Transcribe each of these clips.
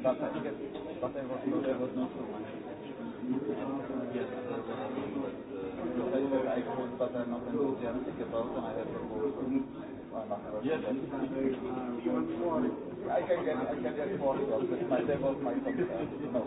But I guess, but I was not, I was not so much. Yes, but I said I could, but I'm not enthusiastic about, and I have to go. Yes. I can get, I can get more. That's my level, my concern. No.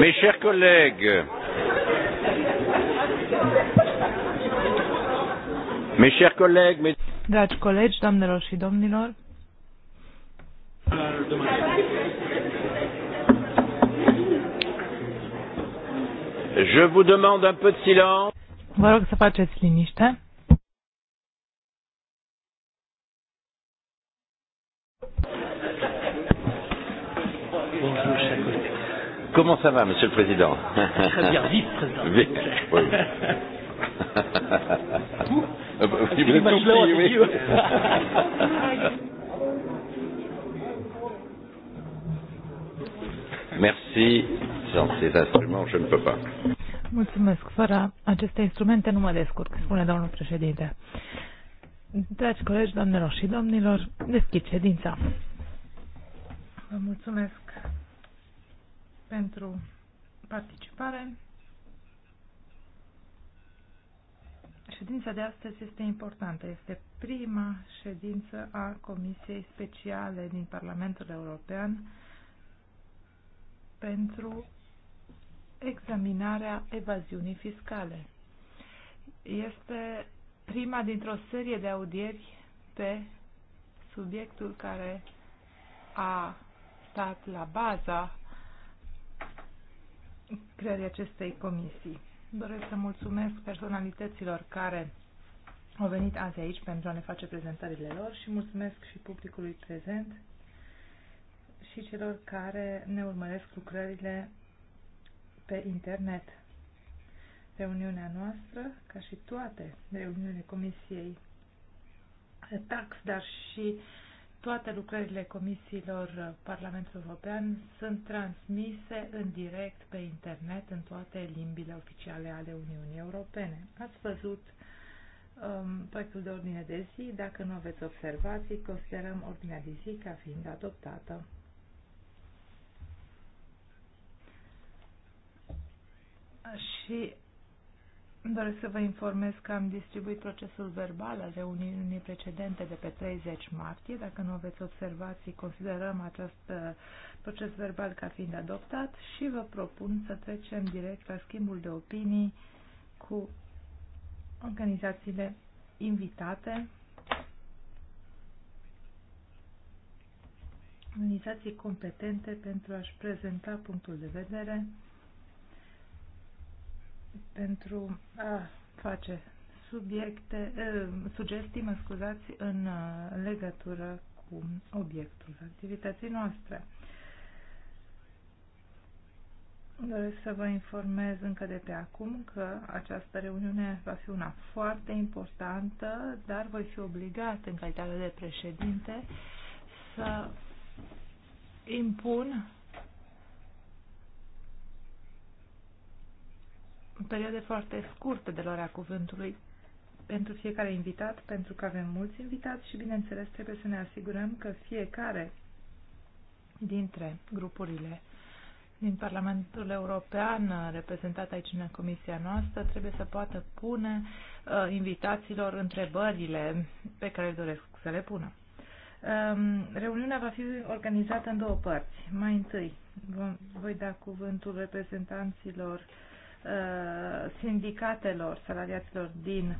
Mes chers collègues, mes chers collègues, mes... Dragi colegi, doamnelor și domnilor, Je vous demande un peu de silence. Vă rog să faceți liniște. Comment ça va, Monsieur le Président Très bien, vite, président Vite. oui. vous, euh, vous, êtes tout compris, oui. Merci. Sans ces instruments, je ne peux pas. Mulțumesc. Fără aceste instrumente nu mă descurc, spune domnul președinte. Dragi colegi, doamnelor și domnilor, deschid ședința. Vă mulțumesc pentru participare. Ședința de astăzi este importantă. Este prima ședință a Comisiei Speciale din Parlamentul European pentru examinarea evaziunii fiscale. Este prima dintr-o serie de audieri pe subiectul care a stat la baza creării acestei comisii. Doresc să mulțumesc personalităților care au venit azi aici pentru a ne face prezentările lor și mulțumesc și publicului prezent și celor care ne urmăresc lucrările pe internet. Reuniunea noastră, ca și toate reuniunile Comisiei TAX, dar și uh, toate lucrările comisiilor uh, Parlamentului European sunt transmise în direct pe internet în toate limbile oficiale ale Uniunii Europene. Ați văzut um, proiectul de ordine de zi. Dacă nu aveți observații, considerăm ordinea de zi ca fiind adoptată. Și doresc să vă informez că am distribuit procesul verbal al reuniunii precedente de pe 30 martie. Dacă nu aveți observații, considerăm acest uh, proces verbal ca fiind adoptat și vă propun să trecem direct la schimbul de opinii cu organizațiile invitate, organizații competente pentru a-și prezenta punctul de vedere pentru a face subiecte, sugestii, mă scuzați, în legătură cu obiectul activității noastre. Doresc să vă informez încă de pe acum că această reuniune va fi una foarte importantă, dar voi fi obligat în calitate de președinte să impun perioade foarte scurte de luarea cuvântului pentru fiecare invitat, pentru că avem mulți invitați și, bineînțeles, trebuie să ne asigurăm că fiecare dintre grupurile din Parlamentul European, reprezentat aici în comisia noastră, trebuie să poată pune uh, invitaților întrebările pe care doresc să le pună. Um, reuniunea va fi organizată în două părți. Mai întâi vom, voi da cuvântul reprezentanților uh, Uh, sindicatelor salariaților din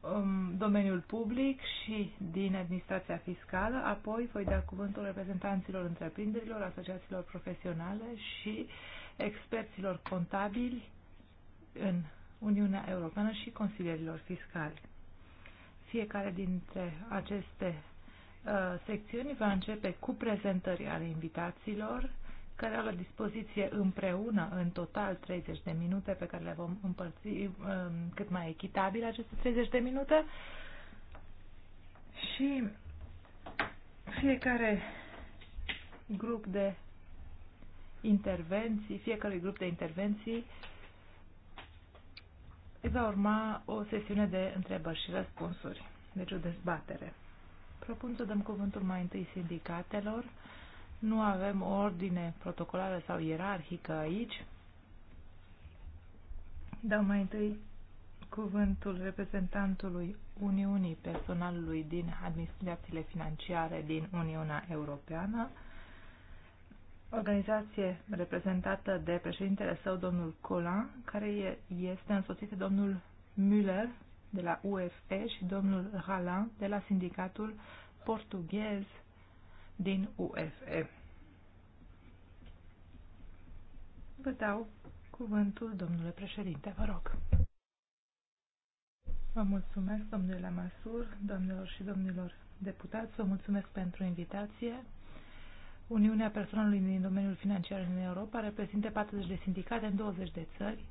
um, domeniul public și din administrația fiscală, apoi voi da cuvântul reprezentanților întreprinderilor, asociațiilor profesionale și experților contabili în Uniunea Europeană și consilierilor fiscali. Fiecare dintre aceste uh, secțiuni va începe cu prezentări ale invitațiilor care au la dispoziție împreună, în total, 30 de minute, pe care le vom împărți um, cât mai echitabil aceste 30 de minute. Și fiecare grup de intervenții, fiecare grup de intervenții îi va urma o sesiune de întrebări și răspunsuri, deci o dezbatere. Propun să dăm cuvântul mai întâi sindicatelor, nu avem o ordine protocolară sau ierarhică aici. Dau mai întâi cuvântul reprezentantului Uniunii Personalului din Administrațiile Financiare din Uniunea Europeană, organizație reprezentată de președintele său, domnul Colin, care este însoțit de domnul Müller de la UFE și domnul Ralan de la Sindicatul Portughez din UFE. Vă dau cuvântul, domnule președinte, vă rog. Vă mulțumesc, domnule Lamasur, domnilor și domnilor deputați, vă mulțumesc pentru invitație. Uniunea Persoanelor din domeniul financiar în Europa reprezintă 40 de sindicate în 20 de țări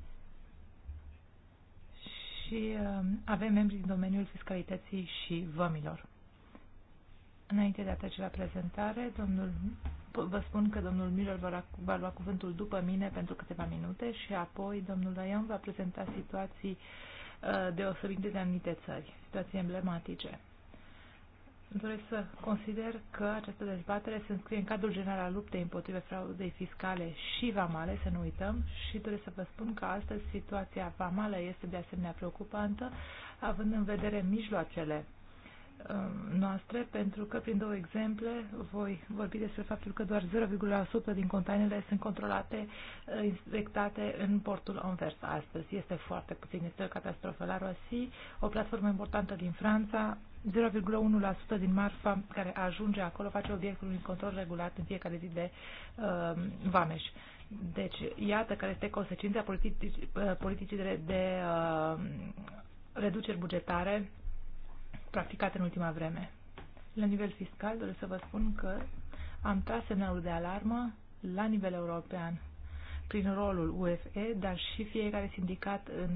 și uh, avem membri din domeniul fiscalității și vămilor. Înainte de a trece la prezentare, domnul, vă spun că domnul Miller va, va lua cuvântul după mine pentru câteva minute și apoi domnul Dayan va prezenta situații uh, deosebite de anumite țări, situații emblematice. Doresc să consider că această dezbatere se înscrie în cadrul general al luptei împotriva fraudei fiscale și vamale, să nu uităm, și doresc să vă spun că astăzi situația vamală este de asemenea preocupantă, având în vedere mijloacele Um, noastre, pentru că prin două exemple voi vorbi despre faptul că doar 0,1% din containerele sunt controlate, uh, inspectate în portul Anvers astăzi. Este foarte puțin, este o catastrofă. La Roissy, o platformă importantă din Franța, 0,1% din marfa care ajunge acolo face obiectul unui control regulat în fiecare zi de uh, vameș. Deci, iată care este consecința politicii uh, de, de uh, reduceri bugetare practicat în ultima vreme. La nivel fiscal, doresc să vă spun că am tras semnalul de alarmă la nivel european prin rolul UFE, dar și fiecare sindicat în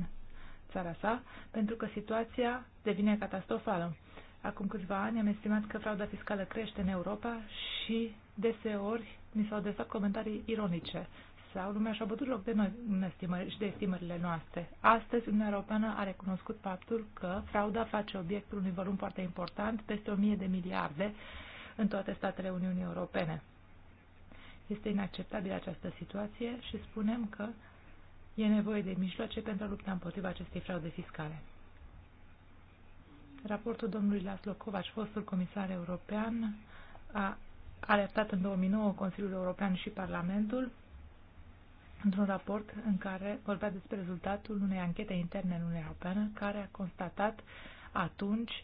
țara sa, pentru că situația devine catastrofală. Acum câțiva ani am estimat că frauda fiscală crește în Europa și deseori mi s-au desat comentarii ironice sau lumea și-a bătut joc de noi în estimări, și de estimările noastre. Astăzi, Uniunea Europeană a recunoscut faptul că frauda face obiectul unui volum foarte important, peste 1000 de miliarde în toate statele Uniunii Europene. Este inacceptabilă această situație și spunem că e nevoie de mijloace pentru a lupta împotriva acestei fraude fiscale. Raportul domnului Laszlo Kovac, fostul comisar european, a alertat în 2009 Consiliul European și Parlamentul într-un raport în care vorbea despre rezultatul unei anchete interne în Uniunea Europeană care a constatat atunci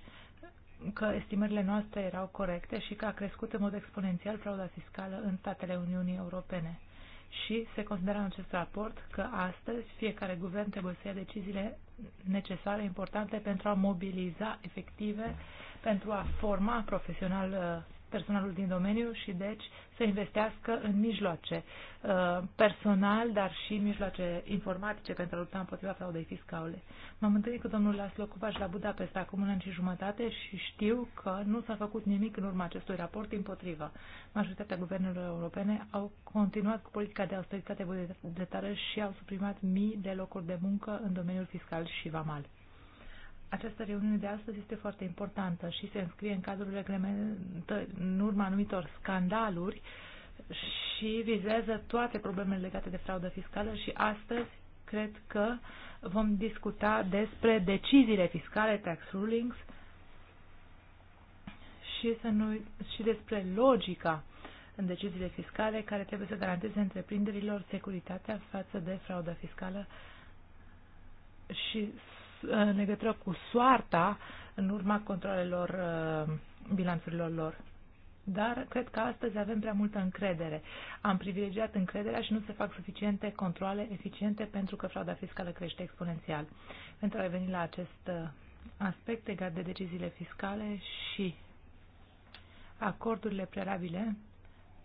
că estimările noastre erau corecte și că a crescut în mod exponențial frauda fiscală în statele Uniunii Europene. Și se considera în acest raport că astăzi fiecare guvern trebuie să ia deciziile necesare, importante pentru a mobiliza efective, pentru a forma profesional uh, personalul din domeniu și deci să investească în mijloace uh, personal, dar și mijloace informatice pentru a lupta împotriva fraudei fiscale. M-am întâlnit cu domnul Laszlo Cuvaș la Budapest acum un an și jumătate și știu că nu s-a făcut nimic în urma acestui raport împotrivă. Majoritatea guvernelor europene au continuat cu politica de austeritate bugetară și au suprimat mii de locuri de muncă în domeniul fiscal și vamal. Această reuniune de astăzi este foarte importantă și se înscrie în cadrul reglementării, în urma anumitor scandaluri și vizează toate problemele legate de fraudă fiscală și astăzi cred că vom discuta despre deciziile fiscale, tax rulings, și, să nu, și despre logica în deciziile fiscale care trebuie să garanteze întreprinderilor securitatea față de frauda fiscală și în legătură cu soarta în urma controlelor uh, bilanțurilor lor. Dar cred că astăzi avem prea multă încredere. Am privilegiat încrederea și nu se fac suficiente controle eficiente pentru că frauda fiscală crește exponențial. Pentru a reveni la acest uh, aspect legat de deciziile fiscale și acordurile prealabile,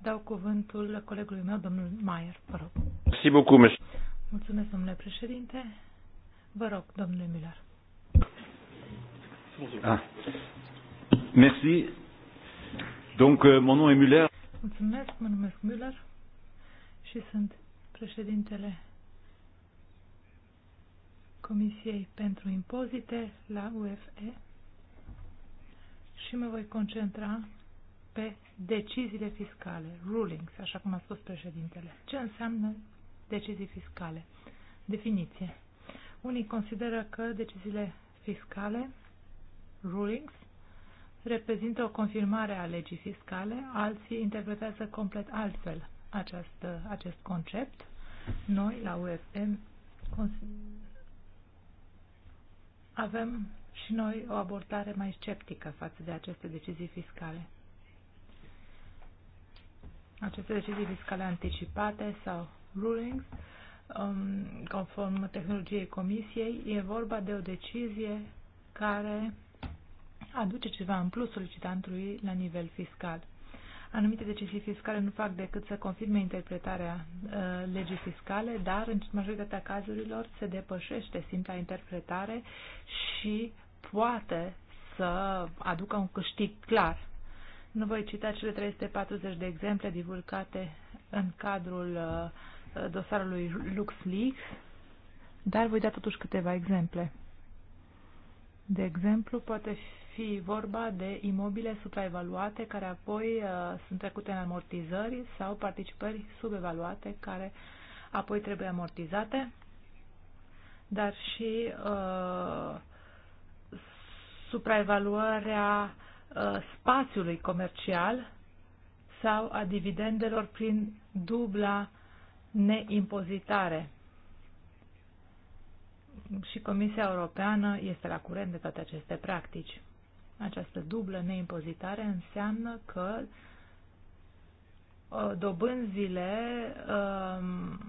dau cuvântul colegului meu, domnul Maier. Vă rog. Mulțumesc, domnule președinte. Vă rog, domnule Miller. Ah. Merci. Donc, euh, mon nom est Müller. Mulțumesc, mă numesc Müller și sunt președintele Comisiei pentru Impozite la UFE și mă voi concentra pe deciziile fiscale, rulings, așa cum a spus președintele. Ce înseamnă decizii fiscale? Definiție. Unii consideră că deciziile fiscale, rulings, reprezintă o confirmare a legii fiscale, alții interpretează complet altfel acest, acest concept. Noi, la UFM, avem și noi o abordare mai sceptică față de aceste decizii fiscale. Aceste decizii fiscale anticipate sau rulings Um, conform tehnologiei comisiei, e vorba de o decizie care aduce ceva în plus solicitantului la nivel fiscal. Anumite decizii fiscale nu fac decât să confirme interpretarea uh, legii fiscale, dar în majoritatea cazurilor se depășește simpla interpretare și poate să aducă un câștig clar. Nu voi cita cele 340 de exemple divulgate în cadrul uh, Uh, dosarului LuxLeaks, dar voi da totuși câteva exemple. De exemplu, poate fi vorba de imobile supraevaluate care apoi uh, sunt trecute în amortizări sau participări subevaluate care apoi trebuie amortizate, dar și uh, supraevaluarea uh, spațiului comercial sau a dividendelor prin dubla uh, neimpozitare. Și Comisia Europeană este la curent de toate aceste practici. Această dublă neimpozitare înseamnă că uh, dobânzile um,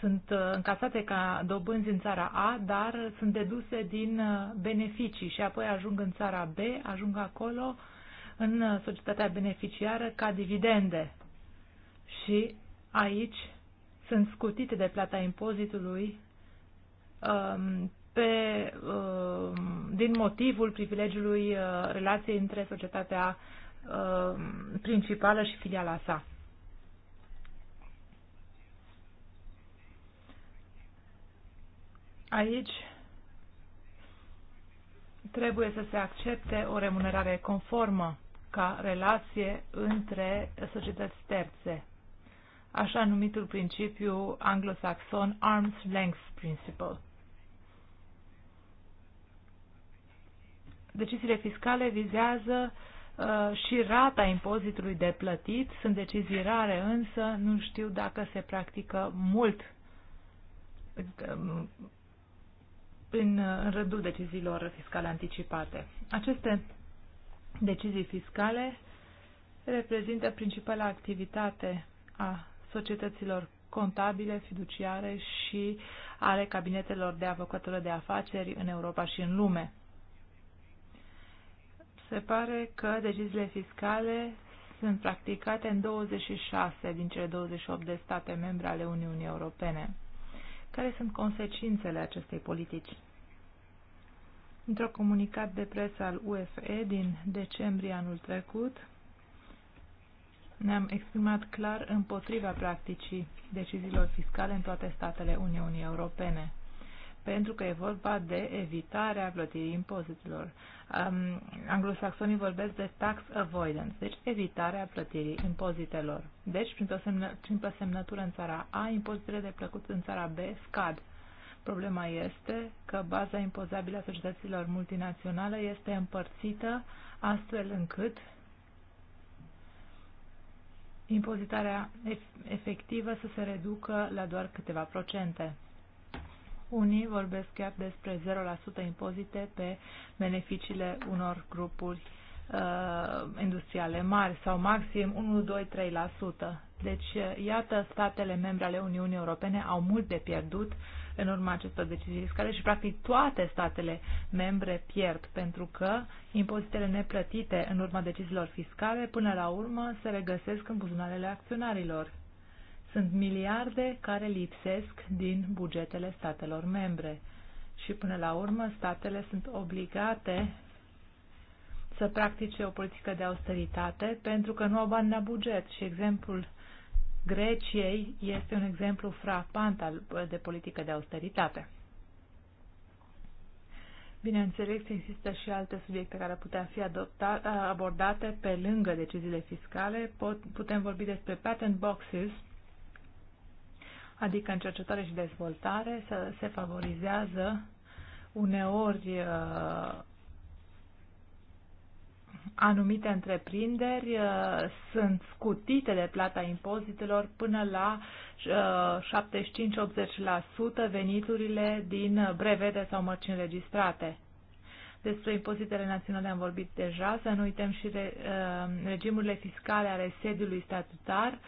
sunt uh, încasate ca dobânzi în țara A, dar sunt deduse din uh, beneficii și apoi ajung în țara B, ajung acolo în societatea beneficiară ca dividende. Și aici sunt scutite de plata impozitului um, pe, um, din motivul privilegiului uh, relației între societatea uh, principală și filiala sa. Aici trebuie să se accepte o remunerare conformă ca relație între societăți terțe așa numitul principiu anglosaxon Arm's Length Principle. Deciziile fiscale vizează uh, și rata impozitului de plătit. Sunt decizii rare, însă nu știu dacă se practică mult uh, uh, în rândul deciziilor fiscale anticipate. Aceste decizii fiscale reprezintă principala activitate a societăților contabile, fiduciare și ale cabinetelor de avocatură de afaceri în Europa și în lume. Se pare că deciziile fiscale sunt practicate în 26 din cele 28 de state membre ale Uniunii Europene. Care sunt consecințele acestei politici? Într-un comunicat de presă al UFE din decembrie anul trecut, ne-am exprimat clar împotriva practicii deciziilor fiscale în toate statele Uniunii Europene, pentru că e vorba de evitarea plătirii impozitelor. Um, anglosaxonii vorbesc de tax avoidance, deci evitarea plătirii impozitelor. Deci, printr-o semnă, simplă semnătură în țara A, impozitele de plăcut în țara B scad. Problema este că baza impozabilă a societăților multinaționale este împărțită astfel încât impozitarea efectivă să se reducă la doar câteva procente. Unii vorbesc chiar despre 0% impozite pe beneficiile unor grupuri uh, industriale mari sau maxim 1-2-3%. Deci, uh, iată, statele membre ale Uniunii Europene au mult de pierdut în urma acestor decizii fiscale și practic toate statele membre pierd pentru că impozitele neplătite în urma deciziilor fiscale până la urmă se regăsesc în buzunarele acționarilor. Sunt miliarde care lipsesc din bugetele statelor membre și până la urmă statele sunt obligate să practice o politică de austeritate pentru că nu au bani la buget și exemplul Greciei este un exemplu frapant al, de politică de austeritate. Bineînțeles, există și alte subiecte care putea fi adopta, abordate pe lângă deciziile fiscale. Pot, putem vorbi despre patent boxes, adică în cercetare și dezvoltare să se favorizează uneori anumite întreprinderi uh, sunt scutite de plata impozitelor până la 75-80% uh, veniturile din brevete sau mărci înregistrate. Despre impozitele naționale am vorbit deja, să nu uităm și re, uh, regimurile fiscale ale sediului statutar, uh,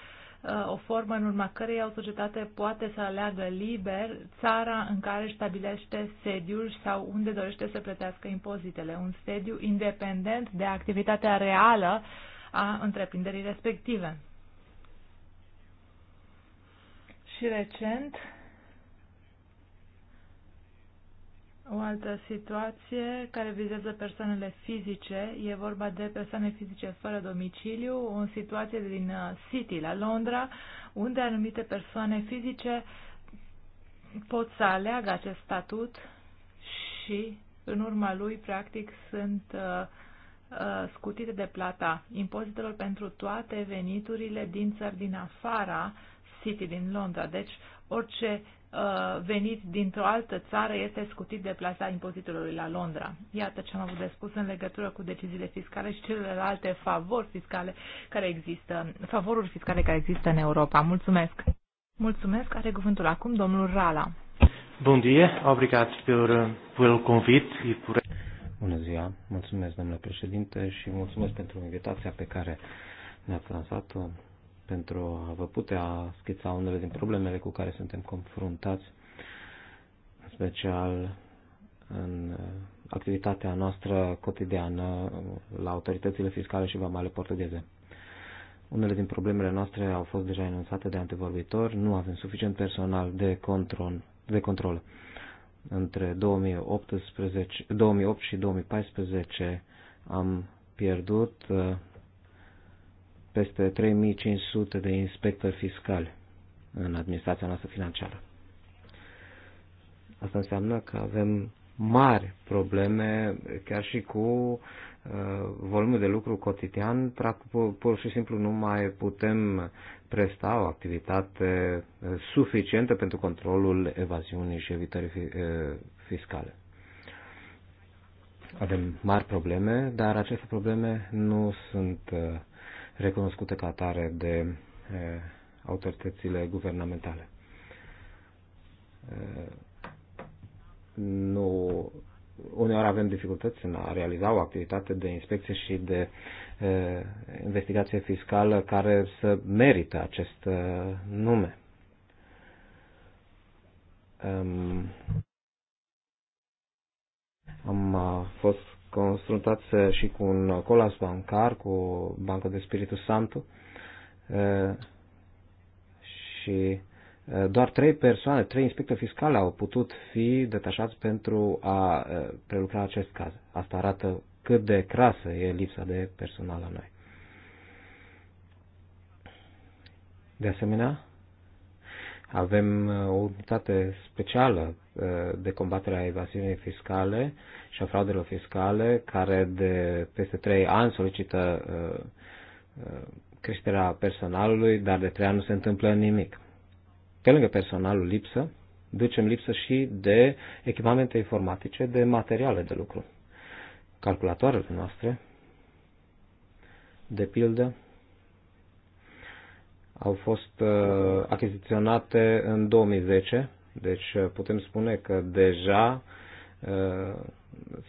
Uh, o formă în urma cărei o societate poate să aleagă liber țara în care își stabilește sediul sau unde dorește să plătească impozitele, un sediu independent de activitatea reală a întreprinderii respective. Și recent, O altă situație care vizează persoanele fizice, e vorba de persoane fizice fără domiciliu, o situație din uh, City, la Londra, unde anumite persoane fizice pot să aleagă acest statut și în urma lui, practic, sunt uh, uh scutite de plata impozitelor pentru toate veniturile din țări din afara City din Londra. Deci, orice Uh, venit dintr-o altă țară este scutit de plasa impozitului la Londra. Iată ce am avut de spus în legătură cu deciziile fiscale și celelalte favori fiscale care există, favoruri fiscale care există în Europa. Mulțumesc! Mulțumesc! Are cuvântul acum domnul Rala. Bun dia, obrigați pentru convit și pentru... Bună ziua, mulțumesc domnule președinte și mulțumesc pentru invitația pe care ne-ați lansat-o pentru a vă putea schița unele din problemele cu care suntem confruntați, în special în uh, activitatea noastră cotidiană la autoritățile fiscale și vamale portugheze. Unele din problemele noastre au fost deja enunțate de antevorbitori, nu avem suficient personal de control. De control. Între 2018, 2008 și 2014 am pierdut uh, peste 3500 de inspectori fiscali în administrația noastră financiară. Asta înseamnă că avem mari probleme chiar și cu uh, volumul de lucru cotidian. Practic, pur și simplu nu mai putem presta o activitate uh, suficientă pentru controlul evaziunii și evitării uh, fiscale. Avem mari probleme, dar aceste probleme nu sunt uh, recunoscute ca atare de autoritățile guvernamentale. Nu, uneori avem dificultăți în a realiza o activitate de inspecție și de investigație fiscală care să merită acest nume. Am fost confruntați eh, și cu un colas bancar, cu Banca de Spiritul Santu eh, și eh, doar trei persoane, trei inspectori fiscale au putut fi detașați pentru a prelucra acest caz. Asta arată cât de crasă e lipsa de personal la noi. De asemenea, avem uh, o unitate specială uh, de combatere a evaziunii fiscale și a fraudelor fiscale, care de peste trei ani solicită uh, creșterea personalului, dar de trei ani nu se întâmplă nimic. Pe lângă personalul lipsă, ducem lipsă și de echipamente informatice, de materiale de lucru. Calculatoarele noastre, de pildă, au fost uh, achiziționate în 2010, deci uh, putem spune că deja uh,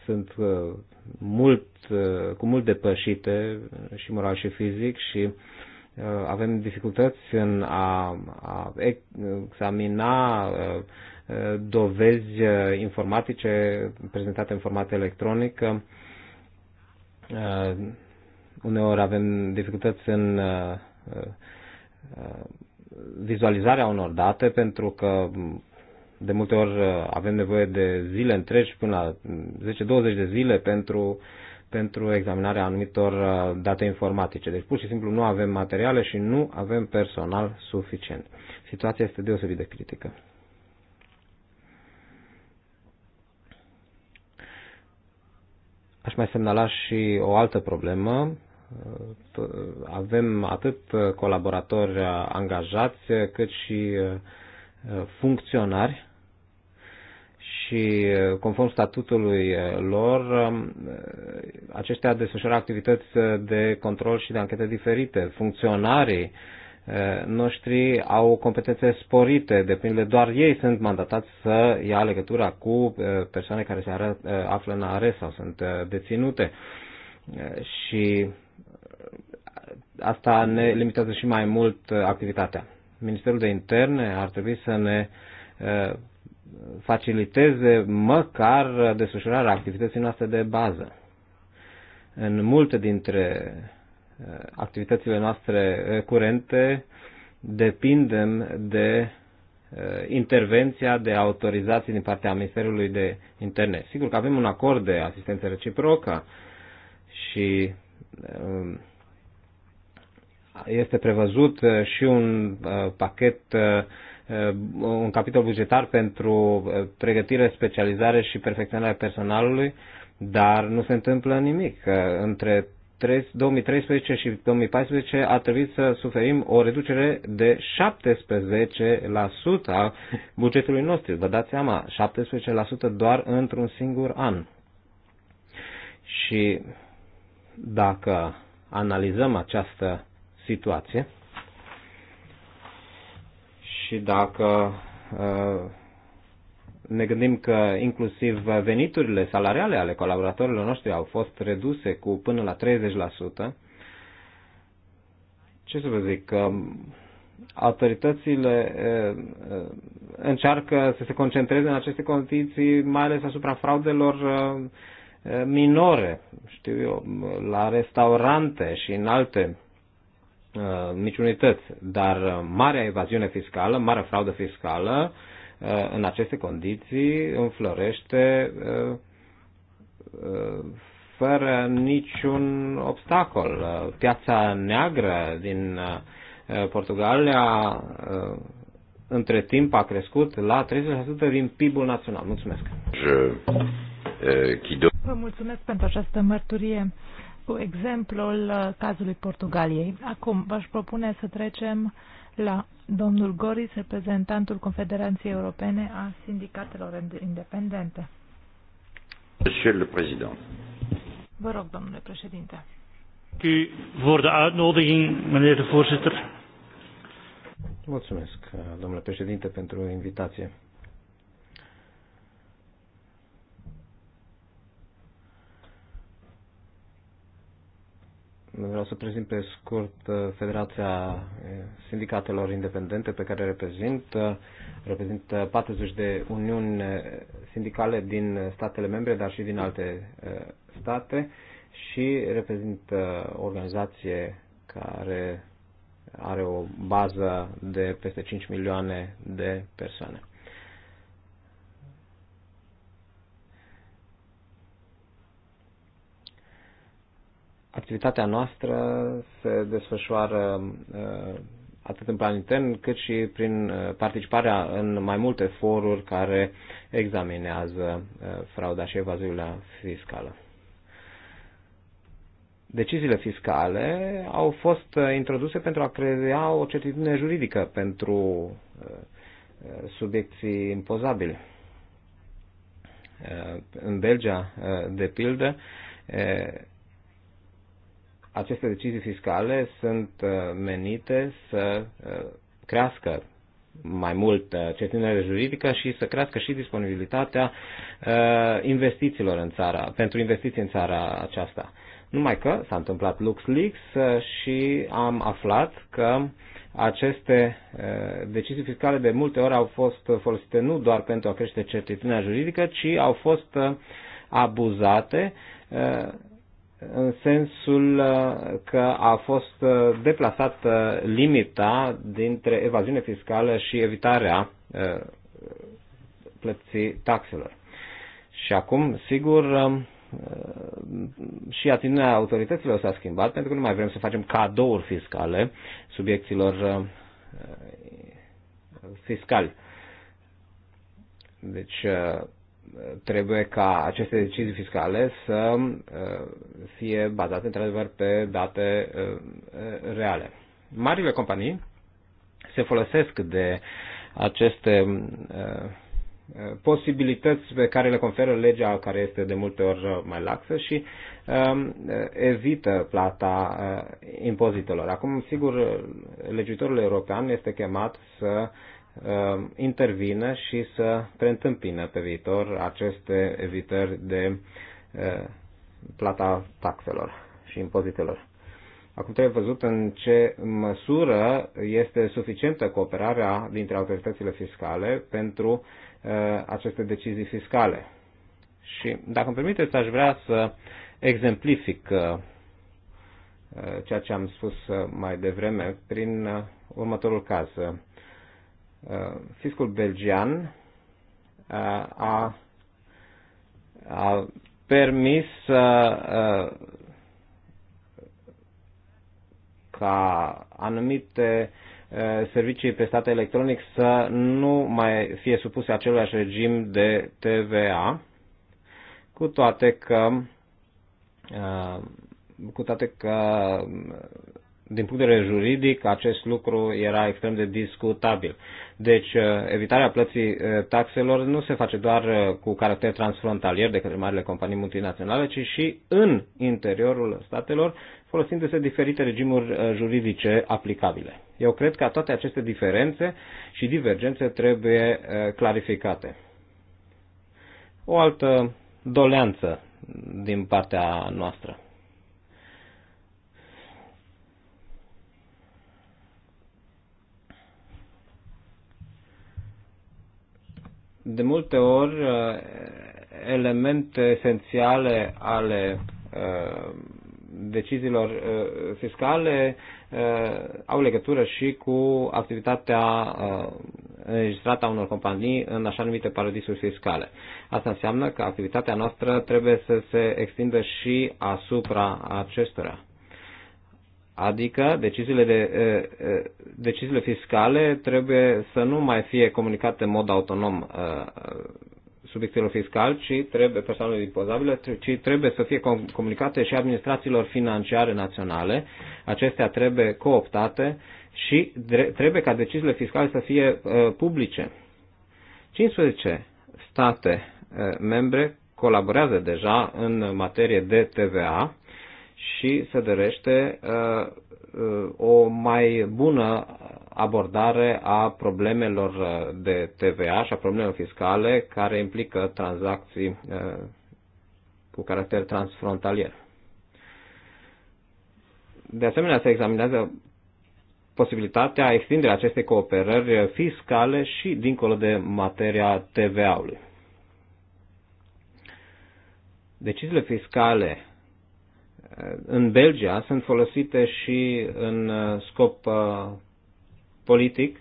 sunt mult, cu mult depășite și moral și fizic și avem dificultăți în a, a examina dovezi informatice prezentate în format electronic. Uneori avem dificultăți în vizualizarea unor date, pentru că de multe ori uh, avem nevoie de zile întregi, până la 10-20 de zile pentru, pentru examinarea anumitor uh, date informatice. Deci pur și simplu nu avem materiale și nu avem personal suficient. Situația este deosebit de critică. Aș mai semnala și o altă problemă avem atât colaboratori angajați cât și uh, funcționari și uh, conform statutului uh, lor, um, aceștia desfășoară activități de control și de anchete diferite. Funcționarii noștri au competențe sporite, de pildă doar ei sunt mandatați să ia legătura cu persoane care se află în arest sau sunt deținute. Și asta ne limitează și mai mult uh, activitatea. Ministerul de Interne ar trebui să ne uh, faciliteze măcar desfășurarea activității noastre de bază. În multe dintre uh, activitățile noastre curente depindem de intervenția de autorizații din partea Ministerului de Interne. Sigur că avem un acord de asistență reciprocă și um, este prevăzut uh, și un uh, pachet, uh, un capitol bugetar pentru pregătire, specializare și perfecționarea personalului, dar nu se întâmplă nimic. Între 2013 și 2014 a trebuit să suferim o reducere de 17% a bugetului nostru. Vă dați seama, 17% doar într-un singur an. Și dacă analizăm această situație și dacă uh, ne gândim că inclusiv veniturile salariale ale colaboratorilor noștri au fost reduse cu până la 30%, ce să vă zic, că autoritățile uh, uh, încearcă să se concentreze în aceste condiții, mai ales asupra fraudelor minore, știu eu, la restaurante și în alte Uh, unități, dar uh, marea evaziune fiscală, marea fraudă fiscală, uh, în aceste condiții înflorește fără niciun obstacol. Piața neagră din Portugalia între timp a crescut la 30% din PIB-ul național. Mulțumesc! Eh, Vă mulțumesc pentru această mărturie cu exemplul uh, cazului Portugaliei. Acum v-aș propune să trecem la domnul Goris, reprezentantul Confederației Europene a Sindicatelor Independente. Monsieur le Président. Vă rog, domnule președinte. U de uitnodiging, meneer de voorzitter. Mulțumesc, uh, domnule președinte, pentru invitație. Vreau să prezint pe scurt uh, Federația uh, Sindicatelor Independente pe care reprezint. Uh, reprezint 40 de uniuni sindicale din statele membre, dar și din alte state și reprezint o organizație care are o bază de peste 5 milioane de persoane. activitatea noastră se desfășoară uh, atât în plan intern cât și prin uh, participarea în mai multe foruri care examinează uh, frauda și evaziunea fiscală. Deciziile fiscale au fost introduse pentru a crea o certitudine juridică pentru subiecții impozabili. În Belgia, de pildă, aceste decizii fiscale sunt uh, menite să uh, crească mai mult uh, certitudinea juridică și să crească și disponibilitatea investițiilor în țara, pentru investiții în țara aceasta. Numai că s-a întâmplat LuxLeaks și am aflat că aceste decizii fiscale de multe ori au fost folosite nu doar pentru a crește certitudinea juridică, ci au fost abuzate în sensul uh, că a fost uh, deplasată limita dintre evaziune fiscală și evitarea uh, plății taxelor. Și acum, sigur, și atitudinea autorităților s-a schimbat pentru că nu mai vrem să facem cadouri fiscale subiecților fiscali. Deci, trebuie ca aceste decizii fiscale să uh, fie bazate într-adevăr pe date uh, uh, reale. Marile companii se folosesc de aceste posibilități pe care le conferă legea care este de multe ori mai laxă și um, evită plata impozitelor. Acum, sigur, legiuitorul european este chemat să uh, Um, intervină și să preîntâmpină pe viitor aceste evitări de uh, plata taxelor și impozitelor. Acum trebuie văzut în ce măsură este suficientă cooperarea dintre autoritățile fiscale pentru uh, aceste decizii fiscale. Și dacă îmi permiteți, aș vrea să exemplific uh, ceea ce am spus mai devreme prin următorul caz. Uh, fiscul belgian uh, a, a permis uh, ca anumite servicii prestate electronic să nu mai fie supuse același regim de TVA, cu toate că cu toate că din punct de vedere juridic, acest lucru era extrem de discutabil. Deci, uh, evitarea plății uh, taxelor nu se face doar uh, cu caracter transfrontalier de către marile companii multinaționale, ci și în interiorul statelor, folosindu-se diferite regimuri juridice aplicabile. Eu cred că toate aceste diferențe și divergențe trebuie clarificate. O altă doleanță din partea noastră. de multe ori uh, elemente esențiale ale uh, deciziilor uh, fiscale au legătură și cu activitatea înregistrată a unor companii în așa numite paradisuri fiscale. Asta înseamnă că activitatea noastră trebuie să se extindă și asupra acestora. Adică deciziile, de, deciziile fiscale trebuie să nu mai fie comunicate în mod autonom subiectelor fiscal, ci trebuie, persoanele impozabile, ci trebuie să fie comunicate și administrațiilor financiare naționale. Acestea trebuie cooptate și trebuie ca deciziile fiscale să fie publice. 15 state membre colaborează deja în materie de TVA și se dorește uh, uh, o mai bună abordare a problemelor de TVA și a problemelor fiscale care implică tranzacții uh, cu caracter transfrontalier. De asemenea, se examinează posibilitatea extinderii acestei cooperări fiscale și dincolo de materia TVA-ului. Deciziile fiscale în Belgia sunt folosite și în uh, scop uh, politic.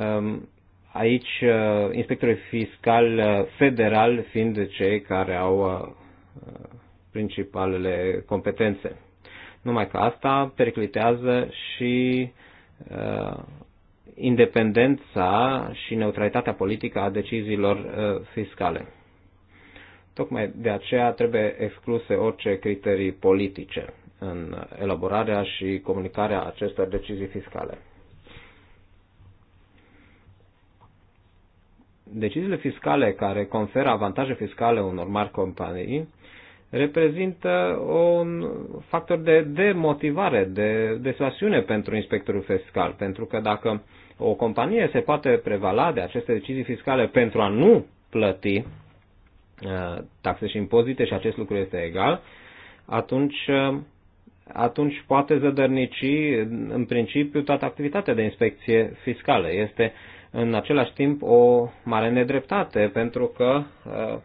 Um, aici uh, inspectorii fiscali federal fiind cei care au principalele competențe. Numai că asta periclitează și independența și neutralitatea politică a deciziilor fiscale. Tocmai de aceea trebuie excluse orice criterii politice în elaborarea și comunicarea acestor decizii fiscale. Deciziile fiscale care conferă avantaje fiscale unor mari companii reprezintă un factor de demotivare, de desuasiune pentru inspectorul fiscal, pentru că dacă o companie se poate prevala de aceste decizii fiscale pentru a nu plăti Uh, taxe și impozite și acest lucru este egal, atunci, uh, atunci poate zădărnici în principiu toată activitatea de inspecție fiscală. Este în același timp o mare nedreptate pentru că uh,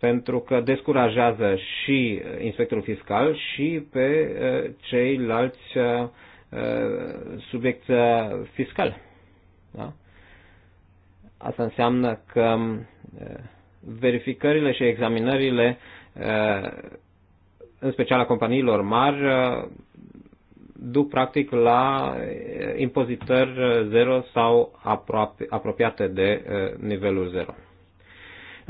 pentru că descurajează și inspectorul fiscal și pe ceilalți subiecte fiscale, Da? Asta înseamnă că verificările și examinările, uh, în special a companiilor mari, uh, duc practic la uh, impozitări zero sau aproape, apropiate de nivelul zero.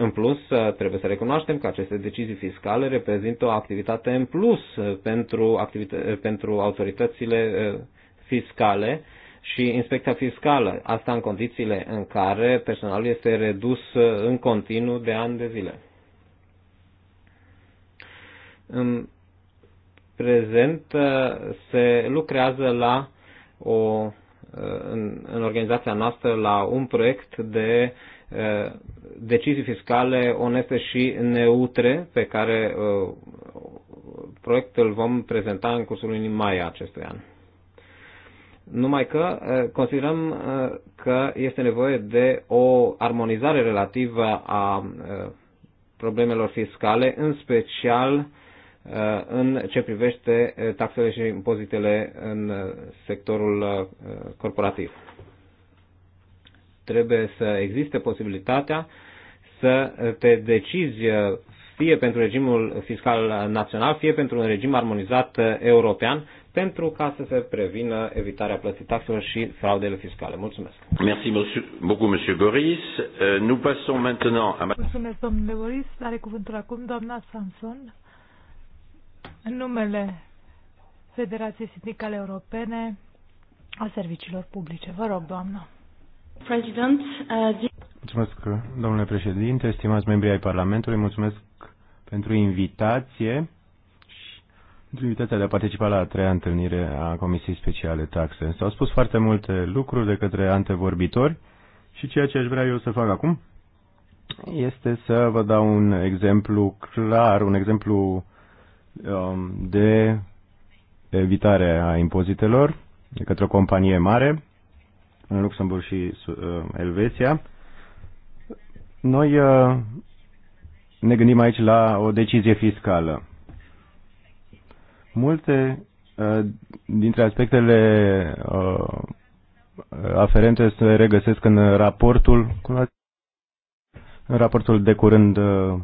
În plus, trebuie să recunoaștem că aceste decizii fiscale reprezintă o activitate în plus pentru, pentru autoritățile fiscale și inspecția fiscală, asta în condițiile în care personalul este redus uh, în continuu de ani de zile. În prezent uh, se lucrează la o, uh, în, în organizația noastră la un proiect de decizii fiscale oneste și neutre pe care proiectul vom prezenta în cursul lunii mai acestui an numai că considerăm că este nevoie de o armonizare relativă a problemelor fiscale, în special în ce privește taxele și impozitele în sectorul corporativ. Trebuie să existe posibilitatea să te decizi fie pentru regimul fiscal național, fie pentru un regim armonizat european, pentru ca să se prevină evitarea plății taxelor și fraudele fiscale. Mulțumesc. Merci beaucoup, monsieur Goris. Euh, nous passons maintenant à... Mulțumesc, domnule Goris. Are cuvântul acum doamna Samson. În numele Federației Sindicale Europene a Serviciilor Publice. Vă rog, doamnă. President, uh, Mulțumesc, domnule președinte, estimați membri ai Parlamentului, mulțumesc pentru invitație Invitația de a participa la a treia întâlnire a Comisiei Speciale Taxe. S-au spus foarte multe lucruri de către antevorbitori și ceea ce aș vrea eu să fac acum este să vă dau un exemplu clar, un exemplu um, de evitare a impozitelor de către o companie mare în Luxemburg și uh, Elveția. Noi uh, ne gândim aici la o decizie fiscală Multe uh, dintre aspectele uh, aferente se regăsesc în raportul în raportul de curând uh,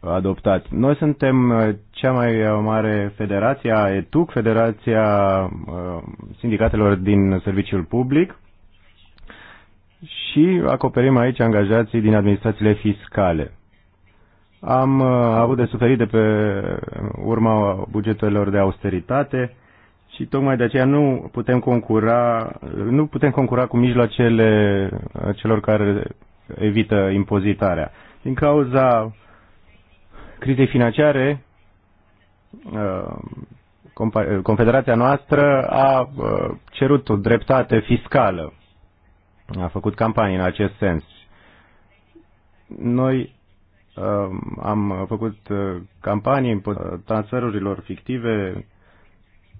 adoptat. Noi suntem cea mai mare federație a ETUC, Federația Sindicatelor din Serviciul Public și acoperim aici angajații din administrațiile fiscale. Am uh, avut de suferit de pe urma bugetelor de austeritate și tocmai de aceea nu putem concura, nu putem concura cu mijloacele uh, celor care evită impozitarea. Din cauza crizei financiare, uh, Confederația noastră a cerut o dreptate fiscală. A făcut campanii în acest sens. Noi am făcut uh, campanii împotriva transferurilor fictive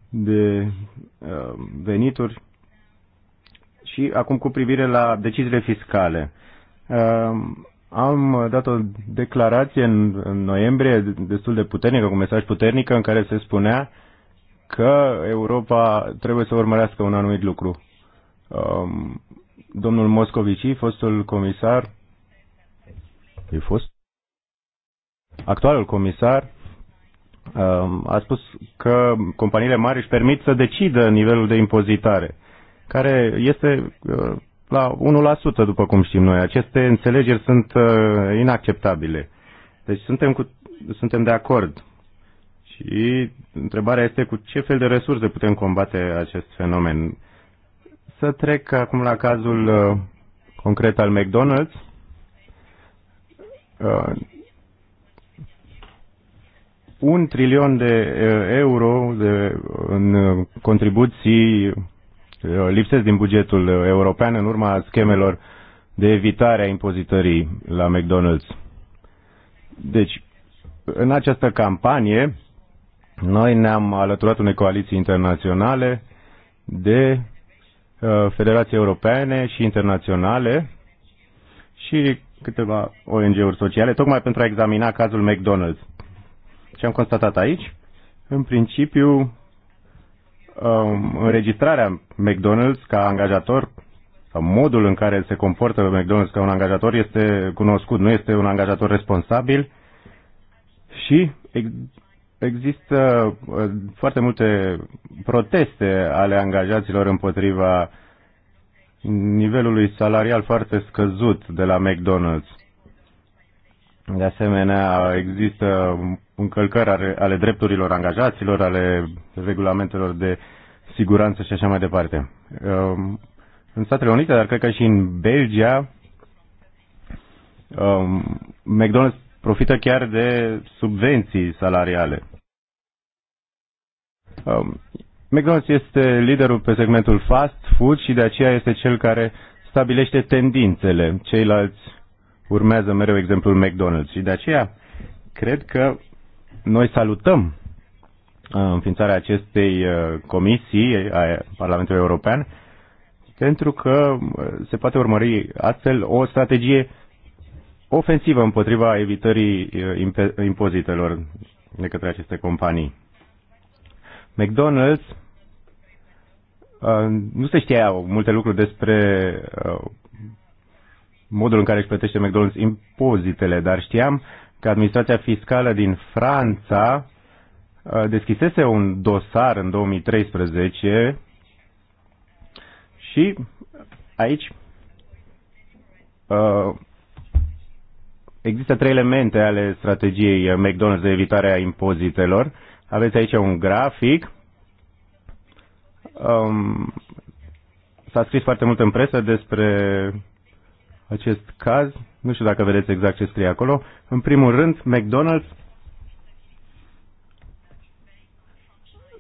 de uh, venituri și acum cu privire la deciziile fiscale. Uh, am dat o declarație în, în noiembrie destul de puternică, cu un mesaj puternic în care se spunea că Europa trebuie să urmărească un anumit lucru. Um, domnul Moscovici, fostul comisar, e fost? Actualul comisar um, a spus că companiile mari își permit să decidă nivelul de impozitare, care este uh, la 1%, după cum știm noi. Aceste înțelegeri sunt uh, inacceptabile. Deci suntem, cu, suntem de acord. Și întrebarea este cu ce fel de resurse putem combate acest fenomen. Să trec acum la cazul uh, concret al McDonald's un trilion de euro de, în contribuții lipsesc din bugetul european în urma schemelor de evitare a impozitării la McDonald's. Deci, în această campanie, noi ne-am alăturat unei coaliții internaționale de federații europene și internaționale și câteva ONG-uri sociale, tocmai pentru a examina cazul McDonald's. Ce am constatat aici? În principiu, um, înregistrarea McDonald's ca angajator sau modul în care se comportă McDonald's ca un angajator este cunoscut, nu este un angajator responsabil și există uh, foarte multe proteste ale angajaților împotriva nivelului salarial foarte scăzut de la McDonald's. De asemenea, există încălcări ale drepturilor angajaților, ale regulamentelor de siguranță și așa mai departe. Um, în Statele Unite, dar cred că și în Belgia, um, McDonald's profită chiar de subvenții salariale. Um, McDonald's este liderul pe segmentul fast food și de aceea este cel care stabilește tendințele. Ceilalți urmează mereu exemplul McDonald's. Și de aceea cred că noi salutăm uh, înființarea acestei uh, comisii a Parlamentului European pentru că uh, se poate urmări astfel o strategie ofensivă împotriva evitării impozitelor de către aceste companii. McDonald's nu se știa multe lucruri despre modul în care își plătește McDonald's impozitele, dar știam că administrația fiscală din Franța uh, deschisese un dosar în 2013 și aici uh, există trei elemente ale strategiei McDonald's de evitare a impozitelor. Aveți aici un grafic. Um, s-a scris foarte mult în presă despre acest caz, nu știu dacă vedeți exact ce scrie acolo, în primul rând, McDonald's,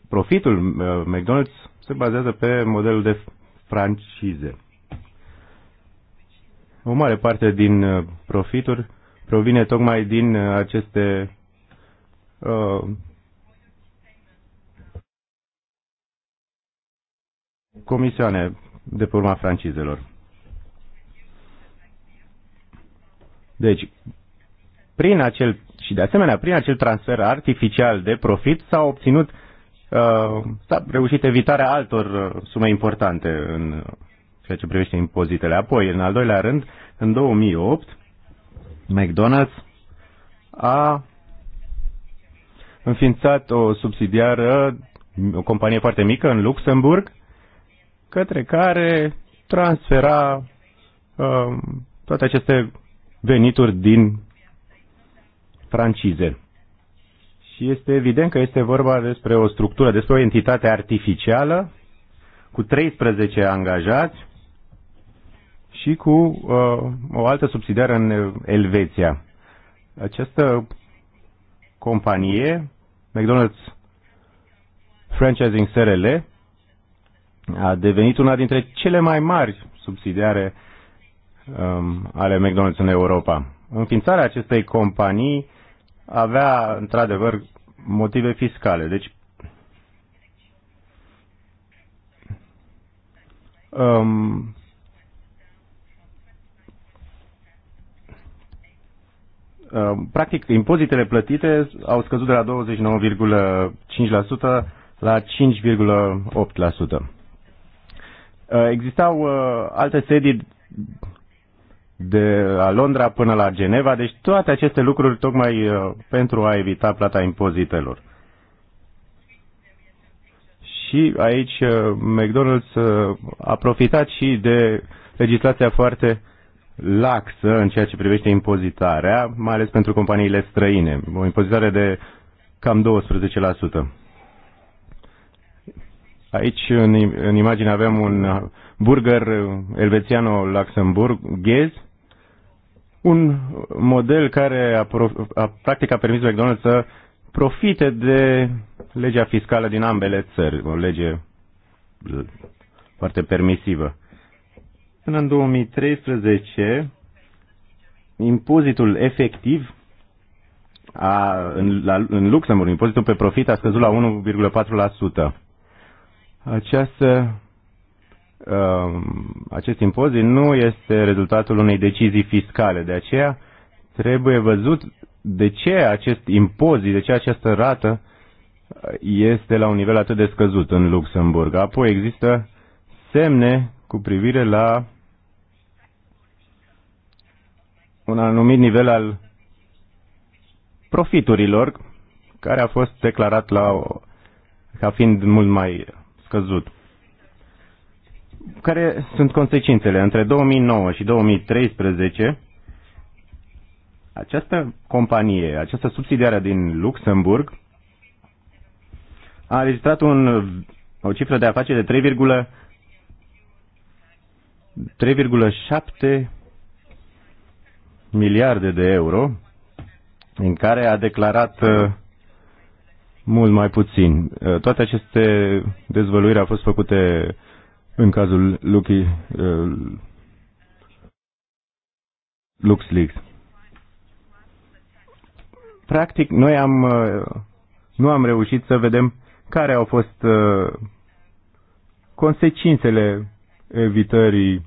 profitul uh, McDonald's se bazează pe modelul de francize. O mare parte din uh, profituri provine tocmai din uh, aceste uh, comisioane de pe urma francizelor. Deci, prin acel, și de asemenea, prin acel transfer artificial de profit s-a obținut, uh, s-a reușit evitarea altor uh, sume importante în uh, ceea ce privește impozitele. Apoi, în al doilea rând, în 2008, McDonald's a înființat o subsidiară, o companie foarte mică în Luxemburg, către care transfera uh, toate aceste venituri din francize. Și este evident că este vorba despre o structură, despre o entitate artificială cu 13 angajați și cu uh, o altă subsidiară în Elveția. Această companie, McDonald's Franchising SRL, a devenit una dintre cele mai mari subsidiare um, ale McDonald's în Europa. Înființarea acestei companii avea, într-adevăr, motive fiscale. Deci, um, um practic, impozitele plătite au scăzut de la 29,5% la 5,8%. Uh, existau uh, alte sedii de la Londra până la Geneva, deci toate aceste lucruri tocmai uh, pentru a evita plata impozitelor. Și aici uh, McDonald's uh, a profitat și de legislația foarte laxă în ceea ce privește impozitarea, mai ales pentru companiile străine, o impozitare de cam 12%. Aici, în, în imagine, avem un burger elvețiano-luxemburghez, un model care a, a, practic a permis McDonald's să profite de legea fiscală din ambele țări, o lege foarte permisivă. Până în 2013, impozitul efectiv a, în, la, în Luxemburg, impozitul pe profit a scăzut la 1,4%. Această, um, acest impozit nu este rezultatul unei decizii fiscale, de aceea trebuie văzut de ce acest impozit, de ce această rată este la un nivel atât de scăzut în Luxemburg. Apoi există semne cu privire la un anumit nivel al profiturilor care a fost declarat la, ca fiind mult mai scăzut. Care sunt consecințele? Între 2009 și 2013, această companie, această subsidiară din Luxemburg, a registrat un, o cifră de afaceri de 3,7 miliarde de euro, în care a declarat uh, mult mai puțin. Uh, toate aceste dezvăluiri au fost făcute în cazul Lucky, uh, LuxLeaks. Practic, noi am, uh, nu am reușit să vedem care au fost consecințele evitării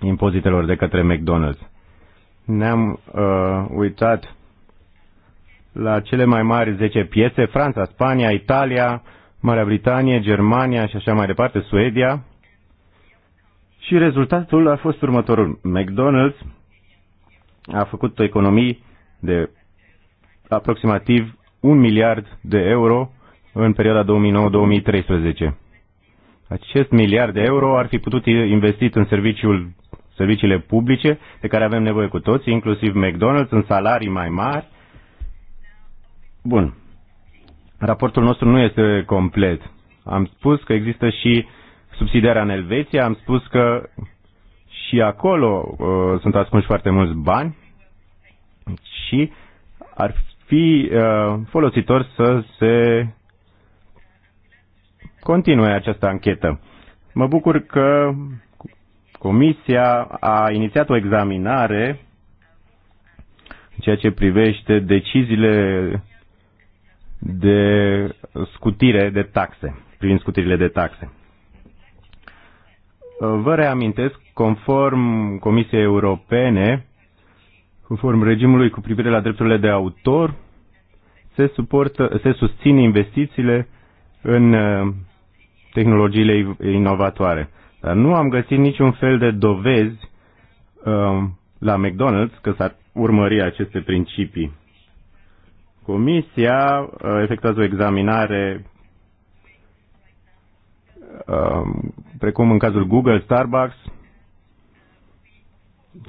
impozitelor de către McDonald's. Ne-am uh, uitat la cele mai mari 10 piețe, Franța, Spania, Italia, Marea Britanie, Germania și așa mai departe, Suedia. Și rezultatul a fost următorul. McDonald's a făcut o economii de aproximativ 1 miliard de euro în perioada 2009-2013. Acest miliard de euro ar fi putut investit în serviciul, serviciile publice de care avem nevoie cu toți, inclusiv McDonald's, în salarii mai mari, Bun. Raportul nostru nu este complet. Am spus că există și subsidiarea în Elveția, am spus că și acolo uh, sunt ascunși foarte mulți bani și ar fi uh, folositor să se continue această anchetă. Mă bucur că Comisia a inițiat o examinare în ceea ce privește deciziile de scutire de taxe, privind scutirile de taxe. Vă reamintesc, conform Comisiei Europene, conform regimului cu privire la drepturile de autor, se, suportă, se susțin investițiile în uh, tehnologiile inovatoare. Dar nu am găsit niciun fel de dovezi uh, la McDonald's că s-ar urmări aceste principii. Comisia uh, efectuează o examinare um, precum în cazul Google, Starbucks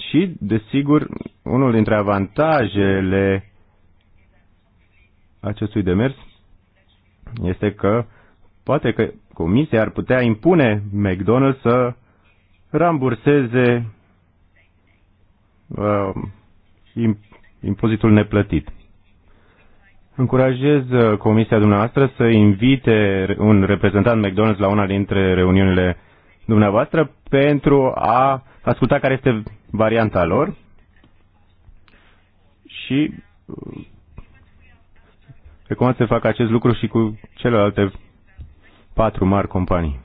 și, desigur, unul dintre avantajele acestui demers este că poate că Comisia ar putea impune McDonald's să ramburseze uh, impozitul neplătit încurajez uh, comisia dumneavoastră să invite un reprezentant McDonald's la una dintre reuniunile dumneavoastră pentru a asculta care este varianta lor și uh, recomand să facă acest lucru și cu celelalte patru mari companii.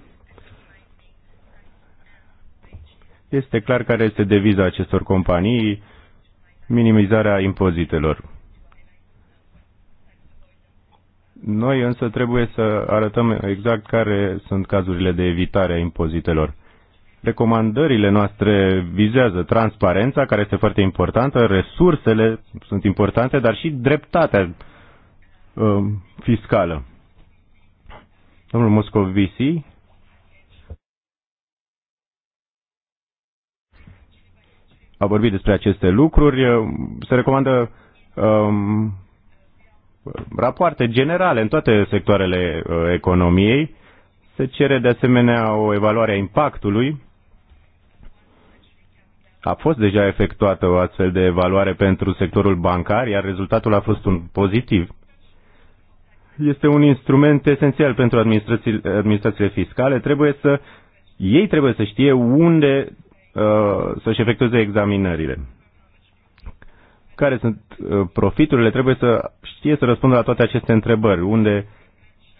Este clar care este deviza acestor companii, minimizarea impozitelor. Noi însă trebuie să arătăm exact care sunt cazurile de evitare a impozitelor. Recomandările noastre vizează transparența, care este foarte importantă, resursele sunt importante, dar și dreptatea uh, fiscală. Domnul Moscovici. A vorbit despre aceste lucruri. Se recomandă um, rapoarte generale în toate sectoarele uh, economiei. Se cere de asemenea o evaluare a impactului. A fost deja efectuată o astfel de evaluare pentru sectorul bancar, iar rezultatul a fost un pozitiv. Este un instrument esențial pentru administrațiile, administrațiile fiscale. Trebuie să, ei trebuie să știe unde uh, să-și efectueze examinările care sunt uh, profiturile, trebuie să știe să răspundă la toate aceste întrebări, unde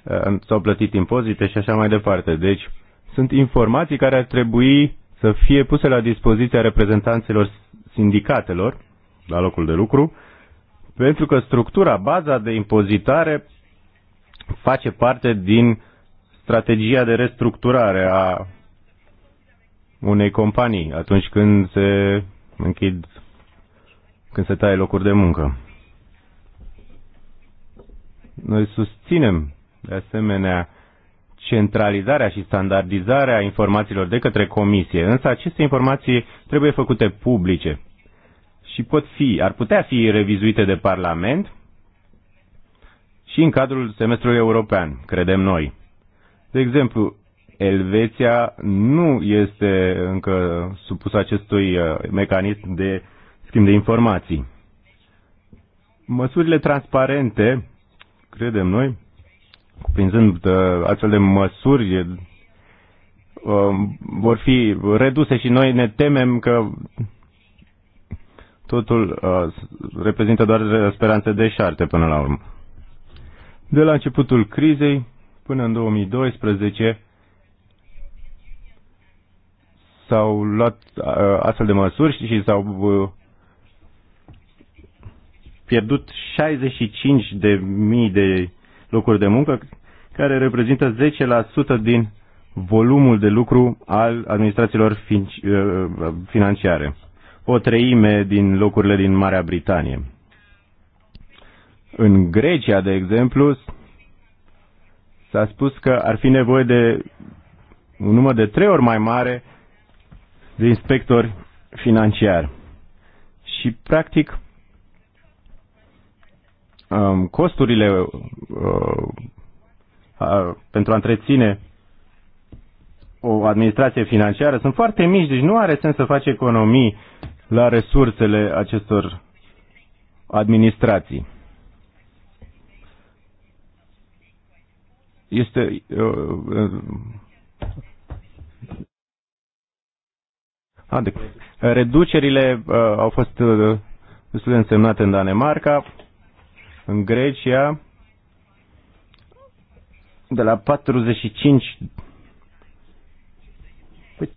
uh, s-au plătit impozite și așa mai departe. Deci sunt informații care ar trebui să fie puse la dispoziția reprezentanților sindicatelor la locul de lucru, pentru că structura, baza de impozitare face parte din strategia de restructurare a unei companii atunci când se închid, când se taie locuri de muncă. Noi susținem, de asemenea, centralizarea și standardizarea informațiilor de către comisie, însă aceste informații trebuie făcute publice și pot fi, ar putea fi revizuite de Parlament și în cadrul semestrului european, credem noi. De exemplu, Elveția nu este încă supusă acestui uh, mecanism de schimb de informații. Măsurile transparente credem noi, cuprinzând uh, astfel de măsuri, um, vor fi reduse și noi ne temem că totul uh, reprezintă doar speranțe deșarte până la urmă. De la începutul crizei până în 2012 s-au luat uh, astfel de măsuri și s-au pierdut 65 de mii de locuri de muncă, care reprezintă 10% din volumul de lucru al administrațiilor uh, financiare, o treime din locurile din Marea Britanie. În Grecia, de exemplu, s-a spus că ar fi nevoie de un număr de trei ori mai mare de inspectori financiari. Și, practic, Um, costurile uh, pentru a întreține o administrație financiară sunt foarte mici, deci nu are sens să faci economii la resursele acestor administrații. Este Adică, reducerile uh, au fost uh, destul de însemnate în Danemarca. În Grecia, de la 45 păi-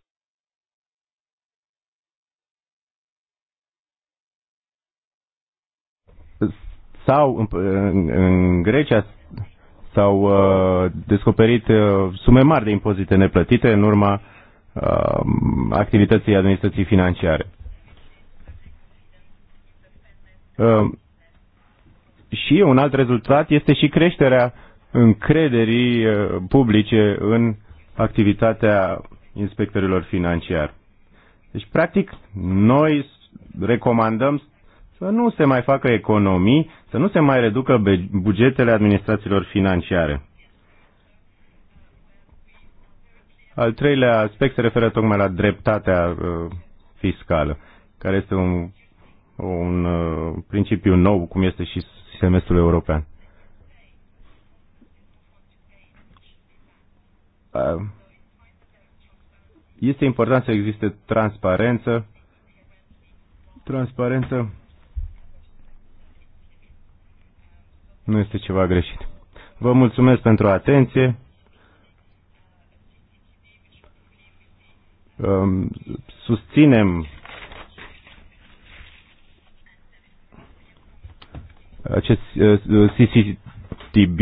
sau în, în, în Grecia s-au uh, descoperit uh, sume mari de impozite neplătite în urma uh, activității administrației financiare. Uh, și un alt rezultat este și creșterea încrederii uh, publice în activitatea inspectorilor financiari. Deci, practic, noi recomandăm să nu se mai facă economii, să nu se mai reducă bugetele administrațiilor financiare. Al treilea aspect se referă tocmai la dreptatea uh, fiscală, care este un, un uh, principiu nou, cum este și semestrul european. Uh, este important să existe transparență, transparență nu este ceva greșit. Vă mulțumesc pentru atenție. Um, susținem acest uh, CCTB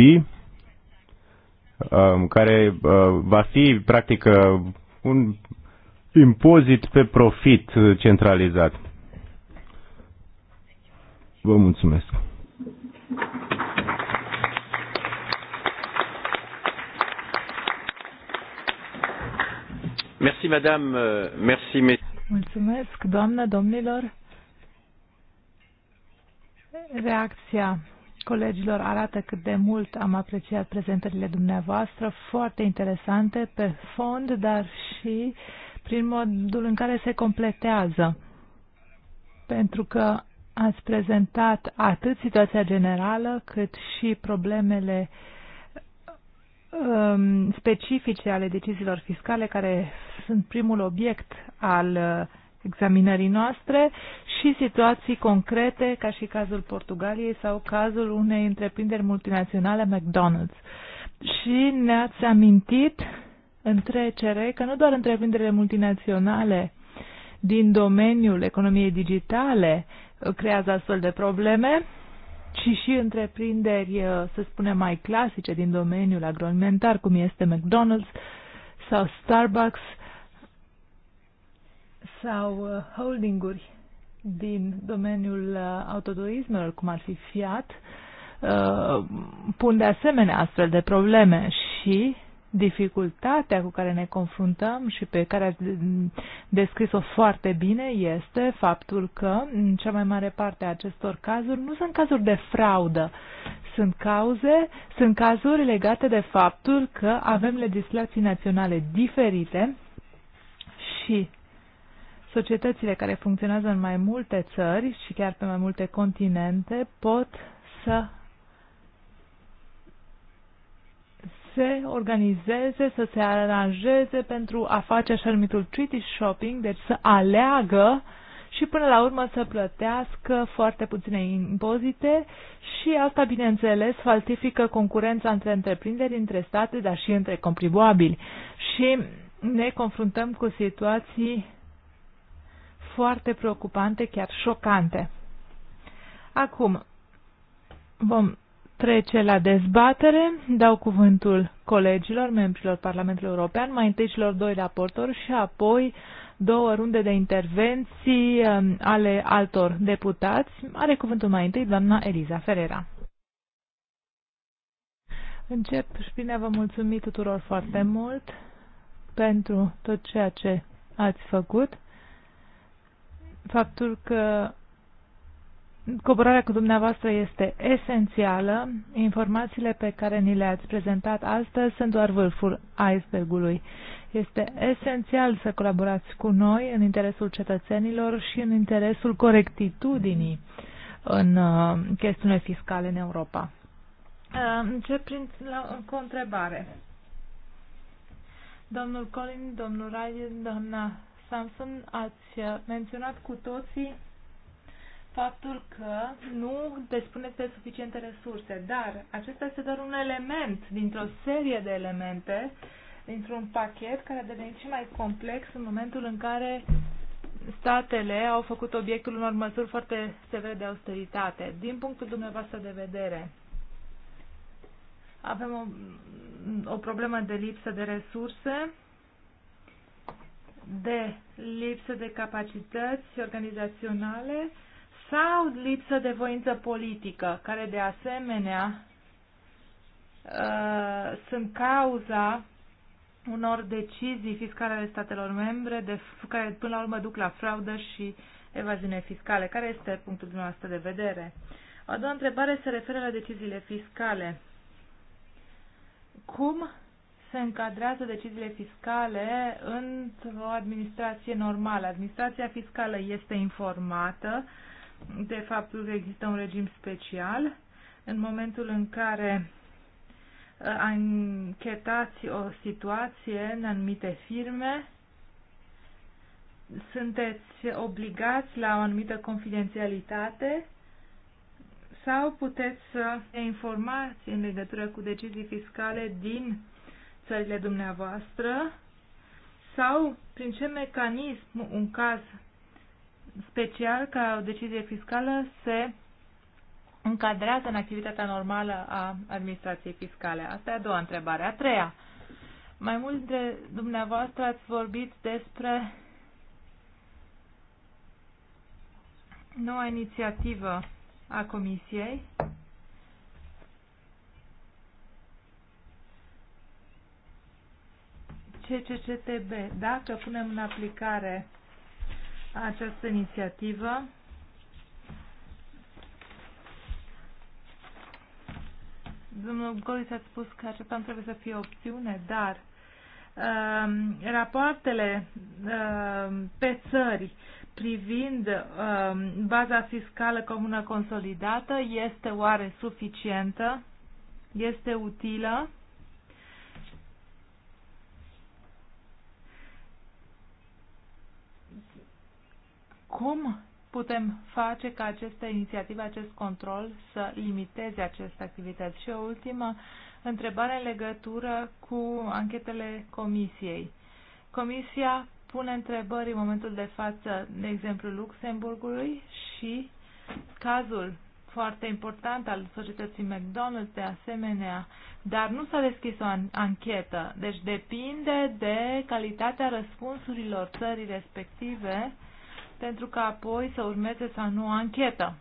um, care uh, va fi practic uh, un impozit pe profit centralizat. Vă mulțumesc. Merci, madame. Euh, merci, Mulțumesc, doamnă, domnilor. Reacția colegilor arată cât de mult am apreciat prezentările dumneavoastră, foarte interesante pe fond, dar și prin modul în care se completează. Pentru că ați prezentat atât situația generală, cât și problemele um, specifice ale deciziilor fiscale, care sunt primul obiect al uh, examinării noastre și situații concrete, ca și cazul Portugaliei sau cazul unei întreprinderi multinaționale McDonald's. Și ne-ați amintit în trecere că nu doar întreprinderile multinaționale din domeniul economiei digitale uh, creează astfel de probleme, ci și întreprinderi, uh, să spunem, mai clasice din domeniul agroalimentar, cum este McDonald's sau Starbucks, sau uh, holdinguri din domeniul uh, autoturismelor, cum ar fi Fiat, uh, pun de asemenea astfel de probleme și dificultatea cu care ne confruntăm și pe care ați descris-o foarte bine este faptul că în cea mai mare parte a acestor cazuri nu sunt cazuri de fraudă, sunt cauze, sunt cazuri legate de faptul că avem legislații naționale diferite și Societățile care funcționează în mai multe țări și chiar pe mai multe continente pot să se organizeze, să se aranjeze pentru a face așa numitul treaty shopping, deci să aleagă și până la urmă să plătească foarte puține impozite și asta, bineînțeles, falsifică concurența între întreprinderi, între state, dar și între contribuabili. Și ne confruntăm cu situații foarte preocupante, chiar șocante. Acum vom trece la dezbatere. Dau cuvântul colegilor, membrilor Parlamentului European, mai întâi celor doi raportori și apoi două runde de intervenții um, ale altor deputați. Are cuvântul mai întâi doamna Eliza Ferreira. Încep și bine vă mulțumim tuturor foarte mult pentru tot ceea ce ați făcut faptul că coborarea cu dumneavoastră este esențială. Informațiile pe care ni le-ați prezentat astăzi sunt doar vârful icebergului. Este esențial să colaborați cu noi în interesul cetățenilor și în interesul corectitudinii în uh, chestiune fiscale în Europa. Uh, încep prin la, o întrebare. Domnul Colin, domnul Ryan, doamna Samson, ați uh, menționat cu toții faptul că nu despuneți de suficiente resurse, dar acesta este doar un element dintr-o serie de elemente, dintr-un pachet care a devenit și mai complex în momentul în care statele au făcut obiectul unor măsuri foarte severe de austeritate. Din punctul dumneavoastră de vedere, avem o, o problemă de lipsă de resurse de lipsă de capacități organizaționale sau lipsă de voință politică, care de asemenea uh, sunt cauza unor decizii fiscale ale statelor membre, de, care până la urmă duc la fraudă și evaziune fiscale. Care este punctul dumneavoastră de vedere? A doua întrebare se referă la deciziile fiscale. Cum se încadrează deciziile fiscale într-o administrație normală. Administrația fiscală este informată de faptul că există un regim special. În momentul în care uh, anchetați o situație în anumite firme, sunteți obligați la o anumită confidențialitate sau puteți să informați în legătură cu decizii fiscale din țările dumneavoastră sau prin ce mecanism un caz special ca o decizie fiscală se încadrează în activitatea normală a administrației fiscale? Asta e a doua întrebare. A treia. Mai mult de dumneavoastră ați vorbit despre noua inițiativă a Comisiei CCCTB. Dacă punem în aplicare această inițiativă, Domnul Golis a spus că aceasta nu trebuie să fie opțiune, dar um, rapoartele um, pe țări privind um, baza fiscală comună consolidată este oare suficientă? Este utilă? cum putem face ca aceste inițiative, acest control să limiteze aceste activități. Și o ultimă întrebare în legătură cu anchetele comisiei. Comisia pune întrebări în momentul de față, de exemplu, Luxemburgului și cazul foarte important al societății McDonald's de asemenea, dar nu s-a deschis o anchetă. Deci depinde de calitatea răspunsurilor țării respective pentru că apoi să urmeze sau nu o anchetă.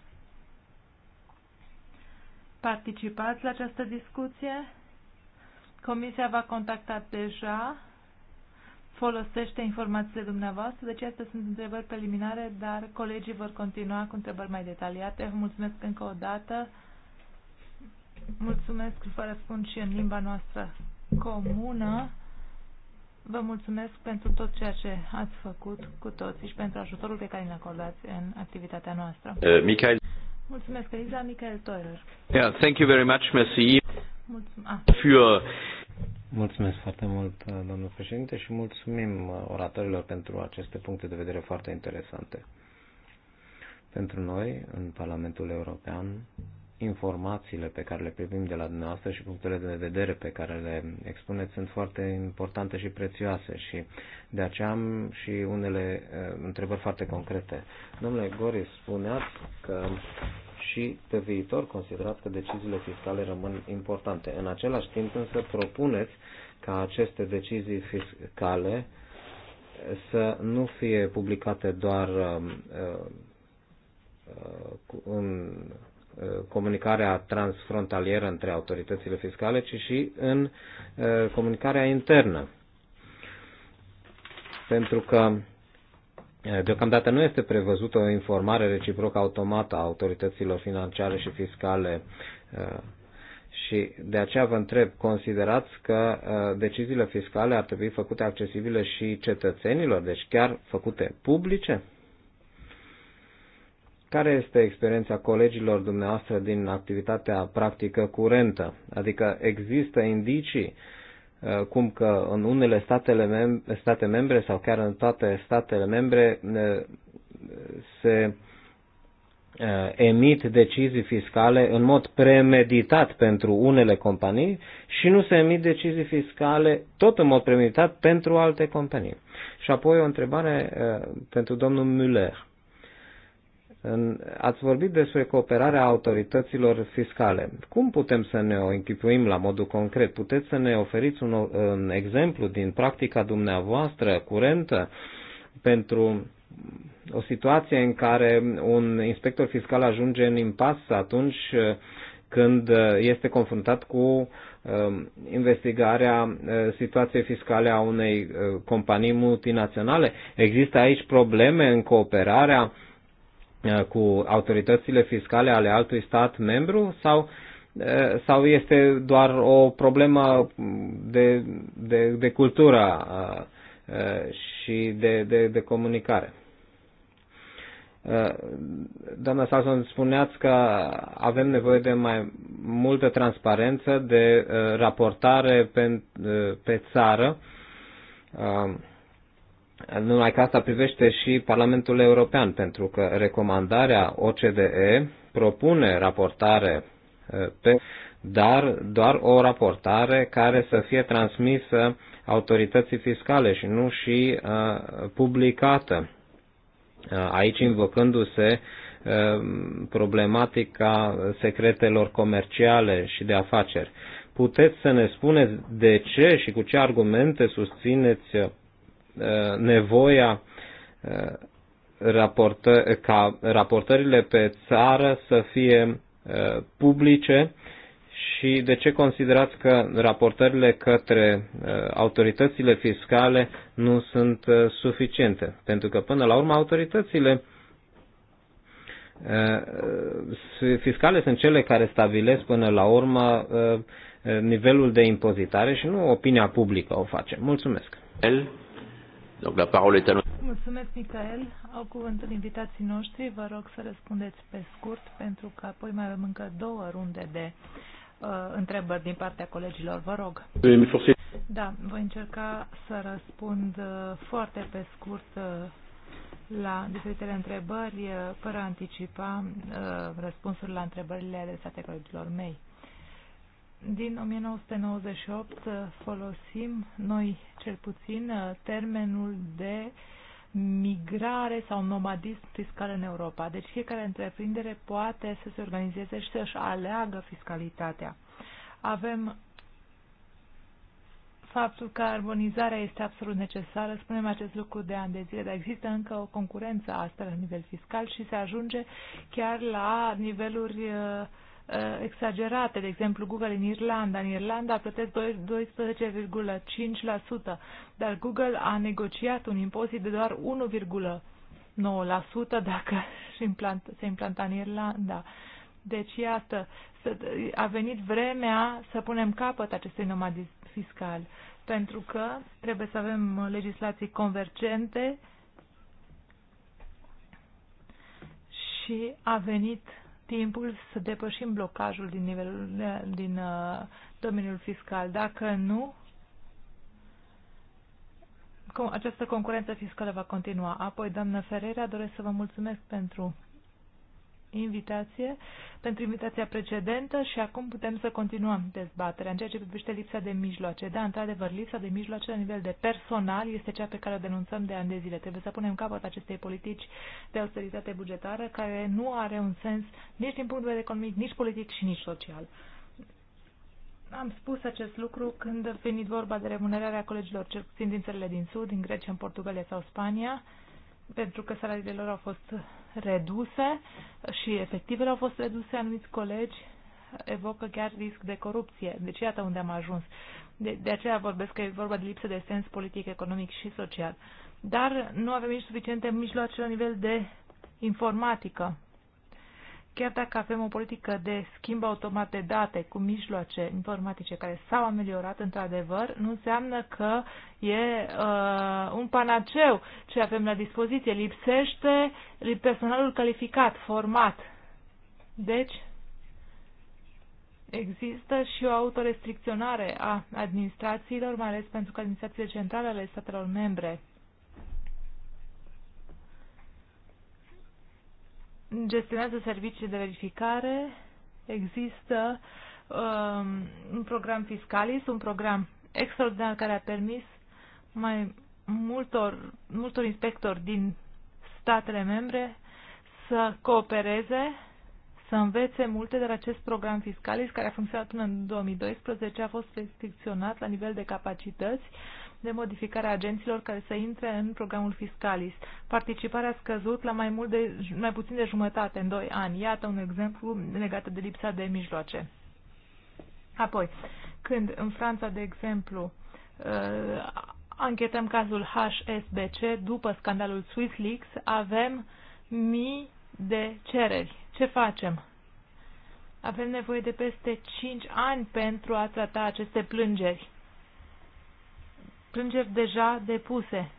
Participați la această discuție? Comisia va contacta deja, folosește informațiile dumneavoastră, deci astea sunt întrebări preliminare, dar colegii vor continua cu întrebări mai detaliate. Vă mulțumesc încă o dată. Mulțumesc, vă răspund și în limba noastră comună. Vă mulțumesc pentru tot ceea ce ați făcut cu toții și pentru ajutorul pe care ne acordați în activitatea noastră. Uh, Michael. Mulțumesc, Eliza. Michael Teurer. Yeah, thank you very much, merci. Mulțumesc. Ah. Mulțumesc foarte mult, uh, domnul președinte, și mulțumim uh, oratorilor pentru aceste puncte de vedere foarte interesante. Pentru noi, în Parlamentul European, informațiile pe care le primim de la dumneavoastră și punctele de vedere pe care le expuneți sunt foarte importante și prețioase și de aceea am și unele eh, întrebări foarte concrete. Domnule Gori, spuneați că și pe viitor considerați că deciziile fiscale rămân importante. În același timp însă propuneți ca aceste decizii fiscale eh, să nu fie publicate doar eh, în Uh, comunicarea transfrontalieră între autoritățile fiscale, ci și în uh, comunicarea internă. Pentru că uh, deocamdată nu este prevăzută o informare reciprocă automată a autorităților financiare și fiscale și de aceea vă întreb, considerați că deciziile fiscale ar trebui făcute accesibile și cetățenilor, deci chiar făcute publice? care este experiența colegilor dumneavoastră din activitatea practică curentă? Adică există indicii uh, cum că în unele statele mem- state membre sau chiar în toate statele membre uh, se uh, emit decizii fiscale în mod premeditat pentru unele companii și nu se emit decizii fiscale tot în mod premeditat pentru alte companii. Și apoi o întrebare pentru domnul Müller Ați vorbit despre cooperarea autorităților fiscale. Cum putem să ne o închipuim la modul concret? Puteți să ne oferiți un, un exemplu din practica dumneavoastră curentă pentru o situație în care un inspector fiscal ajunge în impas atunci uh, când uh, este confruntat cu uh, investigarea situației fiscale a unei companii multinaționale. Există aici probleme în cooperarea Eh, cu autoritățile fiscale ale altui stat membru sau, eh, sau este doar o problemă de, de, de cultură eh, și de, de, de comunicare? Doamna Salson, spuneați că avem nevoie de mai multă transparență, de raportare pe, pe țară numai că asta privește și Parlamentul European, pentru că recomandarea OCDE propune raportare pe, dar doar o raportare care să fie transmisă autorității fiscale și nu și uh, publicată. Aici invocându-se uh, problematica secretelor comerciale și de afaceri. Puteți să ne spuneți de ce și cu ce argumente susțineți nevoia uh, ca raportările pe țară să fie uh, publice și de ce considerați că raportările către uh, autoritățile fiscale nu sunt suficiente? Pentru că până la urmă autoritățile fiscale sunt cele care stabilesc până la urmă nivelul de impozitare și nu opinia publică o face. Mulțumesc. El? Donc la parole est à nous. Mulțumesc, Michael. Au cuvântul invitații noștri. Vă rog să răspundeți pe scurt, pentru că apoi mai avem încă două runde de uh, întrebări din partea colegilor. Vă rog. Da, voi încerca să răspund uh, foarte pe scurt uh, la diferitele întrebări, uh, fără a anticipa uh, răspunsurile la întrebările adresate colegilor mei din 1998 uh, folosim noi cel puțin uh, termenul de migrare sau nomadism fiscal în Europa. Deci fiecare întreprindere poate să se organizeze și să-și aleagă fiscalitatea. Avem faptul că armonizarea este absolut necesară, spunem acest lucru de ani de zile, dar există încă o concurență asta la nivel fiscal și se ajunge chiar la niveluri uh, Uh, exagerate. De exemplu, Google în Irlanda. În Irlanda plătesc 12,5%, dar Google a negociat un impozit de doar 1,9% dacă se implanta, se implanta în Irlanda. Deci, iată, a venit vremea să punem capăt acestui nomadism fiscal, pentru că trebuie să avem legislații convergente și a venit timpul să depășim blocajul din, nivelul, din uh, domeniul fiscal. Dacă nu, această concurență fiscală va continua. Apoi, doamnă Ferreira, doresc să vă mulțumesc pentru invitație, pentru invitația precedentă și acum putem să continuăm dezbaterea în ceea ce privește lipsa de mijloace. Da, într-adevăr, lipsa de mijloace la nivel de personal este cea pe care o denunțăm de ani de zile. Trebuie să punem capăt acestei politici de austeritate bugetară care nu are un sens nici din punct de vedere economic, nici politic și nici social. Am spus acest lucru când a venit vorba de remunerarea colegilor, cel puțin din țările din Sud, din Grecia, în Portugalia sau Spania, pentru că salariile lor au fost reduse și efectivele au fost reduse, anumiți colegi evocă chiar risc de corupție. Deci iată unde am ajuns. De, de aceea vorbesc că e vorba de lipsă de sens politic, economic și social. Dar nu avem nici suficiente mijloace la nivel de informatică chiar dacă avem o politică de schimb automat de date cu mijloace informatice care s-au ameliorat într-adevăr, nu înseamnă că e uh, un panaceu ce avem la dispoziție. Lipsește personalul calificat, format. Deci, există și o autorestricționare a administrațiilor, mai ales pentru că administrațiile centrale ale statelor membre gestionează servicii de verificare, există um, un program fiscalis, un program extraordinar care a permis mai multor, multor inspectori din statele membre să coopereze, să învețe multe de la acest program fiscalis care a funcționat până în 2012, a fost restricționat la nivel de capacități. Uh, de modificare a agenților care să intre în programul Fiscalis. Participarea a scăzut la mai, mult de, mai puțin de jumătate în doi ani. Iată un exemplu legat de lipsa de mijloace. Apoi, când în Franța, de exemplu, uh, anchetăm cazul HSBC după scandalul SwissLeaks, avem mii de cereri. Ce facem? Avem nevoie de peste 5 ani pentru a trata aceste plângeri plângeri deja depuse.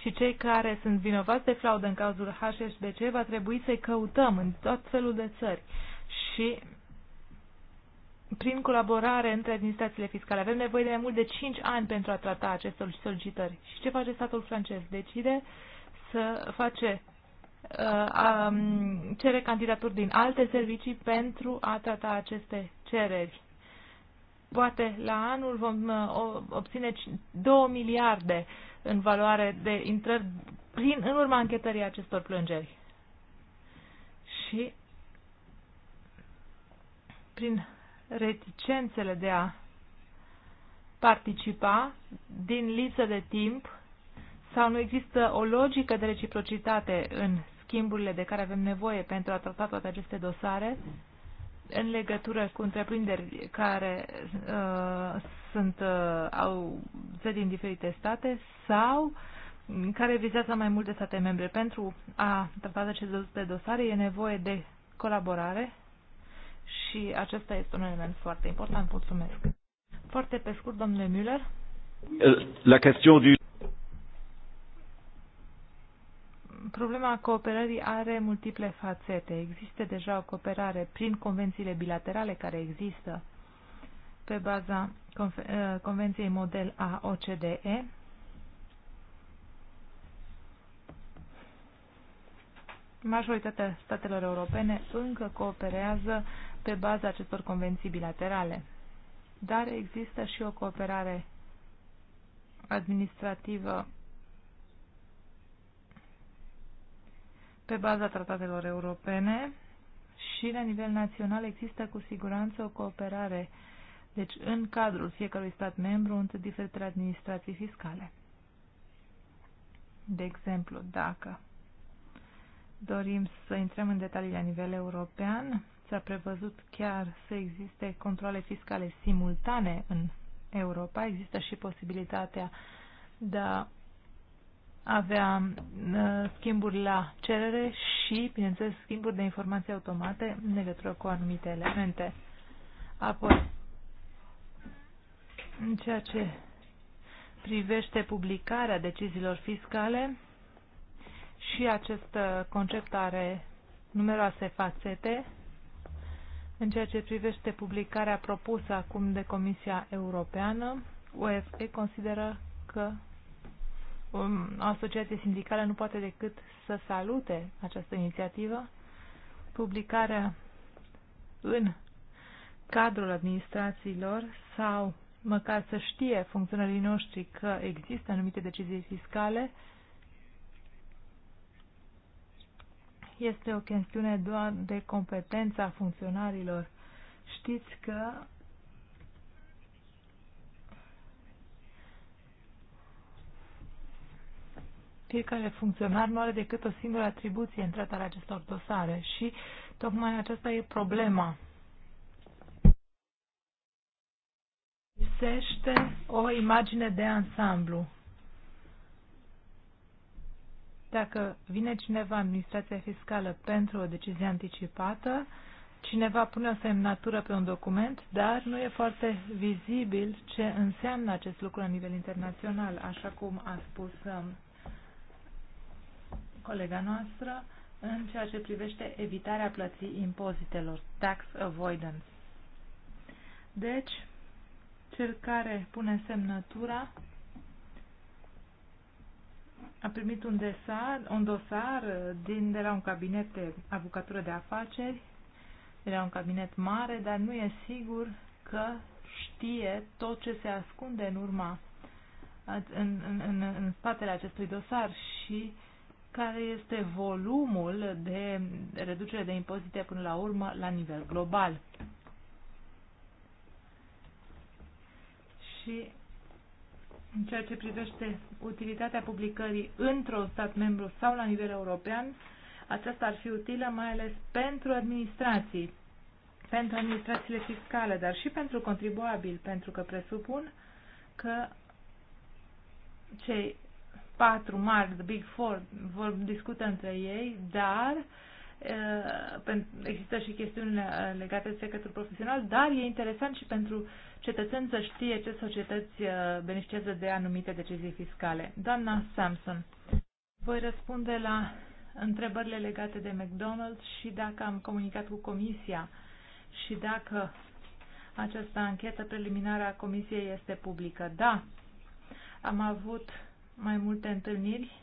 Și cei care sunt vinovați de fraudă în cazul HSBC va trebui să-i căutăm în tot felul de țări. Și prin colaborare între administrațiile fiscale. Avem nevoie de mai mult de 5 ani pentru a trata aceste solicitări. Și ce face statul francez? Decide să face uh, um, cere candidaturi din alte servicii pentru a trata aceste cereri. Poate la anul vom uh, obține 2 miliarde în valoare de intrări prin, în urma închetării acestor plângeri. Și prin reticențele de a participa din lipsă de timp sau nu există o logică de reciprocitate în schimburile de care avem nevoie pentru a trata toate aceste dosare, în legătură cu întreprinderi care uh, sunt, uh, au sedi din diferite state sau care vizează mai multe state membre. Pentru a trata aceste dosare e nevoie de colaborare și acesta este un element foarte important. Mulțumesc. Foarte pe scurt, domnule Müller. La question du problema cooperării are multiple fațete. Există deja o cooperare prin convențiile bilaterale care există pe baza uh, Convenției Model a OCDE. Majoritatea statelor europene încă cooperează pe baza acestor convenții bilaterale, dar există și o cooperare administrativă pe baza tratatelor europene și la nivel național există cu siguranță o cooperare, deci în cadrul fiecărui stat membru între diferitele administrații fiscale. De exemplu, dacă dorim să intrăm în detalii la nivel european, s-a prevăzut chiar să existe controle fiscale simultane în Europa. Există și posibilitatea de a avea uh, schimburi la cerere și, bineînțeles, schimburi de informații automate în legătură cu anumite elemente. Apoi, în ceea ce privește publicarea deciziilor fiscale, și acest uh, concept are numeroase fațete în ceea ce privește publicarea propusă acum de Comisia Europeană, UFE consideră că o um, asociație sindicală nu poate decât să salute această inițiativă. Publicarea în cadrul administrațiilor sau măcar să știe funcționarii noștri că există anumite decizii fiscale este o chestiune doar de competența funcționarilor. Știți că fiecare funcționar nu are decât o singură atribuție în tratarea acestor dosare și tocmai aceasta e problema. Lipsește o imagine de ansamblu. Dacă vine cineva administrația fiscală pentru o decizie anticipată, cineva pune o semnatură pe un document, dar nu e foarte vizibil ce înseamnă acest lucru la nivel internațional, așa cum a spus um, colega noastră în ceea ce privește evitarea plății impozitelor, tax avoidance. Deci, cel care pune semnătura a primit un, desar, un dosar din, de la un cabinet de avocatură de afaceri, de la un cabinet mare, dar nu e sigur că știe tot ce se ascunde în urma, în, în, în, în spatele acestui dosar și care este volumul de reducere de impozite până la urmă la nivel global. Și în ceea ce privește utilitatea publicării într-un stat membru sau la nivel european, aceasta ar fi utilă mai ales pentru administrații, pentru administrațiile fiscale, dar și pentru contribuabil, pentru că presupun că cei patru mari, the Big Four, vor discută între ei, dar există și chestiuni legate de secretul profesional, dar e interesant și pentru cetățeni să știe ce societăți beneficiază de anumite decizii fiscale. Doamna Samson, voi răspunde la întrebările legate de McDonald's și dacă am comunicat cu comisia și dacă această anchetă preliminară a comisiei este publică. Da, am avut mai multe întâlniri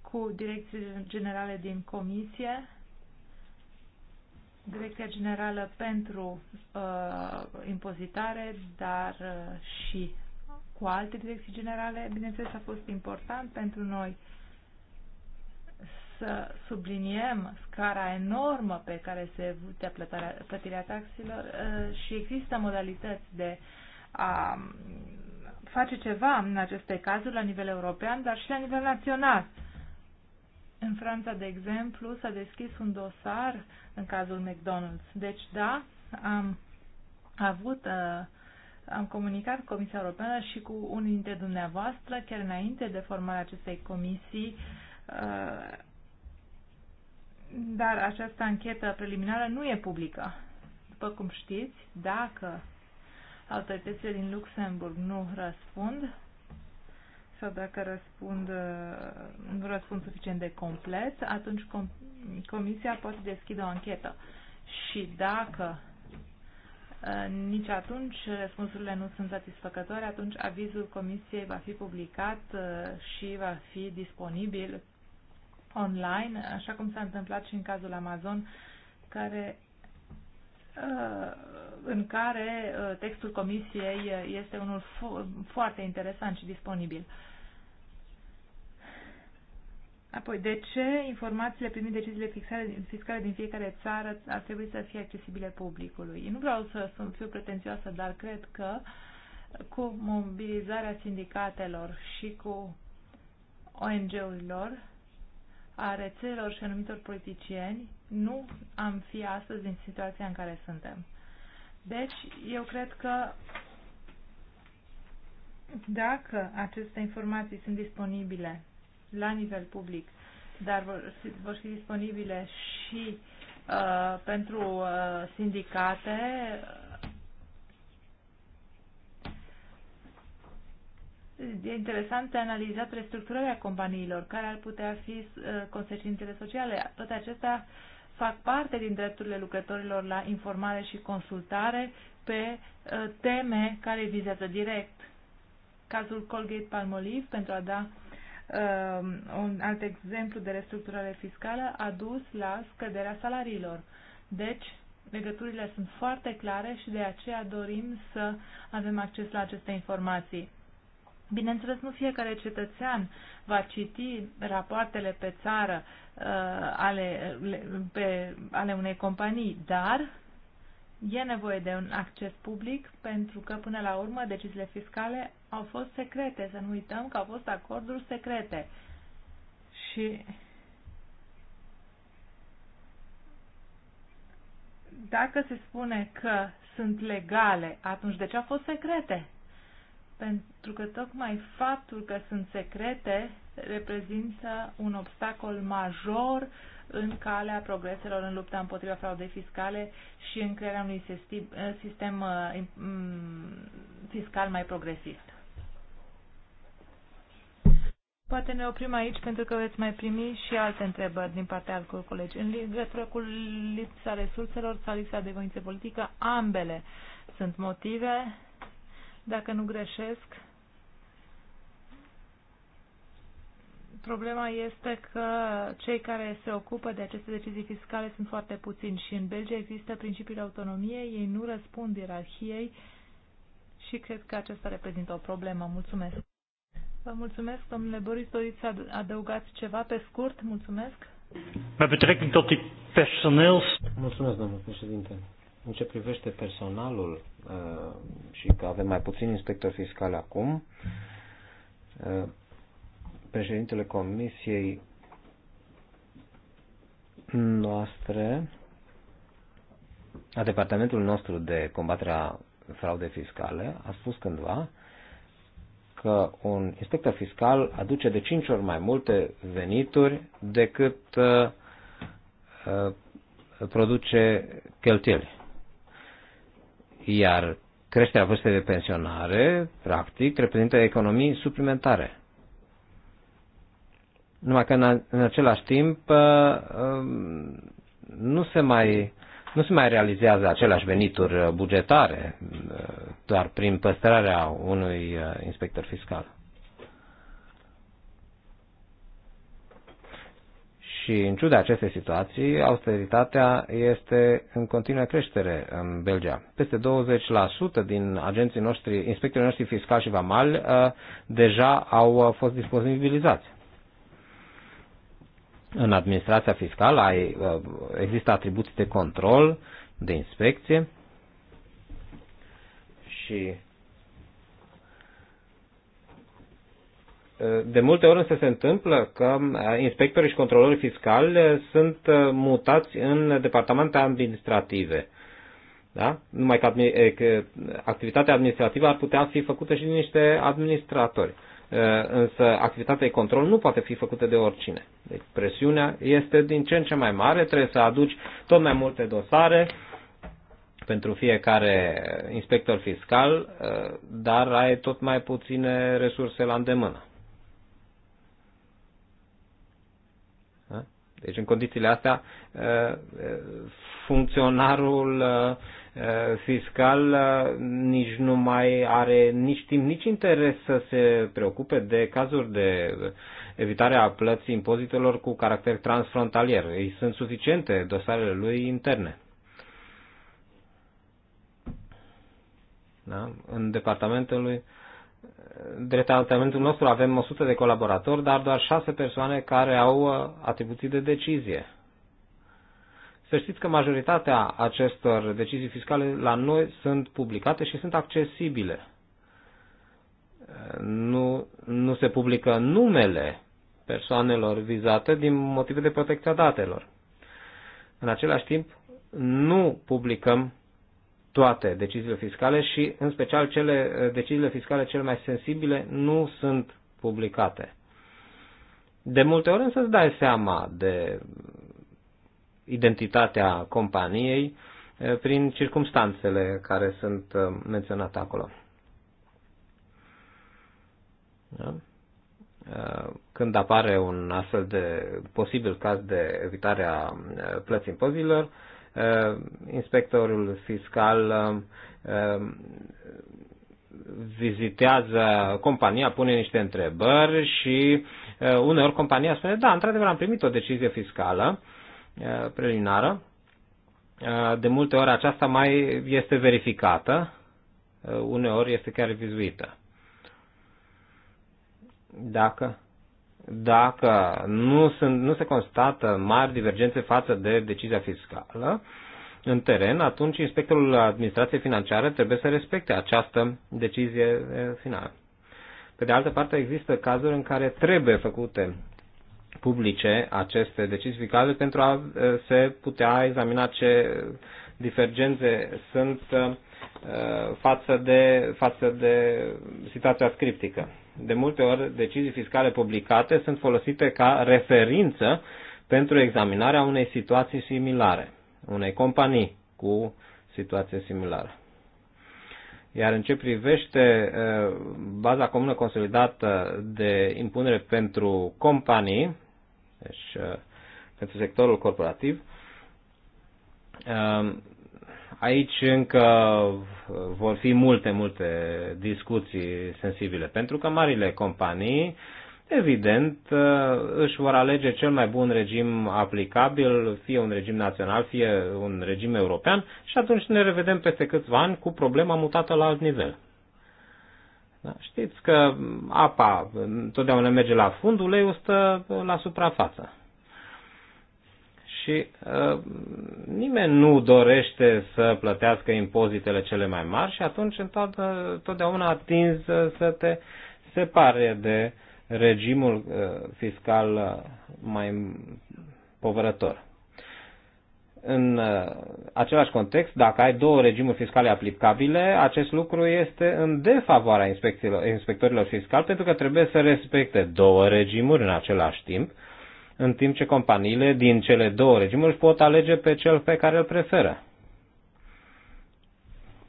cu direcții generale din comisie, Direcția Generală pentru uh, Impozitare, dar uh, și cu alte direcții generale. Bineînțeles, a fost important pentru noi să subliniem scara enormă pe care se evute plătirea taxelor uh, și există modalități de a face ceva în aceste cazuri la nivel european, dar și la nivel național. În Franța, de exemplu, s-a deschis un dosar în cazul McDonald's. Deci, da, am avut, uh, am comunicat cu Comisia Europeană și cu unii dintre dumneavoastră, chiar înainte de formarea acestei comisii, uh, dar această anchetă preliminară nu e publică. După cum știți, dacă autoritățile din Luxemburg nu răspund sau dacă răspund, uh, nu răspund suficient de complet, atunci com comisia poate deschide o anchetă. Și dacă uh, nici atunci răspunsurile nu sunt satisfăcătoare, atunci avizul comisiei va fi publicat uh, și va fi disponibil online, așa cum s-a întâmplat și în cazul Amazon, care Uh, în care uh, textul comisiei uh, este unul foarte interesant și disponibil. Apoi, de ce informațiile privind deciziile fiscale din fiecare țară ar trebui să fie accesibile publicului? Nu vreau să fiu pretențioasă, dar cred că cu mobilizarea sindicatelor și cu ONG-urilor a rețelor și anumitor politicieni, nu am fi astăzi în situația în care suntem. Deci, eu cred că dacă aceste informații sunt disponibile la nivel public, dar vor, vor fi disponibile și uh, pentru uh, sindicate, E interesant de analizat restructurarea companiilor, care ar putea fi uh, consecințele sociale. Toate acestea fac parte din drepturile lucrătorilor la informare și consultare pe uh, teme care vizează direct. Cazul Colgate Palmolive, pentru a da uh, un alt exemplu de restructurare fiscală, a dus la scăderea salariilor. Deci, legăturile sunt foarte clare și de aceea dorim să avem acces la aceste informații. Bineînțeles, nu fiecare cetățean va citi rapoartele pe țară uh, ale, le, pe, ale unei companii, dar e nevoie de un acces public pentru că, până la urmă, deciziile fiscale au fost secrete. Să nu uităm că au fost acorduri secrete. Și dacă se spune că sunt legale, atunci de ce au fost secrete? pentru că tocmai faptul că sunt secrete reprezintă un obstacol major în calea progreselor în lupta împotriva fraudei fiscale și în crearea unui sistem, uh, mm, fiscal mai progresist. Poate ne oprim aici pentru că veți mai primi și alte întrebări din partea altor colegi. În legătură cu lipsa resurselor sau lipsa de voință politică, ambele sunt motive dacă nu greșesc, problema este că cei care se ocupă de aceste decizii fiscale sunt foarte puțini și în Belgia există principiul autonomiei, ei nu răspund ierarhiei și cred că acesta reprezintă o problemă. Mulțumesc! Vă mulțumesc, domnule Boris, doriți să adăugați ceva pe scurt? Mulțumesc! Met betrekking tot personal. Mulțumesc, domnule președinte. În ce privește personalul uh, și că avem mai puțini inspectori fiscal acum, uh, președintele Comisiei noastre, a departamentul nostru de combaterea fraude fraudei fiscale, a spus cândva că un inspector fiscal aduce de 5 ori mai multe venituri decât uh, uh produce cheltuieli. Iar creșterea vârstei de pensionare, practic, reprezintă economii suplimentare. Numai că în, în același timp uh, um, nu se mai nu se mai realizează aceleași venituri bugetare uh, doar prin păstrarea unui uh, inspector fiscal. Și în ciuda acestei situații, austeritatea este în continuă creștere în Belgia. Peste 20% din agenții noștri, inspectorii noștri fiscali și vamali, uh, deja au uh, fost disponibilizați. În administrația fiscală uh, există atribuții de control, de inspecție și De multe ori însă se întâmplă că eh, inspectorii și controlorii fiscali eh, sunt eh, mutați în departamente administrative. Da? Numai că, activitatea administrativă ar putea fi făcută și de niște administratori. Însă activitatea de control nu poate fi făcută de oricine. Deci presiunea este din ce în ce mai mare, trebuie să aduci tot mai multe dosare pentru fiecare inspector fiscal, dar ai tot mai puține resurse la îndemână. Deci în condițiile astea uh, funcționarul uh, uh, fiscal nici nu mai are nici timp, nici interes să se preocupe de cazuri de evitare a plății impozitelor cu caracter transfrontalier. Ei sunt suficiente dosarele lui interne. Da? În departamentul lui de nostru avem 100 de colaboratori, dar doar 6 persoane care au uh, atribuții de decizie. Să știți că majoritatea acestor decizii fiscale la noi sunt publicate și sunt accesibile. Nu, nu se publică numele persoanelor vizate din motive de protecția datelor. În același timp, nu publicăm toate deciziile fiscale și, în special, cele, eh, deciziile fiscale cele mai sensibile nu sunt publicate. De multe ori însă îți dai seama de identitatea companiei eh, prin circumstanțele care sunt eh, menționate acolo. Da? Când apare un astfel de posibil caz de evitare a plății impozitelor. Eh, inspectorul fiscal eh, vizitează compania, pune niște întrebări și eh, uneori compania spune, da, într-adevăr am primit o decizie fiscală preliminară, de multe ori aceasta mai este verificată, uneori este chiar vizuită. Dacă dacă nu, sunt, nu se constată mari divergențe față de decizia fiscală în teren, atunci inspectorul administrației financiare trebuie să respecte această decizie finală. Pe de altă parte, există cazuri în care trebuie făcute publice aceste decizii fiscale pentru a se putea examina ce divergențe sunt față de, față de situația scriptică de multe ori decizii fiscale publicate sunt folosite ca referință pentru examinarea unei situații similare, unei companii cu situație similară. Iar în ce privește uh, baza comună consolidată de impunere pentru companii, deci uh, pentru sectorul corporativ, uh, Aici încă vor fi multe, multe discuții sensibile, pentru că marile companii, evident, își vor alege cel mai bun regim aplicabil, fie un regim național, fie un regim european, și atunci ne revedem peste câțiva ani cu problema mutată la alt nivel. Da? Știți că apa întotdeauna merge la fund, uleiul stă la suprafață. Și uh, nimeni nu dorește să plătească impozitele cele mai mari și atunci toată, atins să te separe de regimul uh, fiscal uh, mai povărător. În uh, același context, dacă ai două regimuri fiscale aplicabile, acest lucru este în defavoarea inspectorilor fiscali pentru că trebuie să respecte două regimuri în același timp, uh, în timp ce companiile din cele două regimuri pot alege pe cel pe care îl preferă.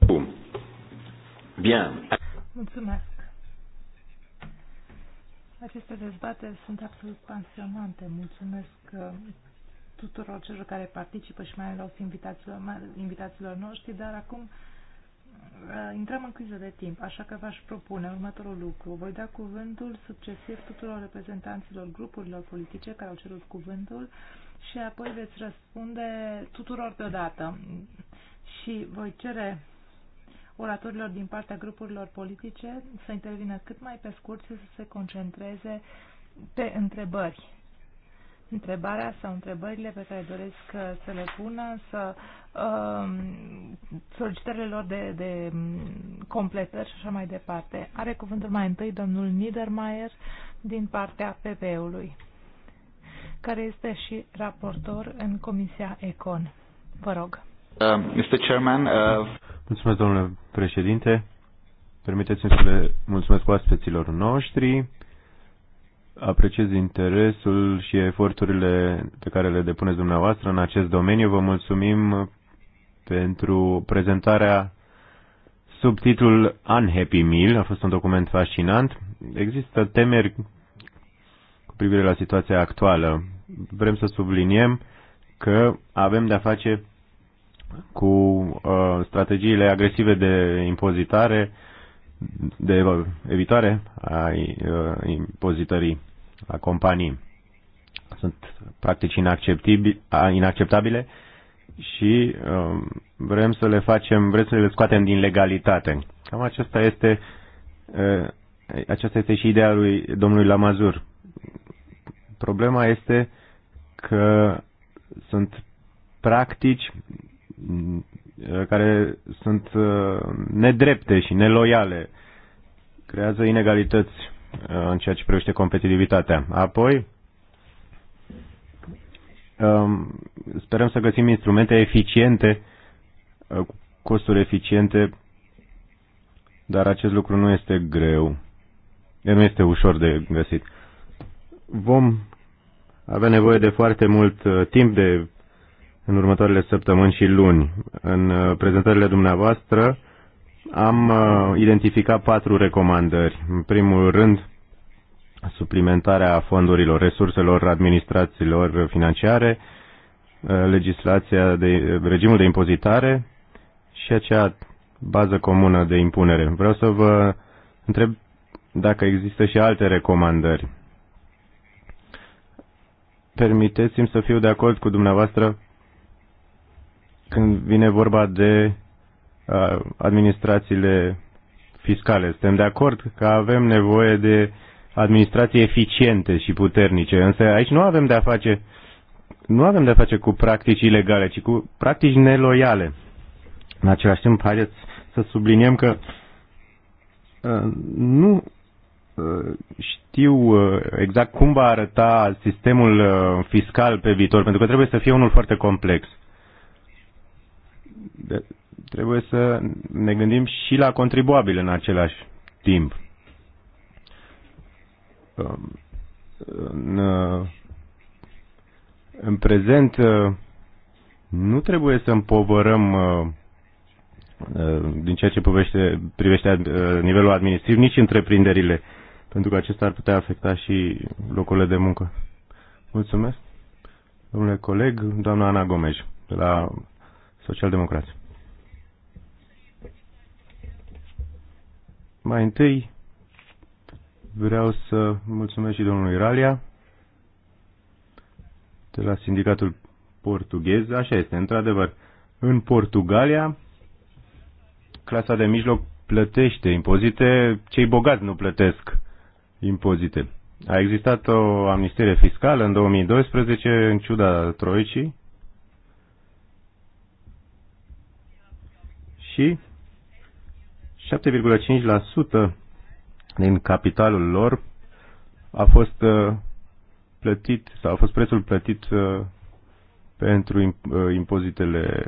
Bun. Bien. Mulțumesc. Aceste dezbateri sunt absolut pasionante. Mulțumesc uh, tuturor celor care participă și mai ales invitațiilor noștri, dar acum Eh, intrăm în criză de timp, așa că v-aș propune următorul lucru. Voi da cuvântul succesiv tuturor reprezentanților grupurilor politice care au cerut cuvântul și apoi veți răspunde tuturor deodată. Și voi cere oratorilor din partea grupurilor politice să intervină cât mai pe scurt și să se concentreze pe întrebări întrebarea sau întrebările pe care doresc uh, să le pună, să uh, solicitările lor de, de mm, completări și așa mai departe. Are cuvântul mai întâi domnul Niedermayer din partea PP-ului, care este și raportor în Comisia Econ. Vă rog. Uh, Mr. Chairman, uh... Mulțumesc, domnule președinte. Permiteți-mi să le mulțumesc oaspeților noștri apreciez interesul și eforturile pe care le depuneți dumneavoastră în acest domeniu. Vă mulțumim pentru prezentarea sub titlul Unhappy Meal. A fost un document fascinant. Există temeri cu privire la situația actuală. Vrem să subliniem că avem de-a face cu uh, strategiile agresive de impozitare uh, de evitare a uh, impozitării la companii. Sunt practici inacceptabile și um, vrem să le facem, vrem să le scoatem din legalitate. Cam aceasta este, uh, aceasta este și ideea lui domnului Lamazur. Problema este că sunt practici Uh, care sunt uh, nedrepte și neloiale, creează inegalități uh, în ceea ce privește competitivitatea. Apoi, um, sperăm să găsim instrumente eficiente, cu costuri eficiente, dar acest lucru nu este greu. Nu este ușor de găsit. Vom avea nevoie de foarte mult timp, de în următoarele săptămâni și luni. În uh, prezentările dumneavoastră am uh, identificat patru recomandări. În primul rând, suplimentarea fondurilor, resurselor administrațiilor financiare, uh, legislația de regimul de impozitare și acea bază comună de impunere. Vreau să vă întreb dacă există și alte recomandări. Permiteți-mi să fiu de acord cu dumneavoastră când vine vorba de administrațiile fiscale. Suntem de acord că avem nevoie de administrații eficiente și puternice, însă aici nu avem de-a face nu avem de-a face cu practici ilegale, ci cu practici neloiale. În același timp, haideți să subliniem că uh, nu uh, știu uh, exact cum va arăta sistemul uh, fiscal pe viitor, pentru că trebuie să fie unul foarte complex. Uh, de, trebuie să ne gândim și la contribuabil în același timp. Um, în, uh, în prezent uh, nu trebuie să împovărăm uh, din ceea ce privește, privește nivelul administrativ nici întreprinderile, pentru că acesta ar putea afecta și locurile de muncă. Mulțumesc, domnule coleg, doamna Ana Gomej, de la Socialdemocrați. Mai întâi vreau să mulțumesc și domnului Ralia de la sindicatul portughez. Așa este, într-adevăr. În Portugalia, clasa de mijloc plătește impozite, cei bogați nu plătesc impozite. A existat o amnistie fiscală în 2012, în ciuda troicii, și 7,5% din capitalul lor a fost uh, plătit sau a fost prețul plătit uh, pentru uh, impozitele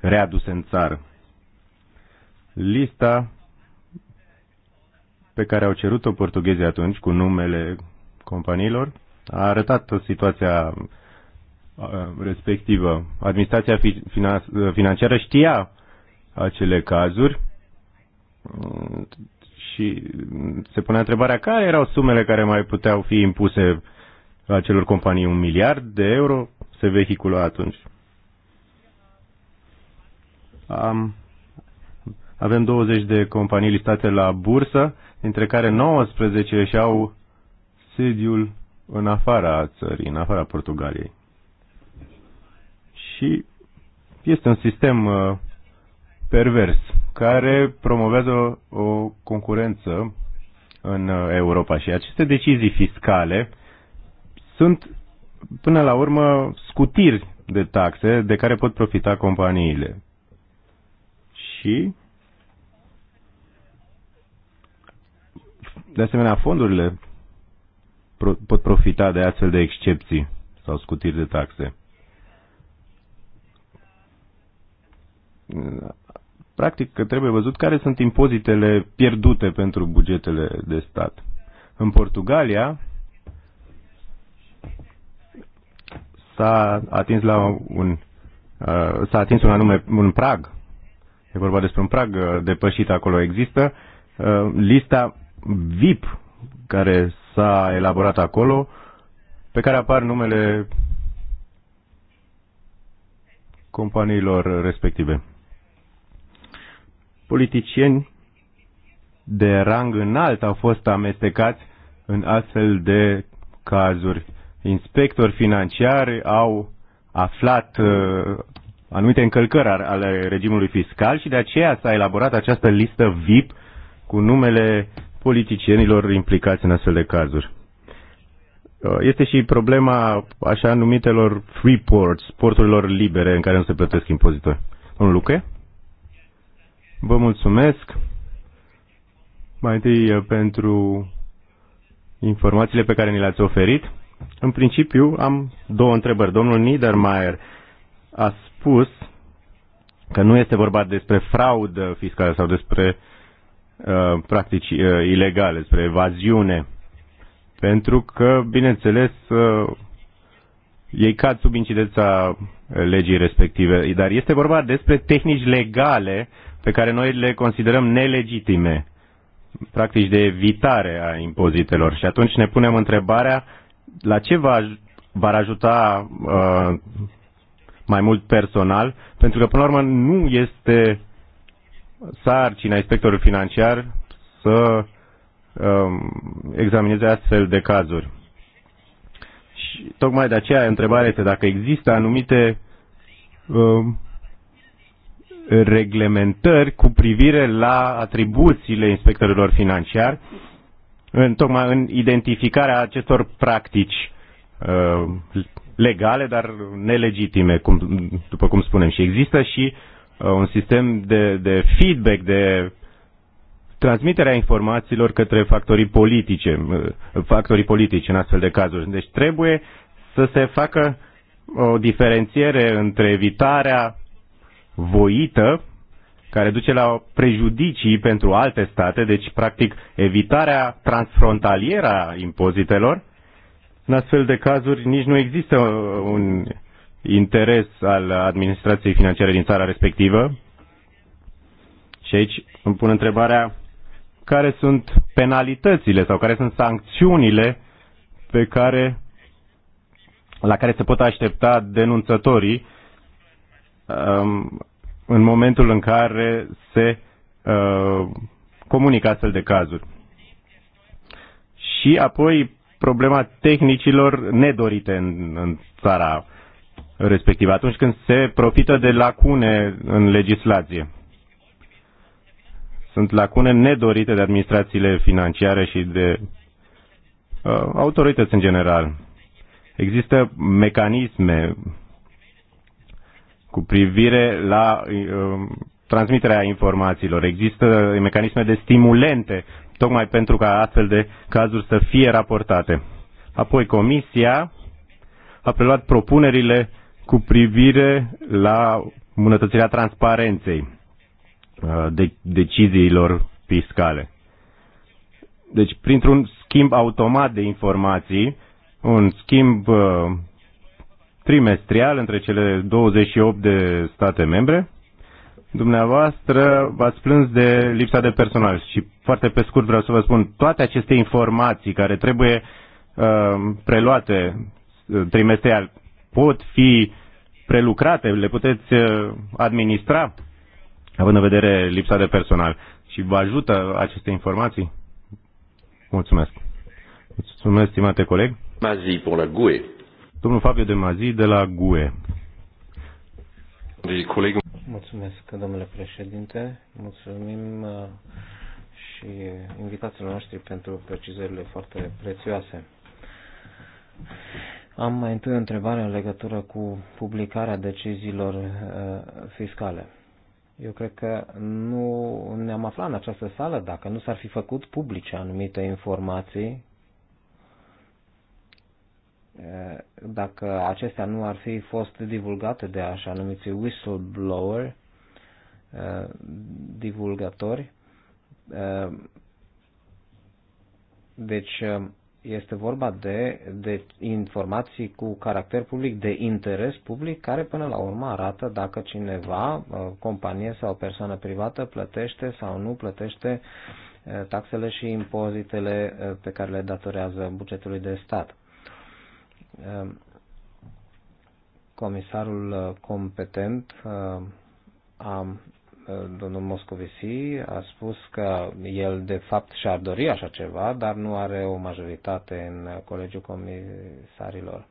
readuse în țară. Lista pe care au cerut-o portughezii atunci cu numele companiilor a arătat situația respectivă. Administrația financiară știa acele cazuri și se pune întrebarea care erau sumele care mai puteau fi impuse acelor companii. Un miliard de euro se vehicula atunci. Am, avem 20 de companii listate la bursă, dintre care 19 și-au sediul în afara țării, în afara Portugaliei. Și este un sistem uh, pervers care promovează o concurență în uh, Europa și aceste decizii fiscale sunt până la urmă scutiri de taxe de care pot profita companiile. Și de asemenea fondurile pot profita de astfel de excepții sau scutiri de taxe Practic că trebuie văzut care sunt impozitele pierdute pentru bugetele de stat. În Portugalia s-a atins la un uh, s-a atins un anume un prag. E vorba despre un prag uh, depășit acolo. Există uh, lista VIP care s-a elaborat acolo, pe care apar numele companiilor respective politicieni de rang înalt au fost amestecați în astfel de cazuri. Inspectori financiari au aflat uh, anumite încălcări ale regimului fiscal și de aceea s-a elaborat această listă VIP cu numele politicienilor implicați în astfel de cazuri. Uh, este și problema așa numitelor free ports, porturilor libere în care nu se plătesc impozitori. Domnul Luque? Vă mulțumesc mai întâi eh, pentru informațiile pe care ni le-ați oferit. În principiu am două întrebări. Domnul Niedermayer a spus că nu este vorba despre fraudă fiscală sau despre uh, practici uh, ilegale, despre evaziune, pentru că, bineînțeles, uh, ei cad sub incidența legii respective, dar este vorba despre tehnici legale pe care noi le considerăm nelegitime, practici de evitare a impozitelor. Și atunci ne punem întrebarea la ce va, va ajuta uh, mai mult personal, pentru că până la urmă nu este sarcina inspectorului financiar să uh, examineze astfel de cazuri. Și tocmai de aceea întrebarea este dacă există anumite uh, reglementări cu privire la atribuțiile inspectorilor financiari, în, tocmai în identificarea acestor practici uh, legale, dar nelegitime, cum, după cum spunem. Și există și uh, un sistem de, de feedback, de transmiterea informațiilor către factorii politice, uh, factorii politici în astfel de cazuri. Deci trebuie să se facă o diferențiere între evitarea voită care duce la prejudicii pentru alte state, deci practic evitarea transfrontalieră a impozitelor. În astfel de cazuri nici nu există uh, un interes al administrației financiare din țara respectivă. Și aici îmi pun întrebarea care sunt penalitățile sau care sunt sancțiunile pe care, la care se pot aștepta denunțătorii Um, în momentul în care se uh, comunică astfel de cazuri. Și apoi problema tehnicilor nedorite în, în țara respectivă, atunci când se profită de lacune în legislație. Sunt lacune nedorite de administrațiile financiare și de uh, autorități în general. Există mecanisme cu privire la um, transmiterea informațiilor. Există mecanisme de stimulente tocmai pentru ca astfel de cazuri să fie raportate. Apoi Comisia a preluat propunerile cu privire la îmbunătățirea transparenței uh, de, deciziilor fiscale. Deci, printr-un schimb automat de informații, un schimb uh, trimestrial între cele 28 de state membre. Dumneavoastră v-ați plâns de lipsa de personal și foarte pe scurt vreau să vă spun, toate aceste informații care trebuie uh, preluate uh, trimestrial pot fi prelucrate, le puteți uh, administra având în vedere lipsa de personal și vă ajută aceste informații? Mulțumesc. Mulțumesc, stimate coleg. Mazi, pour la GUE. Domnul Fabio de Mazi de la GUE. Mulțumesc, domnule președinte. Mulțumim uh, și invitațiilor noștri pentru precizările foarte prețioase. Am mai întâi o întrebare în legătură cu publicarea deciziilor uh, fiscale. Eu cred că nu ne-am aflat în această sală dacă nu s-ar fi făcut publice anumite informații Eh, dacă acestea nu ar fi fost divulgate de așa numiți whistleblower, eh, divulgatori. Eh, deci este vorba de, de informații cu caracter public, de interes public, care până la urmă arată dacă cineva, companie sau persoană privată, plătește sau nu plătește taxele și impozitele pe care le datorează bugetului de stat Ehm, comisarul uh, competent, ehm, a, ehm, domnul Moscovici, a spus că el de fapt și-ar dori așa ceva, dar nu are o majoritate în Colegiul Comisarilor.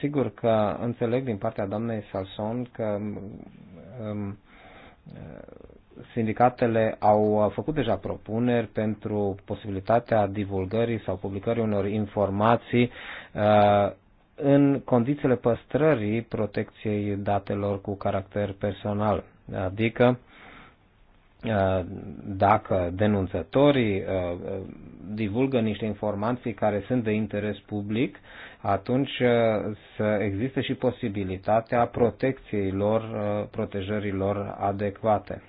Sigur că înțeleg din partea doamnei Salson că sindicatele au uh, făcut deja propuneri pentru posibilitatea divulgării sau publicării unor informații uh, în condițiile păstrării protecției datelor cu caracter personal. Adică uh, dacă denunțătorii divulgă niște informații care sunt de interes public, atunci să existe și posibilitatea protecției lor, protejării lor adecvate.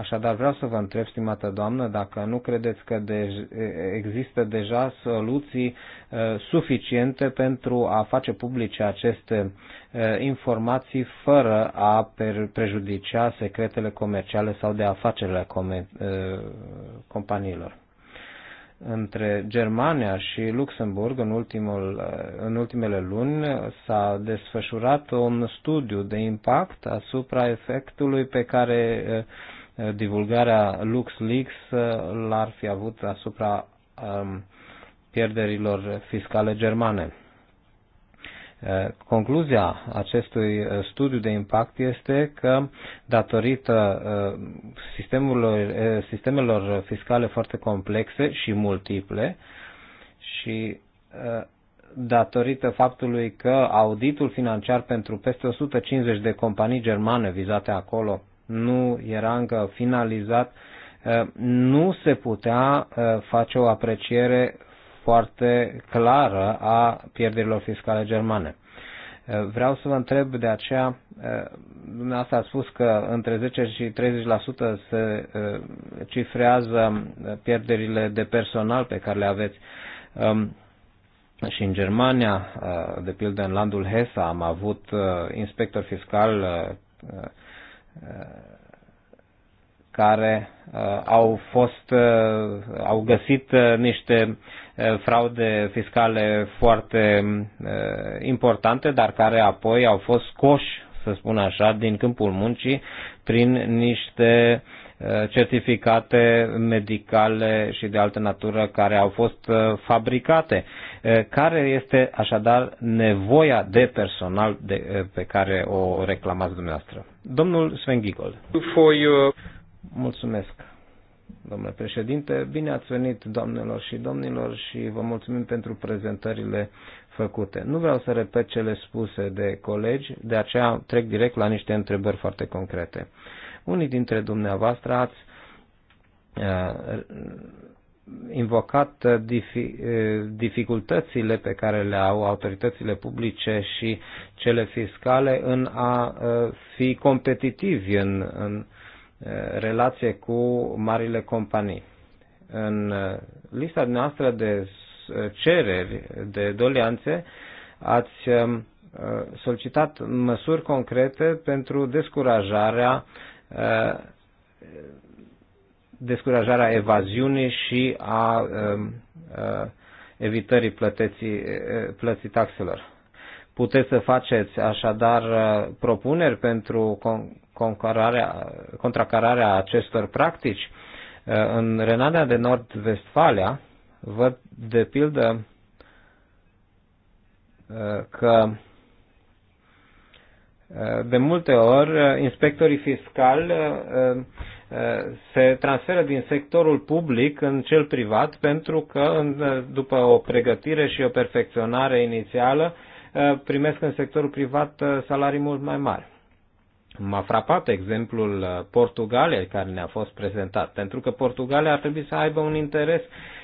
Așadar vreau să vă întreb, stimată doamnă, dacă nu credeți că de- există deja soluții suficiente pentru a face publice aceste informații fără a prejudicia secretele comerciale sau de afacerile companiilor între Germania și Luxemburg în, ultimul, în ultimele luni s-a desfășurat un studiu de impact asupra efectului pe care uh, divulgarea LuxLeaks uh, l-ar fi avut asupra um, pierderilor fiscale germane. Uh, concluzia acestui uh, studiu de impact este că, datorită sistemelor, sistemelor fiscale foarte complexe și multiple, și datorită faptului că auditul financiar pentru peste 150 de companii germane vizate acolo nu era încă finalizat, uh, nu se putea uh, face o apreciere foarte clară a pierderilor fiscale germane. Uh, vreau să vă întreb de aceea, dumneavoastră a spus că între 10 și 30% se cifrează pierderile de personal pe care le aveți. Um, și în Germania, de pildă în landul Hesa, am avut inspector fiscal Uh, care uh, au fost, uh, au găsit niște fraude fiscale foarte importante, dar care apoi au fost coși, să spun așa, din câmpul muncii prin niște certificate medicale și de altă natură care au fost uh, fabricate. Uh, care este așadar nevoia de personal de, uh, pe care o reclamați dumneavoastră? Domnul Sven Gigol. Mulțumesc, domnule președinte. Bine ați venit, doamnelor și domnilor, și vă mulțumim pentru prezentările făcute. Nu vreau să repet cele spuse de colegi, de aceea trec direct la niște întrebări foarte concrete. Uh, unii dintre dumneavoastră ați uh, invocat uh, uh, dificultățile pe care le au autoritățile publice și cele fiscale în a fi competitivi în, în relație cu marile companii. În lista noastră de cereri de doleanțe ați um, solicitat măsuri concrete pentru descurajarea Uh, descurajarea evaziunii și a um, uh, evitării plăteții, uh, plății taxelor. Puteți să faceți așadar propuneri pentru contracararea acestor practici. În Renania de Nord-Vestfalia văd de pildă că de multe ori, inspectorii fiscali uh, uh, se transferă din sectorul public în cel privat pentru că, după o pregătire și o perfecționare inițială, uh, primesc în sectorul privat salarii mult mai mari. M-a frapat exemplul Portugaliei care ne-a fost prezentat, pentru că Portugalia ar trebui să aibă un interes uh,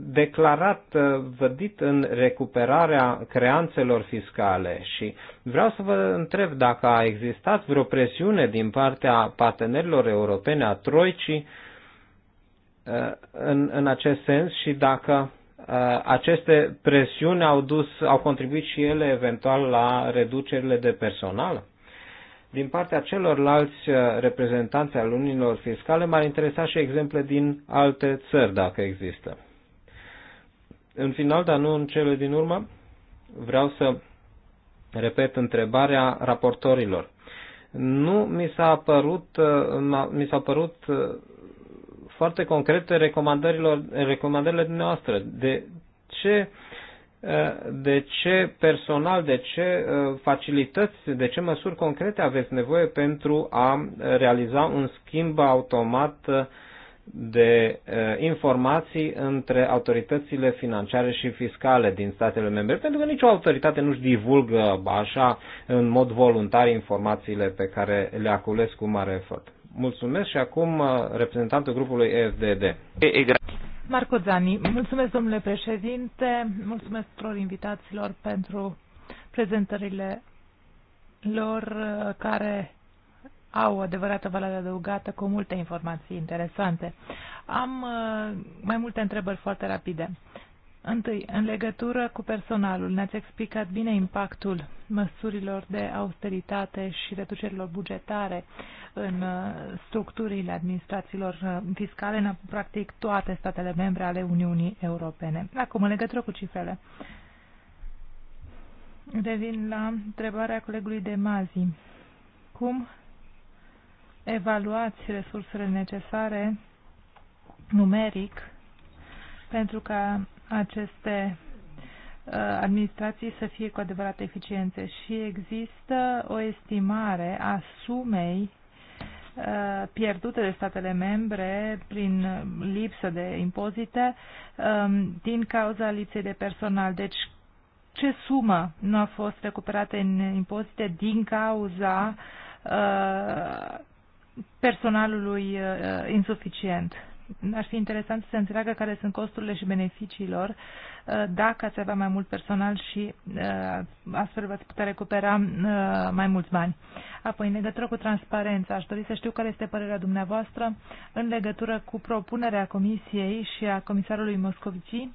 declarat vădit în recuperarea creanțelor fiscale și vreau să vă întreb dacă a existat vreo presiune din partea partenerilor europene a Troicii în, în acest sens și dacă aceste presiuni au dus, au contribuit și ele eventual la reducerile de personal? din partea celorlalți uh, reprezentanți al uniunilor fiscale, m-ar interesa și exemple din alte țări, dacă există. În final, dar nu în cele din urmă, vreau să repet întrebarea raportorilor. Nu mi s-a uh, părut, mi s-a părut foarte concrete recomandările dumneavoastră. De ce uh, Eh, de ce personal, de ce eh, facilități, de ce măsuri concrete aveți nevoie pentru a realiza un schimb automat eh, de informații între autoritățile financiare și fiscale din statele membre, pentru că nicio autoritate nu-și divulgă așa în mod voluntar informațiile pe care le acules cu mare efort. Mulțumesc și acum reprezentantul grupului EFDD. Marco Zani. Mulțumesc, domnule președinte, mulțumesc tuturor invitaților pentru prezentările lor care au o adevărată valoare adăugată cu multe informații interesante. Am uh, mai multe întrebări foarte rapide. Întâi, în legătură cu personalul, ne-ați explicat bine impactul măsurilor de austeritate și reducerilor bugetare în uh, structurile administrațiilor uh, fiscale în practic toate statele membre ale Uniunii Europene. Acum, în legătură cu cifrele, devin la întrebarea colegului de Mazi. Cum evaluați resursele necesare numeric pentru ca aceste uh, administrații să fie cu adevărat eficiențe și există o estimare a sumei Uh, pierdute de statele membre prin lipsă de impozite um, din cauza lipsei de personal. Deci, ce sumă nu a fost recuperată în impozite din cauza uh, personalului uh, insuficient? ar fi interesant să se înțeleagă care sunt costurile și beneficiilor uh, dacă ați avea mai mult personal și uh, astfel v-ați putea recupera uh, mai mulți bani. Apoi, în legătură cu transparența, aș dori să știu care este părerea dumneavoastră în legătură cu propunerea Comisiei și a comisarului Moscovici,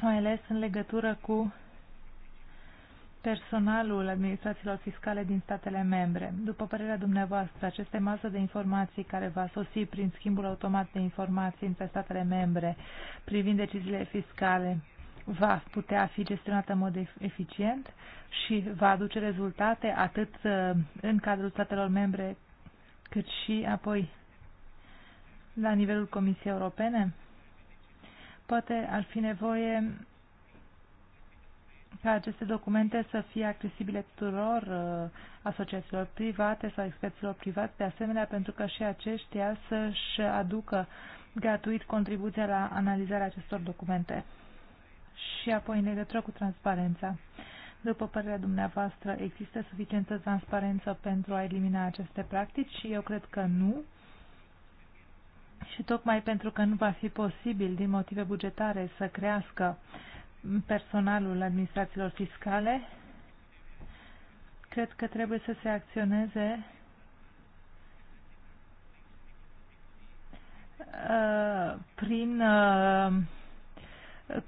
mai ales în legătură cu personalul administrațiilor fiscale din statele membre. După părerea dumneavoastră, aceste mase de informații care va sosi prin schimbul automat de informații între statele membre privind deciziile fiscale va putea fi gestionată în mod eficient și va aduce rezultate atât uh, în cadrul statelor membre cât și apoi la nivelul Comisiei Europene? Poate ar fi nevoie ca aceste documente să fie accesibile tuturor uh, asociațiilor private sau experților privați, de asemenea pentru că și aceștia să-și aducă gratuit contribuția la analizarea acestor documente. Și apoi în legătură cu transparența. După părerea dumneavoastră, există suficientă transparență pentru a elimina aceste practici? Și eu cred că nu. Și tocmai pentru că nu va fi posibil, din motive bugetare, să crească uh, personalul administrațiilor fiscale, cred că trebuie să se acționeze uh, prin uh,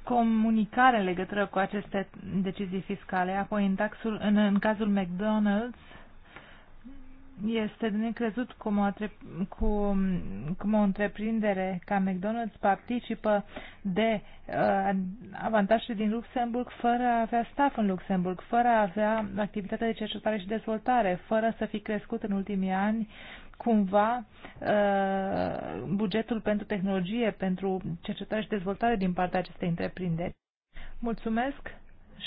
comunicare în legătură cu aceste decizii fiscale. Apoi, în, taxul, în, în cazul McDonald's, este de necrezut cum o, cu, cum o întreprindere ca McDonald's participă de uh, avantajele din Luxemburg fără a avea staff în Luxemburg, fără a avea activitate de cercetare și dezvoltare, fără să fi crescut în ultimii ani cumva uh, bugetul pentru tehnologie, pentru cercetare și dezvoltare din partea acestei întreprinderi. Mulțumesc!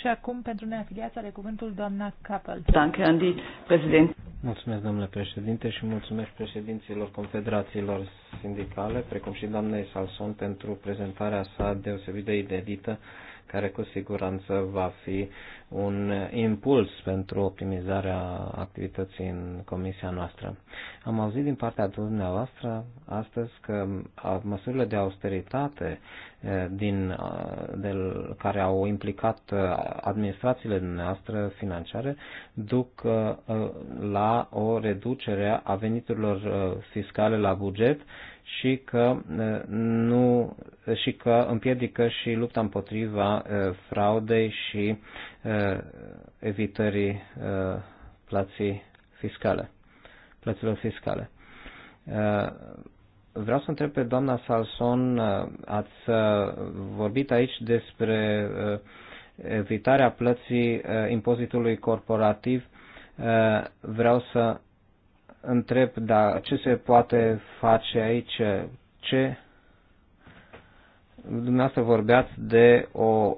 Și acum, pentru neafiliați, de cuvântul doamna Capel. Danke, die Präsidentin. Mulțumesc, domnule președinte, și mulțumesc președinților confederațiilor sindicale, precum și doamnei Salson, pentru prezentarea sa deosebit de idedită, care cu siguranță va fi un impuls pentru optimizarea activității în comisia noastră. Am auzit din partea dumneavoastră astăzi că măsurile de austeritate din, de, care au implicat administrațiile dumneavoastră financiare duc la o reducere a veniturilor uh, fiscale la buget și că, uh, nu, și că împiedică și lupta împotriva uh, fraudei și evitării plății fiscale, plăților fiscale. Vreau să întreb pe doamna Salson, ați vorbit aici despre evitarea plății impozitului corporativ Eh, vreau să întreb da, ce se poate face aici, ce dumneavoastră vorbeați de o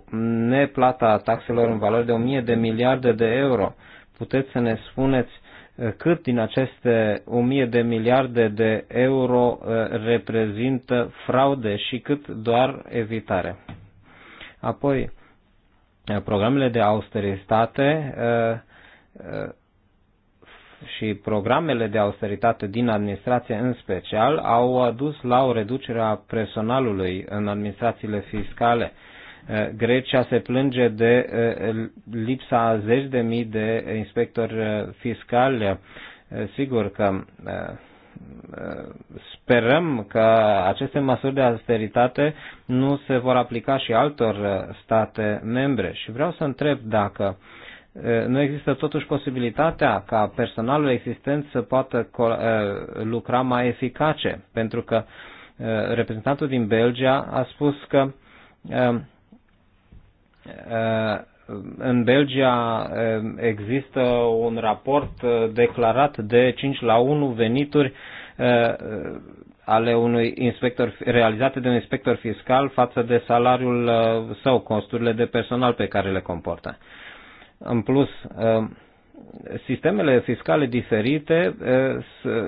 neplata a taxelor în valoare de 1000 de miliarde de euro. Puteți să ne spuneți eh, cât din aceste 1000 de miliarde de euro eh, reprezintă fraude și cât doar evitare. Apoi, programele de austeritate și programele de austeritate din administrație în special au adus la o reducere a personalului în administrațiile fiscale. Eh, Grecia se plânge de eh, lipsa a zeci de mii de inspectori eh, fiscali. Sigur că sperăm că aceste măsuri de austeritate nu se vor aplica și altor state membre. Și vreau să întreb dacă uh, nu există totuși posibilitatea ca personalul existent să poată lucra mai eficace, pentru că reprezentantul din Belgia a spus că în Belgia există un raport declarat de 5 la 1 venituri ale unui inspector, realizate de un inspector fiscal față de salariul său, costurile de personal pe care le comportă. Uh, în plus, uh, sistemele fiscale diferite uh,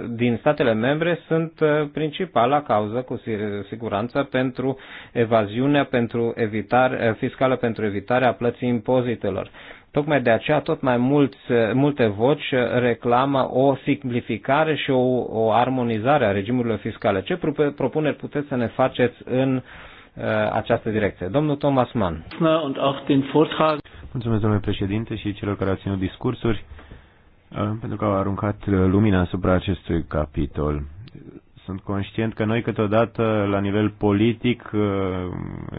din statele membre sunt uh, principala cauză cu siguranță pentru evaziunea pentru evitar, fiscală pentru evitarea plății impozitelor. Tocmai de aceea tot mai mulți, multe voci reclamă o simplificare și o, o armonizare a regimurilor fiscale. Ce propuneri puteți să ne faceți în uh, Uh, această direcție. Domnul Thomas Mann. Mulțumesc, domnule președinte, și celor care au ținut discursuri, uh, pentru că au aruncat uh, lumina asupra acestui capitol. Sunt conștient că noi câteodată, la nivel politic,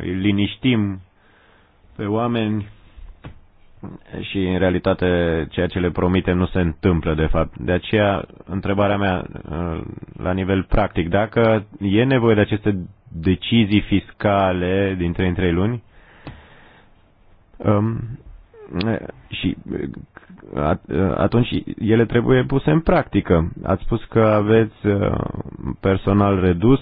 îi liniștim pe oameni și în realitate ceea ce le promitem nu se întâmplă de fapt. De aceea întrebarea mea uh, la nivel practic, dacă e nevoie de aceste decizii fiscale din 3 în 3 luni um, și uh, uh, atunci ele trebuie puse în practică. Ați spus că aveți personal redus,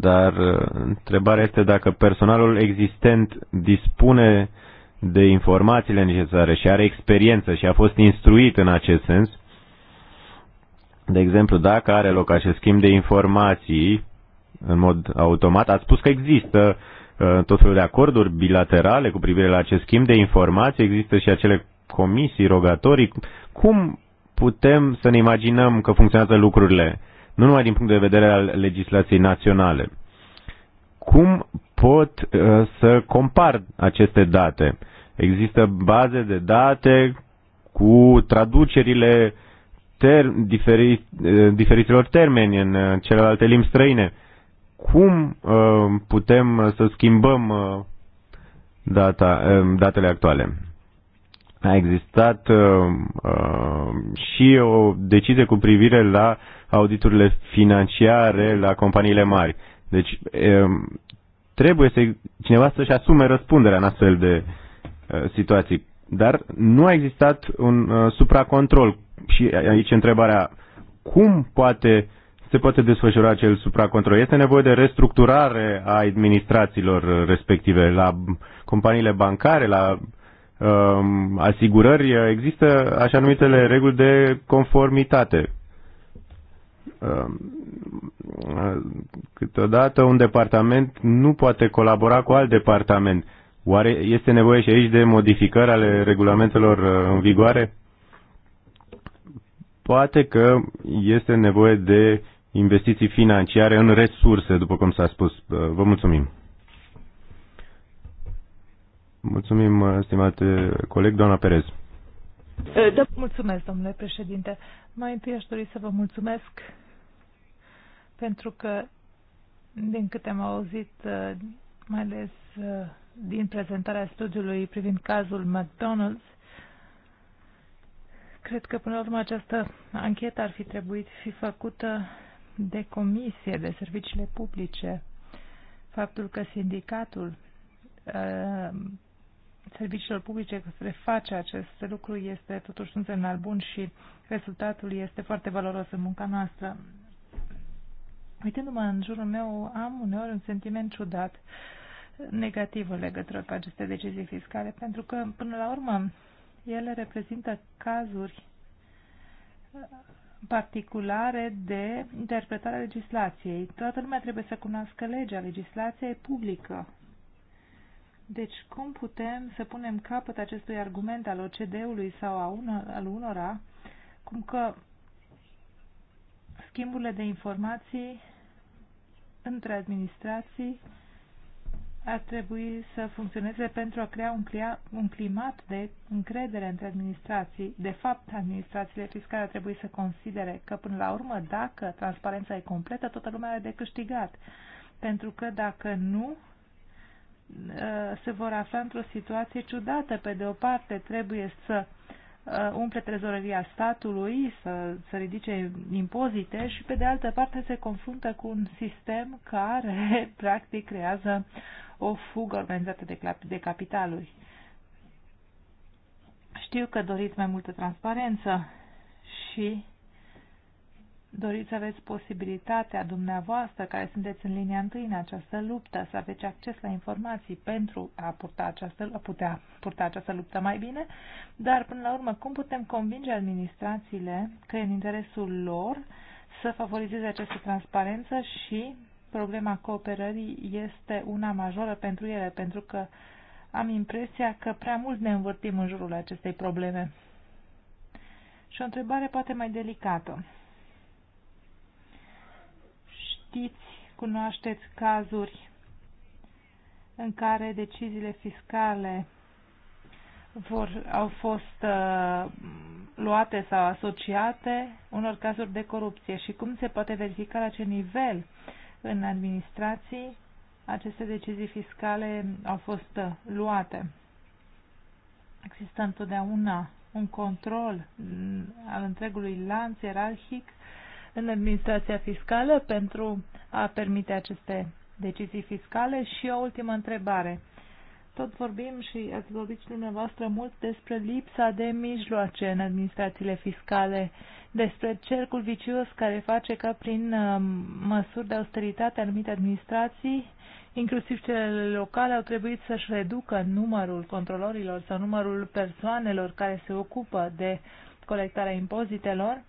dar întrebarea este dacă personalul existent dispune uh, de informațiile necesare și are experiență și a fost instruit în acest sens. De exemplu, dacă are loc acest schimb de informații în mod automat, ați spus că există uh, tot felul de acorduri bilaterale cu privire la acest schimb de informații, există și acele comisii rogatorii. Cum putem să ne imaginăm că funcționează lucrurile, nu numai din punct de vedere al legislației naționale? Cum pot uh, să compar aceste date? Există baze de date cu traducerile ter- diferi, diferiților termeni în uh, celelalte limbi străine. Cum uh, putem uh, să schimbăm uh, data, uh, datele actuale? A existat uh, uh, și o decizie cu privire la auditurile financiare la companiile mari. Deci uh, trebuie să cineva să-și asume răspunderea în astfel de uh, Uh, situații. Dar nu a existat un uh, supracontrol și aici întrebarea cum poate se poate desfășura acel supracontrol. Este nevoie de restructurare a administrațiilor respective la companiile bancare, la uh, asigurări. Există așa numitele reguli de conformitate. Um, uh, câteodată un departament nu poate colabora cu alt departament. Oare este nevoie și aici de modificări ale regulamentelor uh, în vigoare? Poate că este nevoie de investiții financiare în resurse, după cum s-a spus. Uh, vă mulțumim. Mulțumim, uh, stimate coleg, doamna Perez. Da, mulțumesc, domnule președinte. Mai întâi aș dori să vă mulțumesc pentru că, din câte am auzit, mai ales din prezentarea studiului privind cazul McDonald's, cred că până la urmă această anchetă ar fi trebuit fi făcută de comisie, de serviciile publice. Faptul că sindicatul uh, serviciilor publice reface acest lucru este totuși un semnal bun și rezultatul este foarte valoros în munca noastră. Uitându-mă în jurul meu, am uneori un sentiment ciudat negativ în legătură cu aceste decizii fiscale, pentru că, până la urmă, ele reprezintă cazuri uh, particulare de interpretarea legislației. Toată lumea trebuie să cunoască legea, legislația e publică. Deci cum putem să punem capăt acestui argument al OCD-ului sau a unor, al unora, cum că schimburile de informații între administrații ar trebui să funcționeze pentru a crea un, clia, un climat de încredere între administrații. De fapt, administrațiile fiscale ar trebui să considere că, până la urmă, dacă transparența e completă, toată lumea are de câștigat. Pentru că, dacă nu, uh, se vor afla într-o situație ciudată. Pe de o parte, trebuie să uh, umple trezoreria statului, să, să ridice impozite și, pe de altă parte, se confruntă cu un sistem care, practic, creează uh, o fugă organizată de, de capitaluri. Știu că doriți mai multă transparență și doriți să aveți posibilitatea dumneavoastră, care sunteți în linia întâi în această luptă, să aveți acces la informații pentru a, purta această, a putea purta această luptă mai bine, dar până la urmă, cum putem convinge administrațiile că în interesul lor să favorizeze această transparență și problema cooperării este una majoră pentru ele, pentru că am impresia că prea mult ne învârtim în jurul acestei probleme. Și o întrebare poate mai delicată. Știți, cunoașteți cazuri în care deciziile fiscale vor, au fost uh, luate sau asociate unor cazuri de corupție și cum se poate verifica la ce nivel uh, în administrații, aceste decizii fiscale au fost uh, luate. Există întotdeauna un control mm, al întregului lanț ierarhic în administrația fiscală pentru a permite aceste decizii fiscale. Și o ultimă întrebare. Tot vorbim și ați vorbit și dumneavoastră mult despre lipsa de mijloace în administrațiile fiscale, despre cercul vicios care face ca prin uh, măsuri de austeritate anumite administrații, inclusiv cele locale, au trebuit să-și reducă numărul controlorilor sau numărul persoanelor care se ocupă de colectarea impozitelor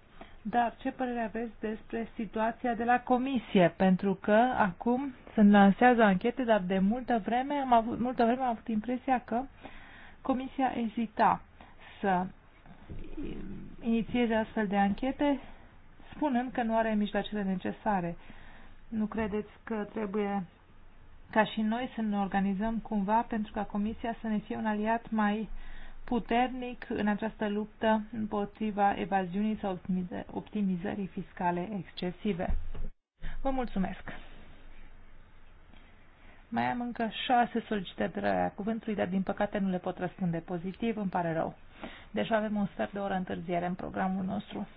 dar ce părere aveți despre situația de la comisie? Pentru că acum se lansează anchete, dar de multă vreme am avut, multă vreme am avut impresia că comisia ezita să inițieze astfel de anchete, spunând că nu are mijloacele necesare. Nu credeți că trebuie ca și noi să ne organizăm cumva pentru ca comisia să ne fie un aliat mai uh, puternic în această luptă împotriva evaziunii sau optimizării fiscale excesive. Vă mulțumesc! Mai am încă șase solicitări de la cuvântului, dar din păcate nu le pot răspunde pozitiv, îmi pare rău. Deja deci avem un sfert de oră întârziere în programul nostru.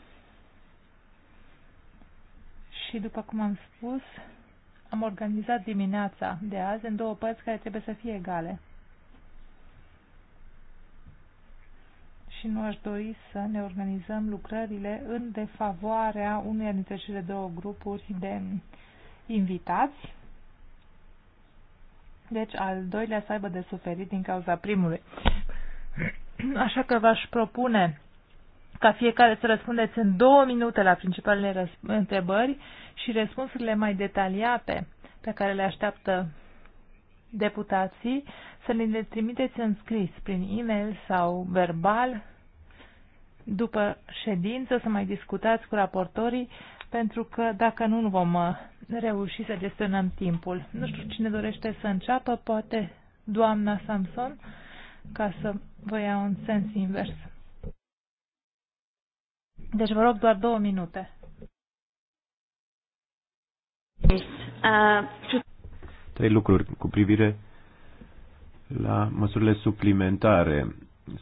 Și după cum am spus, am organizat dimineața de azi în două părți care trebuie să fie egale. și nu aș dori să ne organizăm lucrările în defavoarea unei dintre cele două grupuri de invitați. Deci al doilea să aibă de suferit din cauza primului. Așa că v-aș propune ca fiecare să răspundeți în două minute la principalele întrebări și răspunsurile mai detaliate pe care le așteaptă deputații să ne le trimiteți în scris, prin e-mail sau verbal, după ședință, să mai discutați cu raportorii, pentru că dacă nu, nu vom uh, reuși să gestionăm timpul. Nu știu cine dorește să înceapă, poate doamna Samson, ca să vă iau în sens invers. Deci vă rog doar două minute. Uh, trei lucruri cu privire la măsurile suplimentare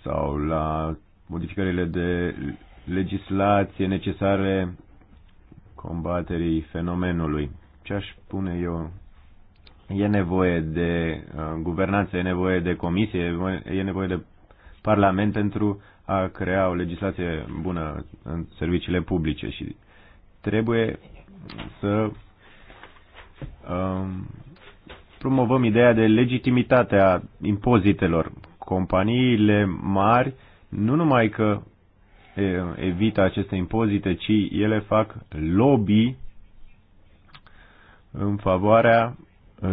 sau la modificările de legislație necesare combaterii fenomenului. Ce aș spune eu? E nevoie de uh, guvernanță, e nevoie de comisie, e nevoie de parlament pentru a crea o legislație bună în serviciile publice și trebuie să um, promovăm ideea de legitimitate a impozitelor. Companiile mari nu numai că evită aceste impozite, ci ele fac lobby în favoarea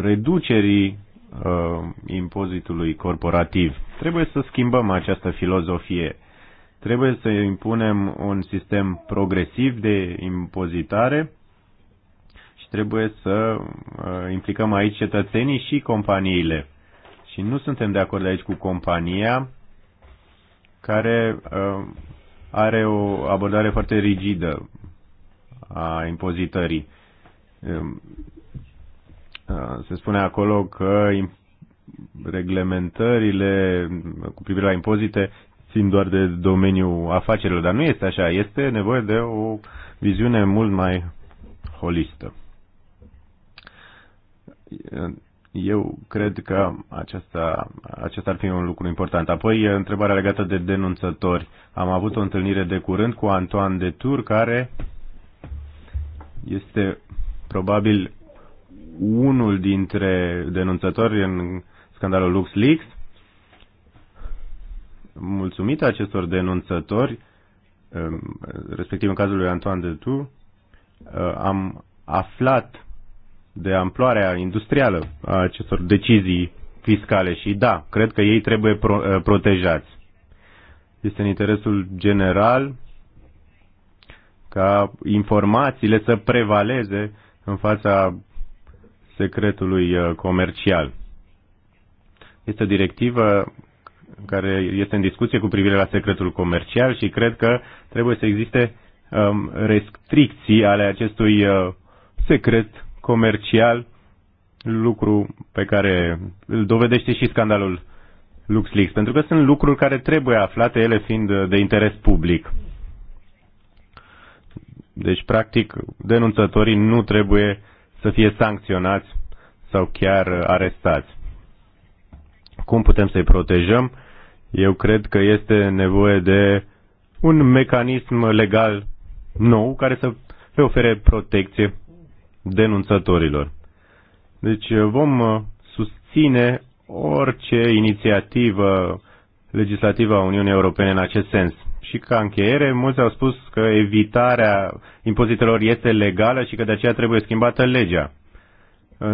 reducerii uh, impozitului corporativ. Trebuie să schimbăm această filozofie. Trebuie să impunem un sistem progresiv de impozitare Trebuie să uh, implicăm aici cetățenii și companiile. Și nu suntem de acord aici cu compania care uh, are o abordare foarte rigidă a impozitării. Um, uh, se spune acolo că reglementările cu privire la impozite țin doar de domeniul afacerilor, dar nu este așa. Este nevoie de o viziune mult mai holistă eu cred că acesta, acesta ar fi un lucru important. Apoi, întrebarea legată de denunțători. Am avut o întâlnire de curând cu Antoine de Tur, care este probabil unul dintre denunțători în scandalul LuxLeaks. Mulțumită acestor denunțători, um, respectiv în cazul lui Antoine de Tur, uh, am aflat de amploarea industrială a acestor decizii fiscale și da, cred că ei trebuie pro, uh, protejați. Este în interesul general ca informațiile să prevaleze în fața secretului uh, comercial. Este o directivă care este în discuție cu privire la secretul comercial și cred că trebuie să existe um, restricții ale acestui uh, secret comercial, lucru pe care îl dovedește și scandalul LuxLeaks, pentru că sunt lucruri care trebuie aflate, ele fiind de interes public. Deci, practic, denunțătorii nu trebuie să fie sancționați sau chiar arestați. Cum putem să-i protejăm? Eu cred că este nevoie de un mecanism legal nou care să le ofere protecție denunțătorilor. Deci eh, vom eh, susține orice inițiativă legislativă a Uniunii Europene în acest sens. Și ca încheiere, mulți au spus că evitarea impozitelor este legală și că de aceea trebuie schimbată legea. Eh,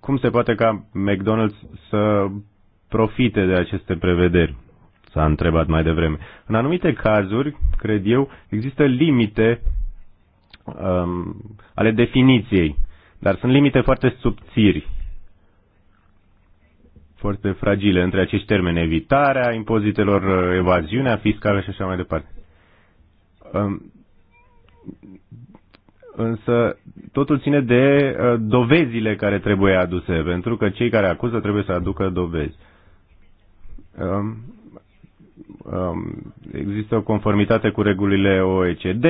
cum se poate ca McDonald's să profite de aceste prevederi? S-a întrebat mai devreme. În anumite cazuri, cred eu, există limite um, ale definiției, dar sunt limite foarte subțiri, foarte fragile între acești termeni, evitarea impozitelor, uh, evaziunea fiscală și așa mai departe. Um, însă totul ține de uh, dovezile care trebuie aduse, pentru că cei care acuză trebuie să aducă dovezi. Um, um, există o conformitate cu regulile OECD,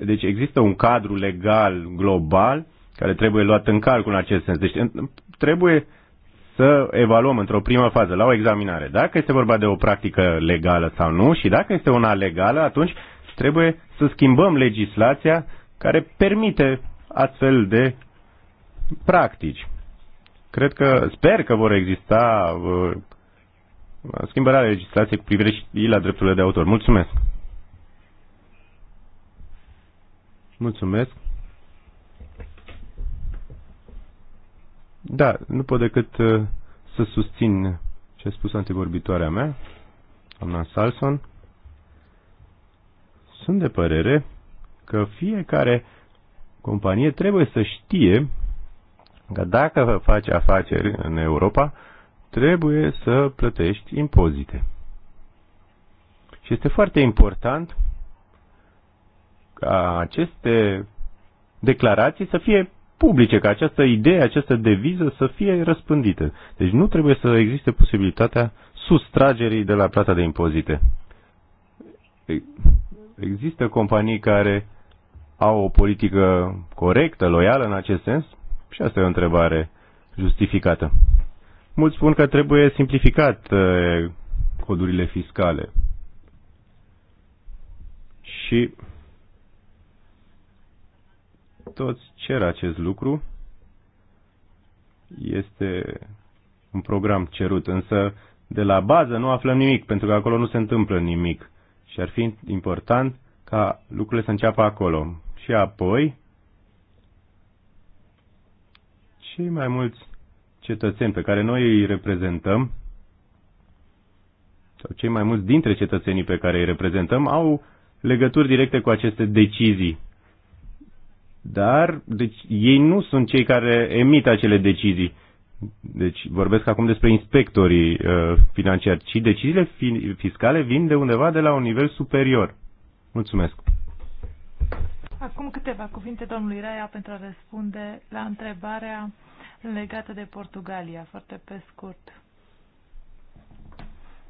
deci există un cadru legal global care trebuie luat în calcul în acest sens. Deci trebuie să evaluăm într-o primă fază, la o examinare, dacă este vorba de o practică legală sau nu și dacă este una legală, atunci trebuie să schimbăm legislația care permite astfel de practici. Cred că, sper că vor exista uh, schimbarea legislației cu privire și la drepturile de autor. Mulțumesc! Mulțumesc. Da, nu pot decât uh, să susțin ce a spus antevorbitoarea mea, doamna Salson. Sunt de părere că fiecare companie trebuie să știe că dacă faci afaceri în Europa, trebuie să plătești impozite. Și este foarte important ca aceste declarații să fie publice, ca această idee, această deviză să fie răspândită. Deci nu trebuie să existe posibilitatea sustragerii de la plata de impozite. Există companii care au o politică corectă, loială în acest sens? Și asta e o întrebare justificată. Mulți spun că trebuie simplificat codurile fiscale. Și toți cer acest lucru. Este un program cerut, însă de la bază nu aflăm nimic, pentru că acolo nu se întâmplă nimic. Și ar fi important ca lucrurile să înceapă acolo. Și apoi, cei mai mulți cetățeni pe care noi îi reprezentăm, sau cei mai mulți dintre cetățenii pe care îi reprezentăm, au legături directe cu aceste decizii dar deci, ei nu sunt cei care emit acele decizii. Deci vorbesc acum despre inspectorii uh, financiari, ci deciziile fi- fiscale vin de undeva de la un nivel superior. Mulțumesc. Acum câteva cuvinte domnului Raia pentru a răspunde la întrebarea legată de Portugalia, foarte pe scurt.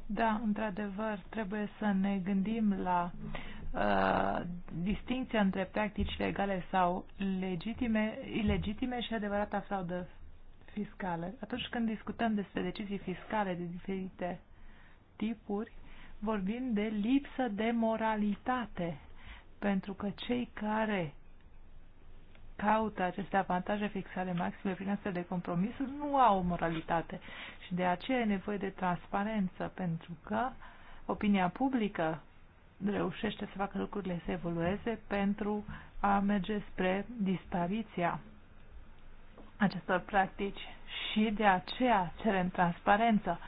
Da, într-adevăr, trebuie să ne gândim la uh, Uh, distinția între practici legale sau legitime, ilegitime și adevărata fraudă fiscală. Atunci când discutăm despre decizii fiscale de diferite tipuri, vorbim de lipsă de moralitate, pentru că cei care caută aceste avantaje fixale maxime prin astfel de compromisuri nu au moralitate și de aceea e nevoie de transparență, pentru că opinia publică reușește să facă lucrurile să evolueze pentru a merge spre dispariția acestor practici și de aceea cerem transparență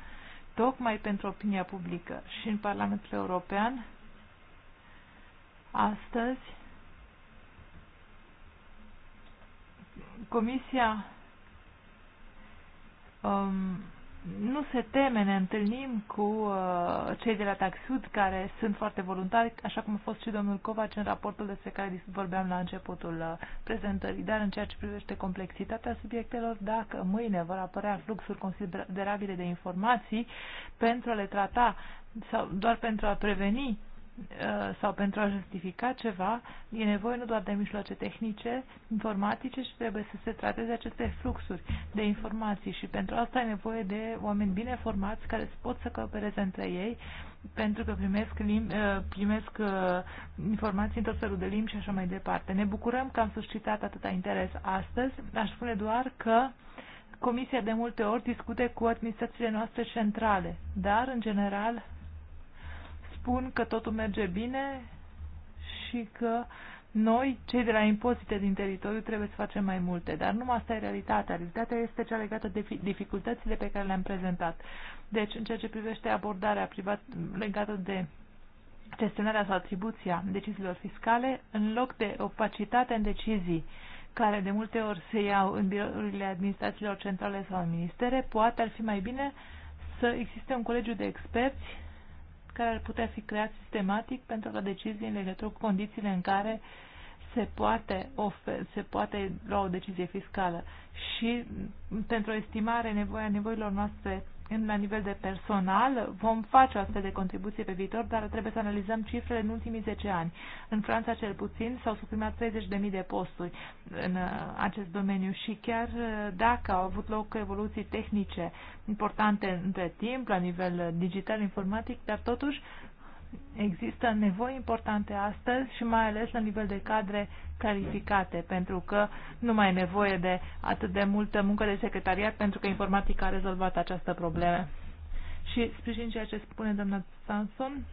tocmai pentru opinia publică și în Parlamentul European astăzi Comisia um, nu se teme, ne întâlnim cu uh, cei de la Taxud care sunt foarte voluntari, așa cum a fost și domnul Covaci în raportul despre care vorbeam la începutul uh, prezentării. Dar în ceea ce privește complexitatea subiectelor, dacă mâine vor apărea fluxuri considerabile de informații pentru a le trata sau doar pentru a preveni Uh, sau pentru a justifica ceva, e nevoie nu doar de mijloace tehnice, informatice și trebuie să se trateze aceste fluxuri de informații și pentru asta e nevoie de oameni bine formați care pot să coopereze între ei pentru că primesc, lim, uh, primesc uh, informații în tot felul de limbi și așa mai departe. Ne bucurăm că am suscitat atâta interes astăzi. Aș spune doar că Comisia de multe ori discute cu administrațiile noastre centrale, dar, în general, spun că totul merge bine și că noi, cei de la impozite din teritoriu, trebuie să facem mai multe. Dar nu asta e realitatea. Realitatea este cea legată de dificultățile pe care le-am prezentat. Deci, în ceea ce privește abordarea privat legată de gestionarea sau atribuția deciziilor fiscale, în loc de opacitate în decizii care de multe ori se iau în birourile administrațiilor centrale sau în ministere, poate ar fi mai bine să existe un colegiu de experți care ar putea fi creat sistematic pentru a decizii în legătură cu condițiile în care se poate, ofer, se poate lua o decizie fiscală și pentru estimare nevoia nevoilor noastre în, la nivel de personal. Vom face astfel de contribuții pe viitor, dar trebuie să analizăm cifrele în ultimii 10 ani. În Franța, cel puțin, s-au suprimat 30.000 de posturi în uh, acest domeniu și chiar uh, dacă au avut loc evoluții tehnice importante între timp, la nivel uh, digital, informatic, dar totuși Există nevoi importante astăzi și mai ales la nivel de cadre calificate, pentru că nu mai e nevoie de atât de multă muncă de secretariat, pentru că informatica a rezolvat această problemă. Și sprijin ceea ce spune doamna Sanson,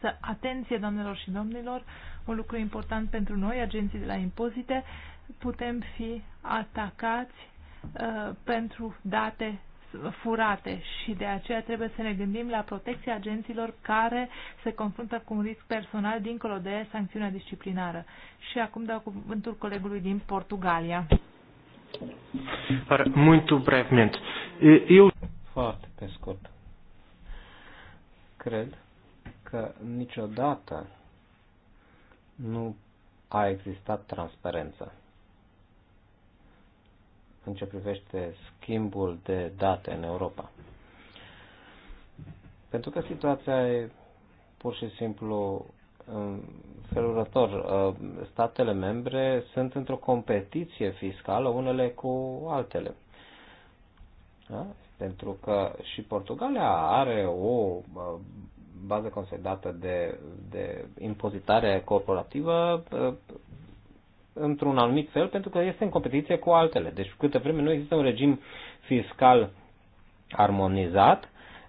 să atenție, doamnelor și domnilor, un lucru important pentru noi, agenții de la impozite, putem fi atacați uh, pentru date furate și de aceea trebuie să ne gândim la protecția agenților care se confruntă cu un risc personal dincolo de sancțiunea disciplinară. Și acum dau cuvântul colegului din Portugalia. Muito brevemente. Eu... Foarte pe scurt. Cred că niciodată nu a existat transparență în ce privește schimbul de date în Europa. Pentru că situația e pur și simplu um, felurător. Uh, statele membre sunt într-o competiție fiscală unele cu altele. Da? Pentru că și Portugalia are o uh, bază consolidată de, de impozitare corporativă uh, într-un anumit fel pentru că este în competiție cu altele. Deci câtă vreme nu există un regim fiscal armonizat,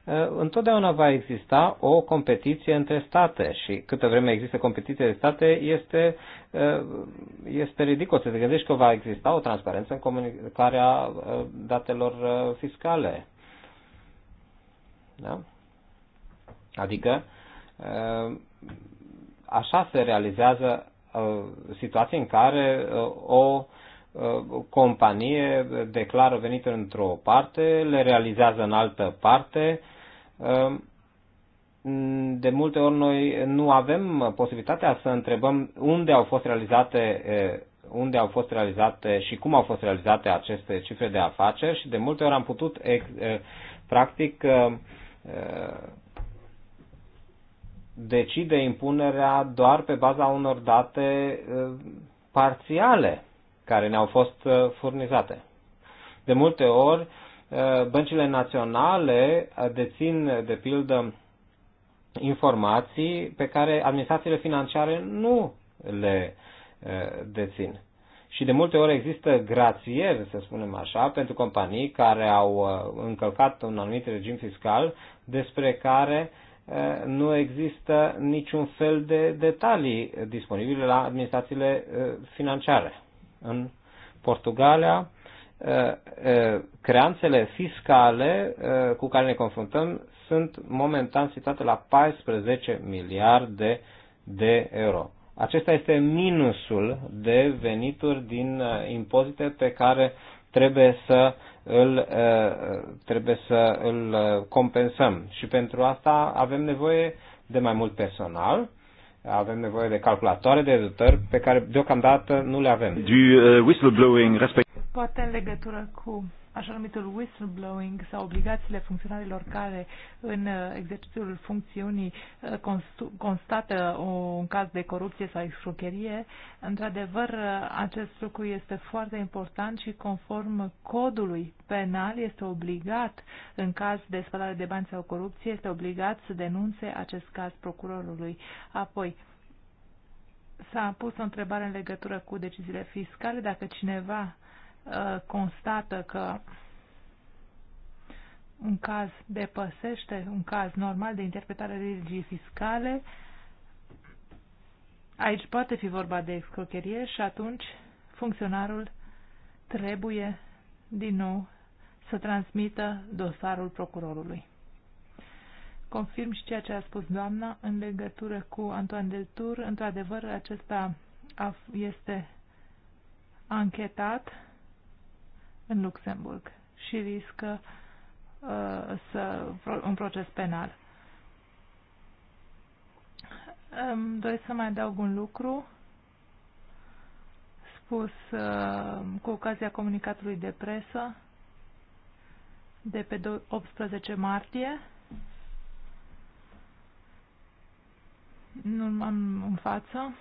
eh, întotdeauna va exista o competiție între state și câtă vreme există competiție de state este, eh, este ridicol să te gândești că va exista o transparență în comunicarea eh, datelor fiscale. Da? Adică așa se realizează Uh, situații în care uh, o uh, companie declară venituri într-o parte, le realizează în altă parte. De multe ori noi nu avem posibilitatea să întrebăm unde au fost realizate unde au fost realizate și cum au fost realizate aceste cifre de afaceri și de multe ori am putut practic decide impunerea doar pe baza unor date parțiale care ne-au fost furnizate. De multe ori, băncile naționale dețin, de pildă, informații pe care administrațiile financiare nu le dețin. Și de multe ori există grațieri, să spunem așa, pentru companii care au încălcat un anumit regim fiscal despre care uh, Eh, nu există niciun fel de detalii disponibile la administrațiile eh, financiare. În Portugalia, eh, creanțele fiscale cu care ne confruntăm sunt momentan situate la 14 miliarde de euro. Acesta este minusul de venituri din impozite pe care trebuie să îl, uh, trebuie să îl uh, compensăm. Și pentru asta avem nevoie de mai mult personal, avem nevoie de calculatoare, de editor, pe care deocamdată nu le avem. Du uh, whistleblowing, respect... Poate în legătură cu așa numitul whistleblowing sau obligațiile funcționarilor care în uh, exercițiul funcțiunii uh, constată un caz de corupție sau excrocherie, într-adevăr uh, acest lucru este foarte important și conform codului penal este obligat în caz de spălare de bani sau corupție, este obligat să denunțe acest caz procurorului. Apoi, s-a pus o întrebare în legătură cu deciziile fiscale, dacă cineva uh, Uh, constată că un caz depăsește un caz normal de interpretare a legii fiscale, aici poate fi vorba de excrocherie și atunci funcționarul trebuie din nou să transmită dosarul procurorului. Confirm și ceea ce a spus doamna în legătură cu Antoine Del Tur. Într-adevăr, acesta este anchetat în Luxemburg și riscă uh, să, un proces penal. Um, doresc să mai adaug un lucru spus uh, cu ocazia comunicatului de presă de pe 18 martie. Nu am în față.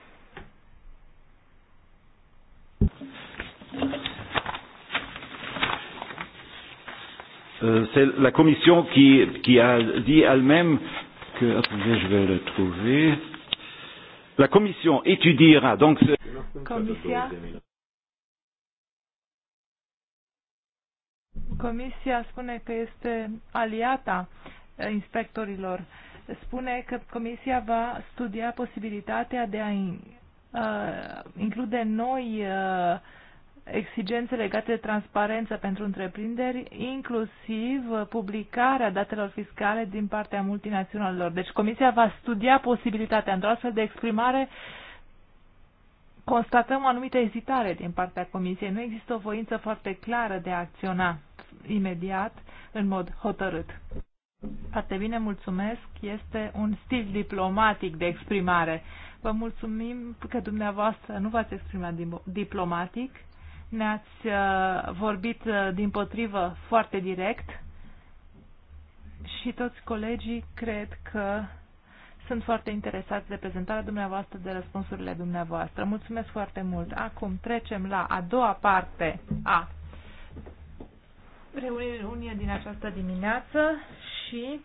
Euh, c'est la Commission qui, qui a dit elle-même que. Attendez, je vais le trouver. La Commission étudiera donc. Ce... Comisia. Comisia spune că este aliata eh, inspectorilor. Spune că Comisia va studia posibilitatea de a eh, include noi uh, exigențe legate de transparență pentru întreprinderi, inclusiv publicarea datelor fiscale din partea multinaționalelor. Deci Comisia va studia posibilitatea într-o astfel de exprimare constatăm o anumită ezitare din partea Comisiei. Nu există o voință foarte clară de a acționa imediat, în mod hotărât. Foarte bine, mulțumesc. Este un stil diplomatic de exprimare. Vă mulțumim că dumneavoastră nu v-ați exprimat diplomatic ne-ați uh, vorbit uh, din potrivă foarte direct și toți colegii cred că sunt foarte interesați de prezentarea dumneavoastră, de răspunsurile dumneavoastră. Mulțumesc foarte mult. Acum trecem la a doua parte a reuniunii din această dimineață și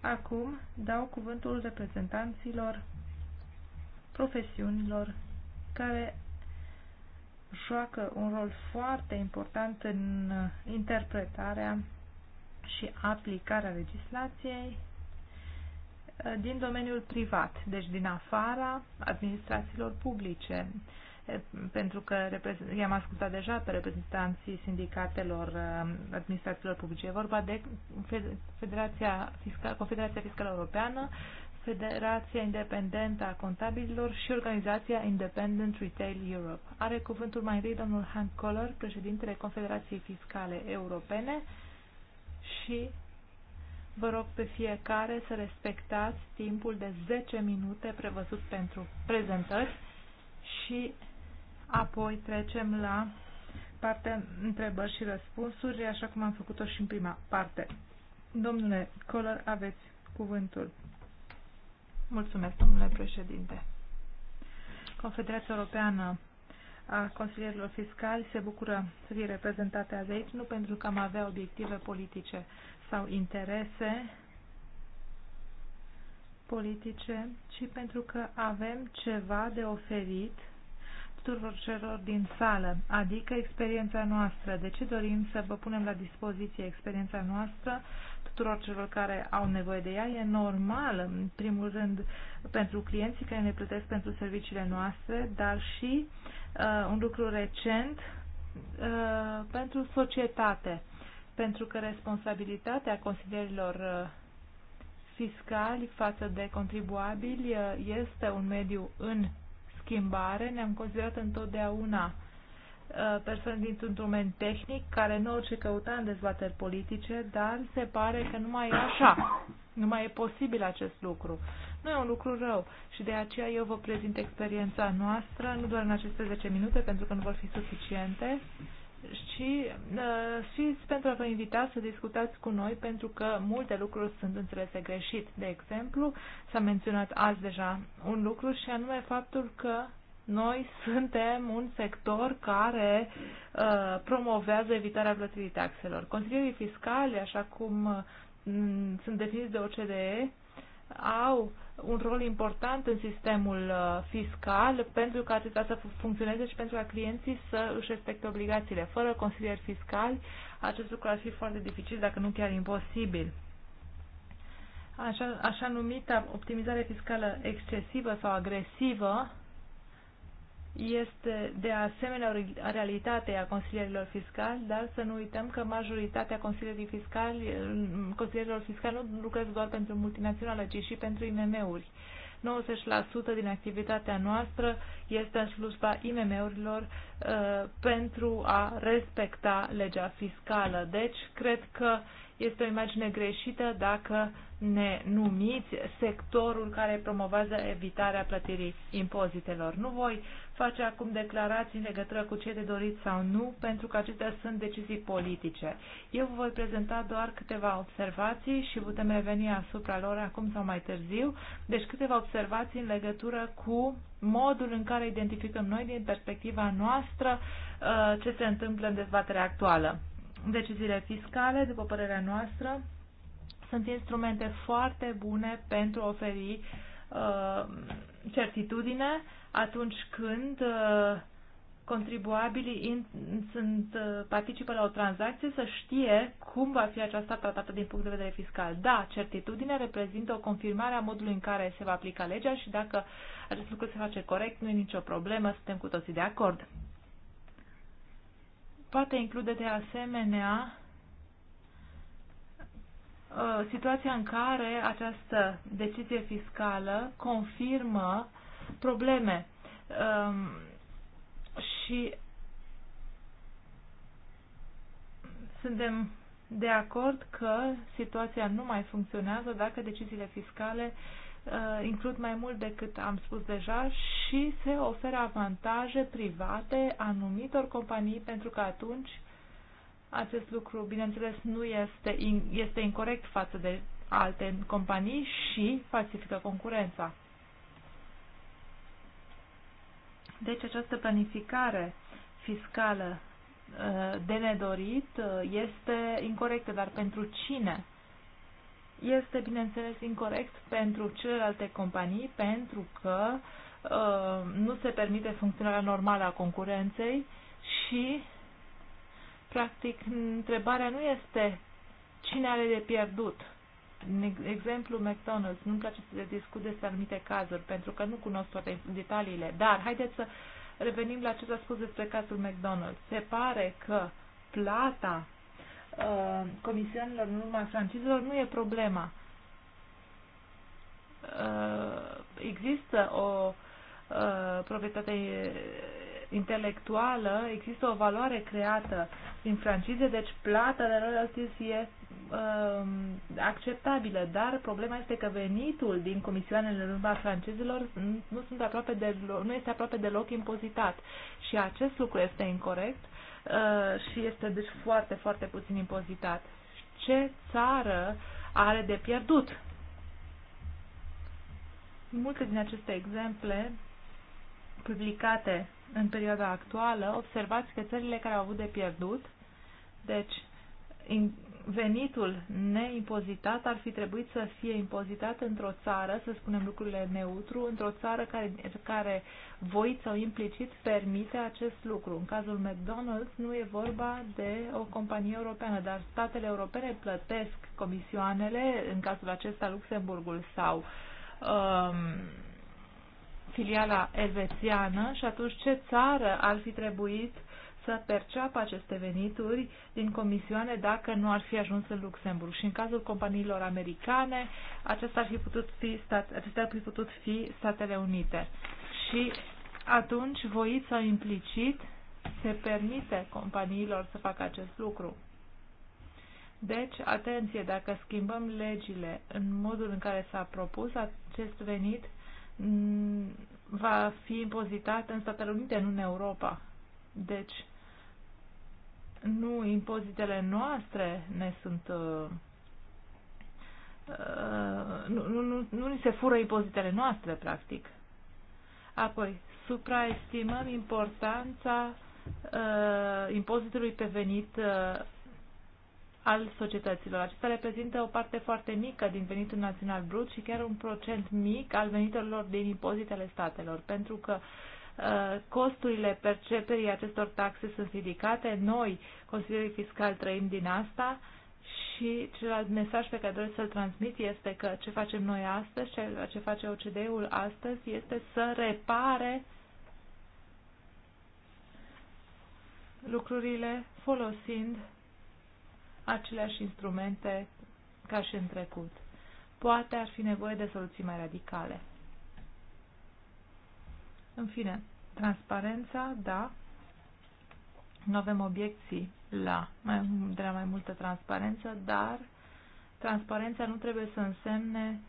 acum dau cuvântul reprezentanților profesiunilor care joacă un rol foarte important în uh, interpretarea și aplicarea legislației uh, din domeniul privat, deci din afara administrațiilor publice, pentru că i-am ascultat deja pe reprezentanții sindicatelor uh, administrațiilor publice. E vorba de Federația Confederația Fiscală Europeană, Federația Independentă a Contabililor și organizația Independent Retail Europe. Are cuvântul mai întâi domnul Hank Koller, președintele Confederației Fiscale Europene și vă rog pe fiecare să respectați timpul de 10 minute prevăzut pentru prezentări și apoi trecem la partea întrebări și răspunsuri, așa cum am făcut-o și în prima parte. Domnule Koller, aveți cuvântul. Mulțumesc, domnule președinte. Confederația Europeană a consilierilor fiscali se bucură să fie reprezentate azi aici, nu pentru că am avea obiective politice sau interese politice, ci pentru că avem ceva de oferit tuturor celor din sală, adică experiența noastră. De ce dorim să vă punem la dispoziție experiența noastră tuturor celor care au nevoie de ea. E normal, în primul rând, pentru clienții care ne plătesc pentru serviciile noastre, dar și uh, un lucru recent uh, pentru societate, pentru că responsabilitatea consilierilor uh, fiscali față de contribuabili uh, este un mediu în schimbare. Ne-am considerat întotdeauna uh, Uh, persoane dintr-un domen tehnic care nu orice căuta în dezbateri politice, dar se pare că nu mai e așa. Nu mai e posibil acest lucru. Nu e un lucru rău și de aceea eu vă prezint experiența noastră, nu doar în aceste 10 minute, pentru că nu vor fi suficiente, și, fiți uh, pentru a vă invita să discutați cu noi, pentru că multe lucruri sunt înțelese greșit. De exemplu, s-a menționat azi deja un lucru și anume faptul că noi suntem un sector care uh, promovează evitarea plătirii taxelor. Consilierii fiscali, așa cum mm, sunt definiți de OCDE, au un rol important în sistemul uh, fiscal pentru ca acesta să funcționeze și pentru ca clienții să își respecte obligațiile. Fără consilieri fiscali, acest lucru ar fi foarte dificil, dacă nu chiar imposibil. Așa, așa numită optimizare fiscală excesivă sau agresivă este de asemenea o realitate a consilierilor fiscali, dar să nu uităm că majoritatea consilierilor fiscali, consilierilor fiscali nu lucrează doar pentru multinaționale, ci și pentru IMM-uri. 90% din activitatea noastră este în slujba IMM-urilor uh, pentru a respecta legea fiscală. Deci, cred că este o imagine greșită dacă uh, ne numiți sectorul care promovează evitarea plătirii impozitelor. Nu voi face acum declarații în legătură cu ce de doriți sau nu, pentru că acestea sunt decizii politice. Eu vă voi prezenta doar câteva observații și putem reveni asupra lor acum sau mai târziu. Deci câteva observații în legătură cu modul în care identificăm noi din perspectiva noastră uh, ce se întâmplă în dezbaterea actuală. Deciziile fiscale, după părerea noastră, sunt instrumente foarte bune pentru a oferi uh, certitudine atunci când uh, contribuabilii in, sunt, uh, participă la o tranzacție să știe cum va fi aceasta tratată din punct de vedere fiscal. Da, certitudine reprezintă o confirmare a modului în care se va aplica legea și dacă acest lucru se face corect, nu e nicio problemă, suntem cu toții de acord. Poate include de asemenea Uh, situația în care această decizie fiscală confirmă probleme um, și suntem de acord că situația nu mai funcționează dacă deciziile fiscale uh, includ mai mult decât am spus deja și se oferă avantaje private anumitor companii pentru că atunci acest lucru, bineînțeles, nu este, este incorrect față de alte companii și falsifică concurența. Deci această planificare fiscală uh, de nedorit uh, este incorrectă, dar pentru cine? Este, bineînțeles, incorrect pentru celelalte companii, pentru că uh, nu se permite funcționarea normală a concurenței și Practic, întrebarea nu este cine are de pierdut. În exemplu McDonald's, nu-mi place să discut despre anumite cazuri, pentru că nu cunosc toate detaliile, dar haideți să revenim la ce s-a spus despre cazul McDonald's. Se pare că plata uh, comisioanelor în urma francizelor nu e problema. Uh, există o uh, proprietate intelectuală, există o valoare creată din francize, deci plata de royalties e uh, acceptabilă, dar problema este că venitul din comisioanele în urma francezilor nu, sunt aproape de, nu este aproape deloc impozitat și acest lucru este incorrect uh, și este deci foarte, foarte puțin impozitat. Ce țară are de pierdut? Multe din aceste exemple publicate în perioada actuală, observați că țările care au avut de pierdut, deci venitul neimpozitat ar fi trebuit să fie impozitat într-o țară, să spunem lucrurile neutru, într-o țară care, care voit sau implicit permite acest lucru. În cazul McDonald's nu e vorba de o companie europeană, dar statele europene plătesc comisioanele, în cazul acesta Luxemburgul sau um, filiala elvețiană și atunci ce țară ar fi trebuit să perceapă aceste venituri din comisioane dacă nu ar fi ajuns în Luxemburg. Și în cazul companiilor americane, acestea ar fi putut fi, stat, ar fi putut fi Statele Unite. Și atunci, voit sau implicit, se permite companiilor să facă acest lucru. Deci, atenție, dacă schimbăm legile în modul în care s-a propus, acest venit Mm, va fi impozitat în Statele Unite, nu în Europa. Deci, nu impozitele noastre ne sunt. Uh, uh, nu, nu, nu, nu ni se fură impozitele noastre, practic. Apoi, supraestimăm importanța uh, impozitului pe venit uh, al societăților. Acesta reprezintă o parte foarte mică din venitul național brut și chiar un procent mic al veniturilor din impozitele statelor, pentru că uh, costurile perceperii acestor taxe sunt ridicate. Noi, consilierii fiscali, trăim din asta și celălalt mesaj pe care doresc să-l transmit este că ce facem noi astăzi, ce face OCDE-ul astăzi, este să repare lucrurile folosind aceleași instrumente ca și în trecut. Poate ar fi nevoie de soluții mai radicale. În fine, transparența, da, nu avem obiecții la, mai, de la mai multă transparență, dar transparența nu trebuie să însemne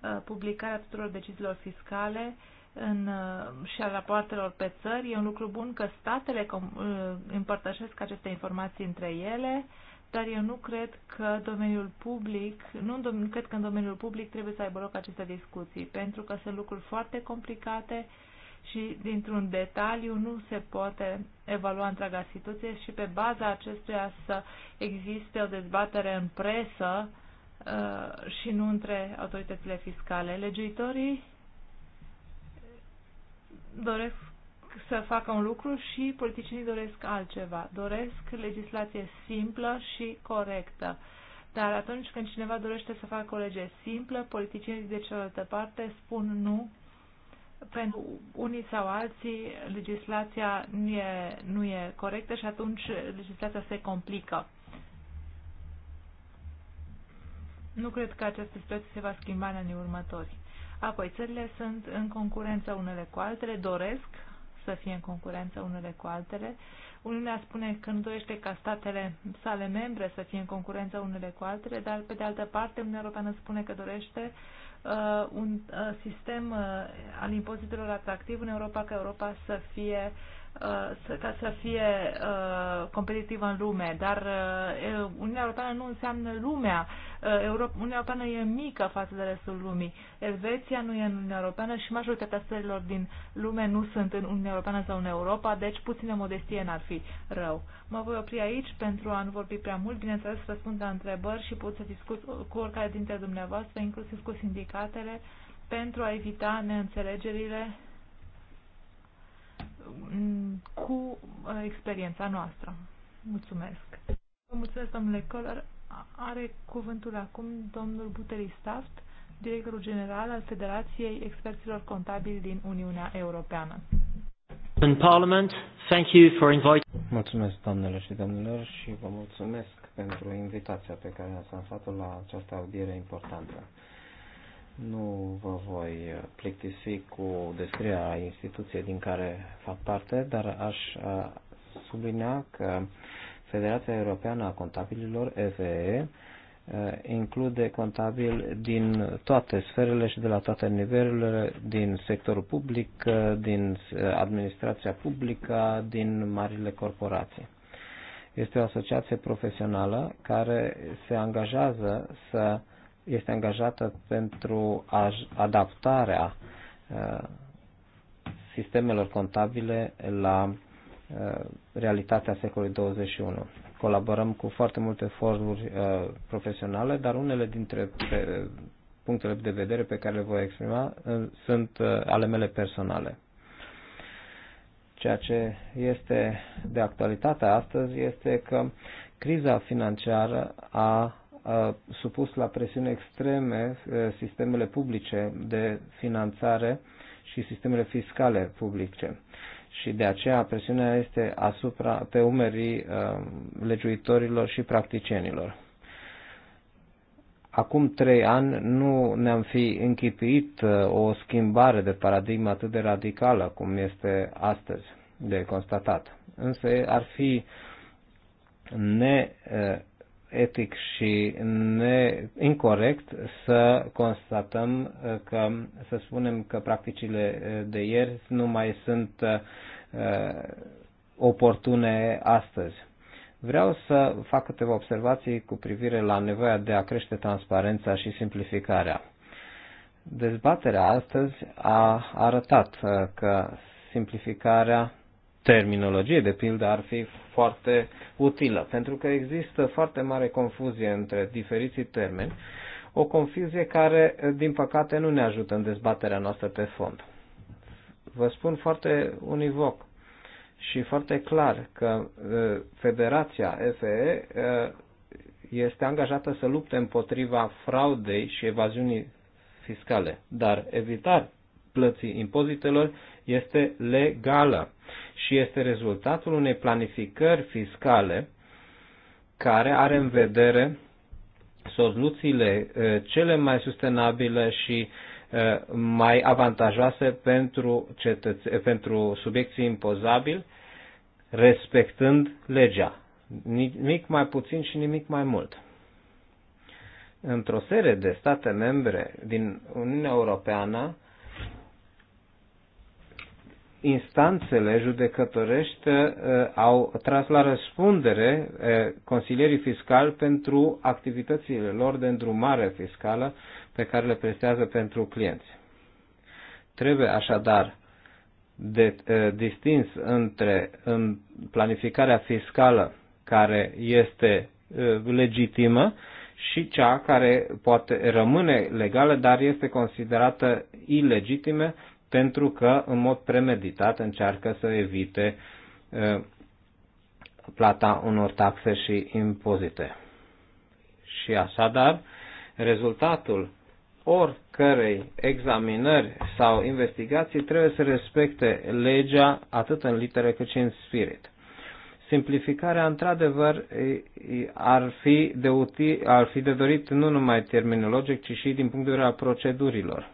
uh, publicarea tuturor deciziilor fiscale în, uh, și a rapoartelor pe țări. E un lucru bun că statele uh, împărtășesc aceste informații între ele. Uh, dar eu nu cred că domeniul public, nu cred că în domeniul public trebuie să aibă loc aceste discuții, pentru că sunt lucruri foarte complicate și dintr-un detaliu nu se poate evalua întreaga situație și pe baza acestuia să existe o dezbatere în presă uh, și nu între autoritățile fiscale. Legiuitorii doresc să facă un lucru și politicienii doresc altceva. Doresc legislație simplă și corectă. Dar atunci când cineva dorește să facă o lege simplă, politicienii de cealaltă parte spun nu. Pentru unii sau alții, legislația nu e, nu e corectă și atunci legislația se complică. Nu cred că această situație se va schimba în anii următori. Apoi, țările sunt în concurență unele cu altele, doresc să fie în concurență unele cu altele. Uniunea spune că nu dorește ca statele sale membre să fie în concurență unele cu altele, dar pe de altă parte Uniunea Europeană spune că dorește uh, un uh, sistem uh, al impozitelor atractiv în Europa, ca Europa să fie uh, Uh, ca să fie uh, competitivă în lume, dar uh, Uniunea Europeană nu înseamnă lumea. Europa, Uniunea Europeană e mică față de restul lumii. Elveția nu e în Uniunea Europeană și majoritatea țărilor din lume nu sunt în Uniunea Europeană sau în Europa, deci puțină modestie n-ar fi rău. Mă voi opri aici pentru a nu vorbi prea mult. Bineînțeles, răspund la întrebări și pot să discut cu oricare dintre dumneavoastră, inclusiv cu sindicatele, pentru a evita neînțelegerile cu uh, experiența noastră. Mulțumesc. Vă mulțumesc, domnule Coller. Are cuvântul acum domnul Buteri Staft, directorul general al Federației Experților Contabili din Uniunea Europeană. In Parliament, thank you for Mulțumesc, doamnelor și domnilor, și vă mulțumesc pentru invitația pe care ați lansat-o la această audiere importantă. Nu vă voi uh, plictisi cu descrierea instituției din care fac parte, dar aș uh, sublinea că Federația Europeană a Contabililor, FEE, uh, include contabil din toate sferele și de la toate nivelurile, din sectorul public, din administrația publică, din marile corporații. Este o asociație profesională care se angajează să este angajată pentru adaptarea uh, sistemelor contabile la uh, realitatea secolului 21. Colaborăm cu foarte multe foruri uh, profesionale, dar unele dintre punctele de vedere pe care le voi exprima sunt ale mele personale. Ceea ce este de actualitate astăzi este că criza financiară a supus la presiune extreme eh, sistemele publice de finanțare și sistemele fiscale publice. Și de aceea presiunea este asupra, pe umerii eh, legiuitorilor și practicienilor acum trei ani nu ne-am fi închipuit eh, o schimbare de paradigmă atât de radicală cum este astăzi de constatat. Însă ar fi ne etic și ne, incorrect să constatăm uh, că, să spunem că practicile uh, de ieri nu mai sunt uh, oportune astăzi. Vreau să fac câteva observații cu privire la nevoia de a crește transparența și simplificarea. Dezbaterea astăzi a arătat uh, că simplificarea terminologie, de pildă, ar fi foarte utilă, pentru că există foarte mare confuzie între diferiții termeni, o confuzie care, din păcate, nu ne ajută în dezbaterea noastră pe fond. Vă spun foarte univoc și foarte clar că Federația FE este angajată să lupte împotriva fraudei și evaziunii fiscale, dar evitarea plății impozitelor este legală și este rezultatul unei planificări fiscale care are în vedere soluțiile uh, cele mai sustenabile și uh, mai avantajoase pentru, cetăț- pentru subiecții impozabili, respectând legea. Nimic mai puțin și nimic mai mult. Într-o serie de state membre din Uniunea Europeană, instanțele judecătorești uh, au tras la răspundere uh, consilierii fiscali pentru activitățile lor de îndrumare fiscală pe care le prestează pentru clienți. Trebuie așadar de, uh, distins între în planificarea fiscală care este legitimă și cea care poate rămâne legală, dar este considerată ilegitimă pentru că în mod premeditat încearcă să evite plata unor taxe și impozite. Și așadar, rezultatul oricărei examinări sau investigații trebuie să respecte legea atât în literă cât și în spirit. Simplificarea, într-adevăr, ar fi, de util, ar fi de dorit nu numai terminologic, ci și din punct de vedere al procedurilor.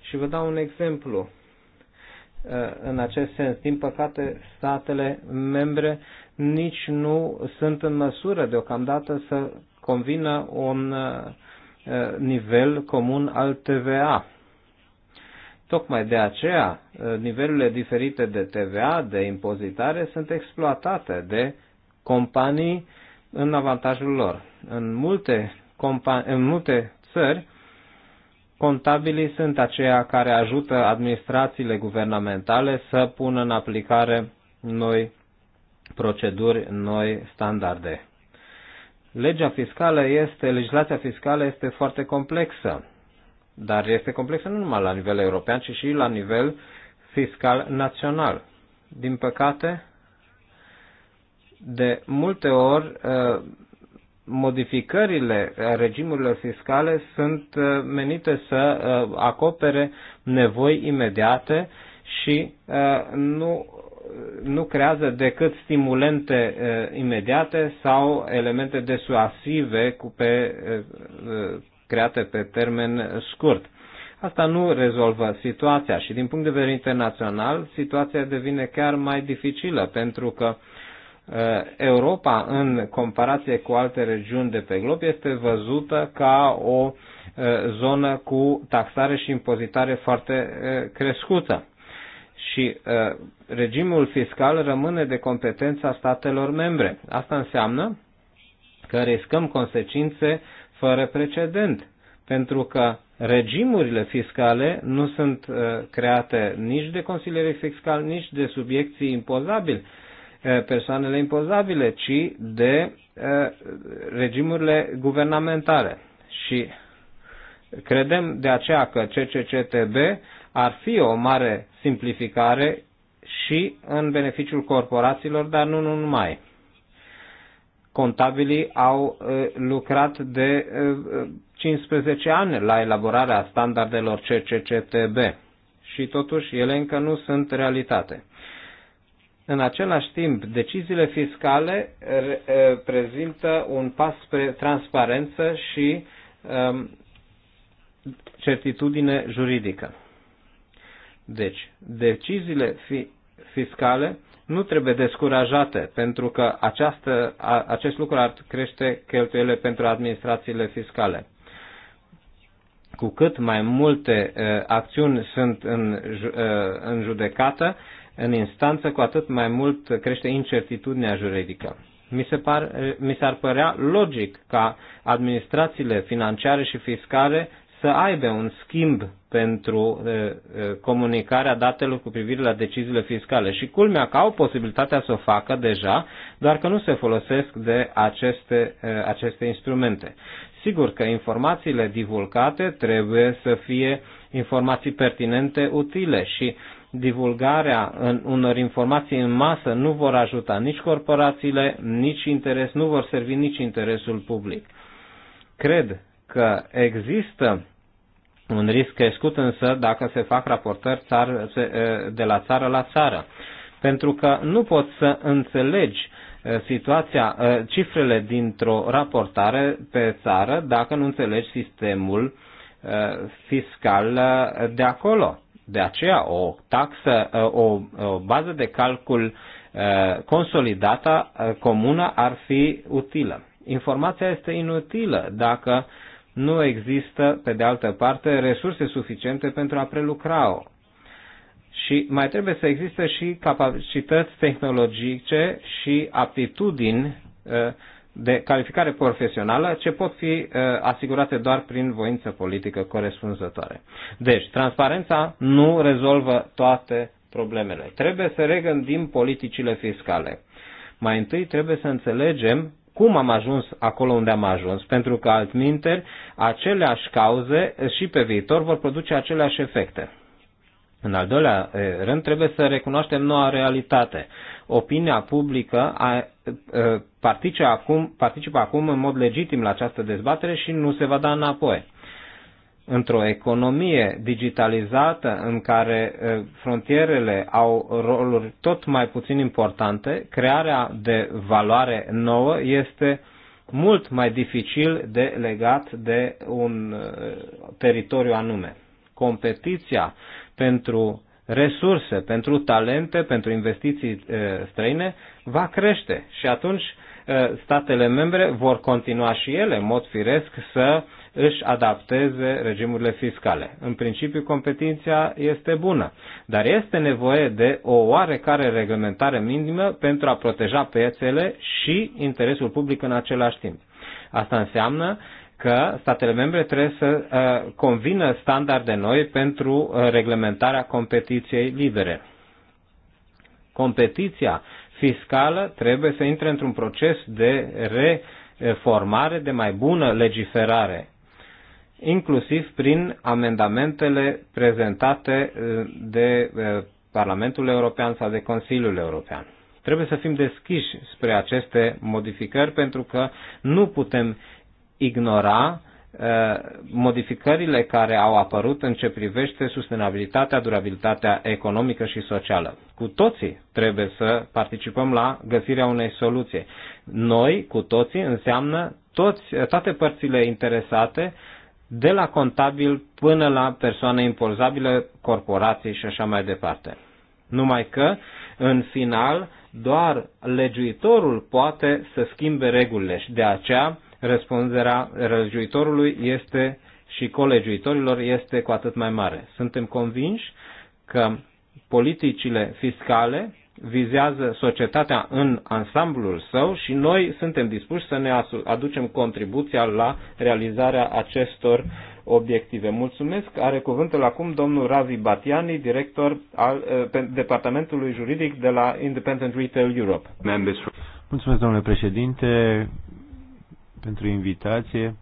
Și vă dau un exemplu. Uh, în acest sens. Din păcate, statele membre nici nu sunt în măsură deocamdată să convină un uh, uh, nivel comun al TVA. Tocmai de aceea, nivelurile diferite de TVA, de impozitare, sunt exploatate de companii în avantajul lor. În multe, în multe țări, contabilii sunt aceia care ajută administrațiile guvernamentale să pună în aplicare noi proceduri, noi standarde. Legea fiscală este, legislația fiscală este foarte complexă, dar este complexă nu numai la nivel european, ci și la nivel fiscal național. Din păcate, de multe ori ă, modificările regimurilor fiscale sunt uh, menite să uh, acopere nevoi imediate și uh, nu, nu creează decât stimulente imediate sau elemente desuasive cu pe, create pe termen scurt. Asta nu rezolvă situația și din punct de vedere internațional situația devine chiar mai dificilă pentru că uh, Eh, Europa, în comparație cu alte regiuni de pe glob, este văzută ca o eh, zonă cu taxare și impozitare foarte eh, crescută. Și regimul fiscal rămâne de competența statelor membre. Asta înseamnă că riscăm consecințe fără precedent, pentru că regimurile fiscale nu sunt create nici de consilierii fiscal, nici de subiecții impozabili persoanele impozabile, ci de regimurile guvernamentale. Și credem de aceea că CCCTB ar fi o mare simplificare și în beneficiul corporațiilor, dar nu numai. Contabilii au lucrat de 15 ani la elaborarea standardelor CCCTB și totuși ele încă nu sunt realitate. În același timp, deciziile fiscale prezintă un pas spre transparență și um, certitudine juridică. Deci, deciziile fi fiscale nu trebuie descurajate, pentru că această, a, acest lucru ar crește cheltuielile pentru administrațiile fiscale. Cu cât mai multe uh, acțiuni sunt în, uh, în judecată, în instanță, cu atât mai mult crește incertitudinea juridică. Mi, se par, mi s-ar părea logic ca administrațiile financiare și fiscale să aibă un schimb pentru comunicarea datelor cu privire la deciziile fiscale. Și culmea că au posibilitatea să o facă deja, doar că nu se folosesc de aceste, aceste instrumente. Sigur că informațiile divulgate trebuie să fie informații pertinente, utile și divulgarea unor informații în masă nu vor ajuta nici corporațiile, nici interes, nu vor servi nici interesul public. Cred că există un risc crescut însă dacă se fac raportări țară, de la țară la țară. Pentru că nu poți să înțelegi situația, cifrele dintr-o raportare pe țară dacă nu înțelegi sistemul fiscal de acolo. De aceea o taxă, ă, o, o bază de calcul ă, consolidată ă, comună ar fi utilă. Informația este inutilă dacă nu există, pe de altă parte, resurse suficiente pentru a prelucra-o. Și mai trebuie să existe și capacități tehnologice și aptitudini de calificare profesională ce pot fi uh, asigurate doar prin voință politică corespunzătoare. Deci, transparența nu rezolvă toate problemele. Trebuie să regândim politicile fiscale. Mai întâi trebuie să înțelegem cum am ajuns acolo unde am ajuns, pentru că altminteri aceleași cauze și pe viitor vor produce aceleași efecte. În al doilea rând, trebuie să recunoaștem noua realitate. Opinia publică a, participă, acum, participă acum în mod legitim la această dezbatere și nu se va da înapoi. Într-o economie digitalizată în care frontierele au roluri tot mai puțin importante, crearea de valoare nouă este mult mai dificil de legat de un teritoriu anume. Competiția pentru resurse, pentru talente, pentru investiții eh, străine, va crește și atunci eh, statele membre vor continua și ele, în mod firesc, să își adapteze regimurile fiscale. În principiu, competiția este bună, dar este nevoie de o oarecare reglementare minimă pentru a proteja piețele și interesul public în același timp. Asta înseamnă că statele membre trebuie să uh, convină standarde noi pentru uh, reglementarea competiției libere. Competiția fiscală trebuie să intre într-un proces de reformare, de mai bună legiferare, inclusiv prin amendamentele prezentate uh, de Parlamentul European sau de Consiliul European. Trebuie să fim deschiși spre aceste modificări pentru că nu putem ignora uh, modificările care au apărut în ce privește sustenabilitatea, durabilitatea economică și socială. Cu toții trebuie să participăm la găsirea unei soluții. Noi, cu toții, înseamnă toți, toate părțile interesate, de la contabil până la persoane impozabile, corporații și așa mai departe. Numai că, în final, doar legiuitorul poate să schimbe regulile și de aceea răspunderea răjuitorului este și colegiuitorilor este cu atât mai mare. Suntem convinși că politicile fiscale vizează societatea în ansamblul său și noi suntem dispuși să ne aducem contribuția la realizarea acestor obiective. Mulțumesc. Are cuvântul acum domnul Ravi Batiani, director al eh, Departamentului Juridic de la Independent Retail Europe. Mulțumesc, domnule președinte, pentru invitație.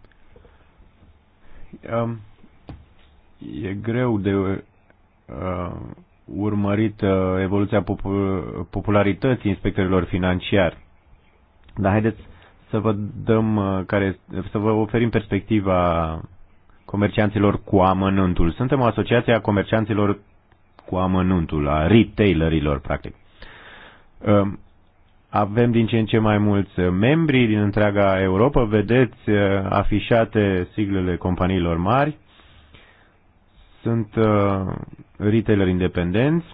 E greu de uh, urmărit uh, evoluția popularității inspectorilor financiari. Dar haideți să vă dăm uh, care, să vă oferim perspectiva comercianților cu amănuntul. Suntem o asociație a comercianților cu amănuntul, a retailerilor, practic. Avem din ce în ce mai mulți membri din întreaga Europa, vedeți uh, afișate siglele companiilor mari, sunt uh, retailer independenți,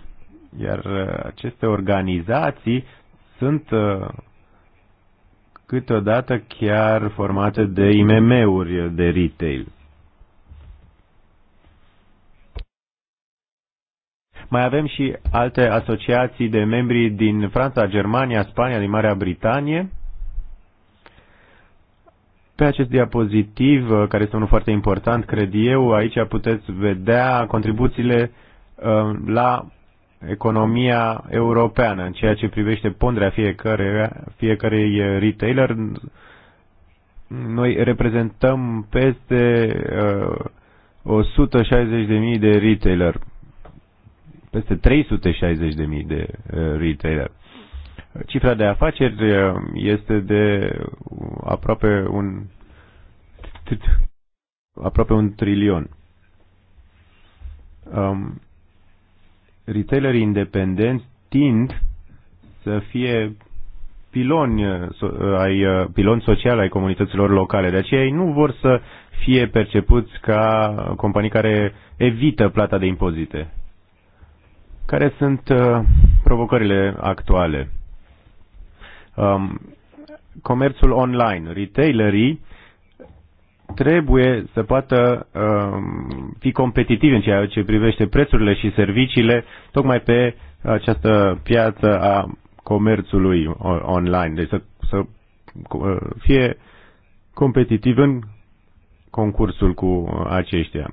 iar uh, aceste organizații sunt câteodată chiar formate de IMM-uri de retail. Mai avem și alte asociații de membri din Franța, Germania, Spania, din Marea Britanie. Pe acest diapozitiv, uh, care este unul foarte important, cred eu, aici puteți vedea contribuțiile uh, la economia europeană în ceea ce privește ponderea fiecare, fiecarei uh, retailer. Noi reprezentăm peste 160.000 de retailer peste 360.000 de uh, retailer. Cifra de afaceri uh, este de aproape un aproape un trilion. Um, retailerii independenți tind să fie piloni, uh, ai, piloni social ai comunităților locale. De aceea ei nu vor să fie percepuți ca companii care evită plata de impozite. Care sunt uh, provocările actuale? Um, comerțul online, retailerii trebuie să poată um, fi competitivi în ceea ce privește prețurile și serviciile, tocmai pe această piață a comerțului online. Deci să, să uh, fie competitiv în concursul cu aceștia.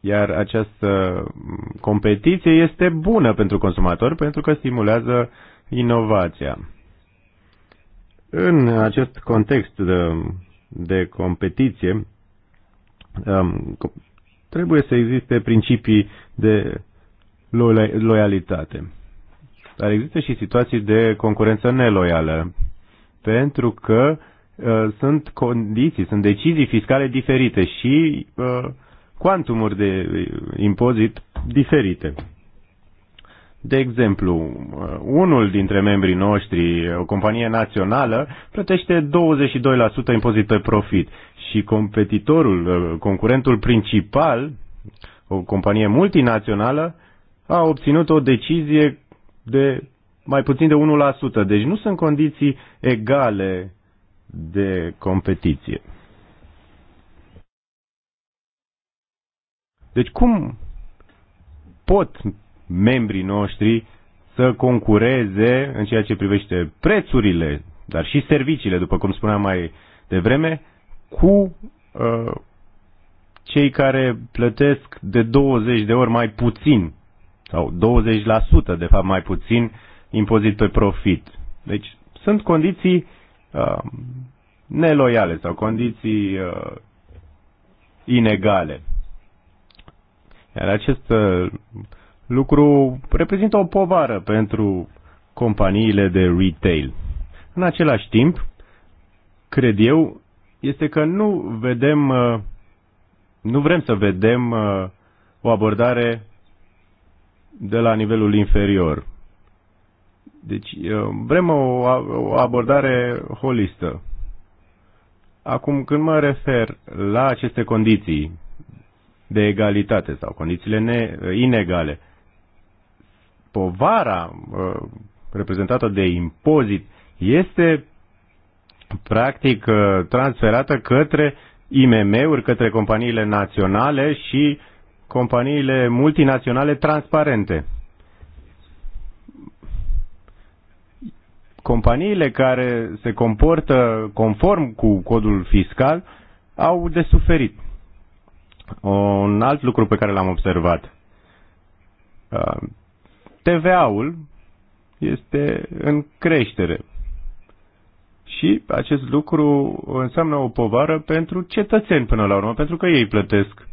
Iar această competiție este bună pentru consumator pentru că stimulează inovația. În acest context de, de competiție, um, trebuie să existe principii de loialitate. Dar există și situații de concurență neloială, pentru că uh, sunt condiții, sunt decizii fiscale diferite și uh, cuantumuri de eh, impozit diferite. De exemplu, eh, unul dintre membrii noștri, o companie națională, plătește 22% impozit pe profit și competitorul, eh, concurentul principal, o companie multinațională, a obținut o decizie de mai puțin de 1%. Deci nu sunt condiții egale de competiție. Deci cum pot membrii noștri să concureze în ceea ce privește prețurile, dar și serviciile, după cum spuneam mai devreme, cu uh, cei care plătesc de 20 de ori mai puțin sau 20% de fapt mai puțin impozit pe profit. Deci sunt condiții uh, neloiale sau condiții uh, inegale. Iar acest uh, lucru reprezintă o povară pentru companiile de retail. În același timp, cred eu, este că nu vedem, uh, nu vrem să vedem uh, o abordare de la nivelul inferior. Deci vrem o, o abordare holistă. Acum, când mă refer la aceste condiții de egalitate sau condițiile ne, uh, inegale. Povara uh, reprezentată de impozit este practic uh, transferată către IMM-uri, către companiile naționale și companiile multinaționale transparente. Companiile care se comportă conform cu codul fiscal au de suferit. Un alt lucru pe care l-am observat. Uh, TVA-ul este în creștere. Și acest lucru înseamnă o povară pentru cetățeni până la urmă, pentru că ei plătesc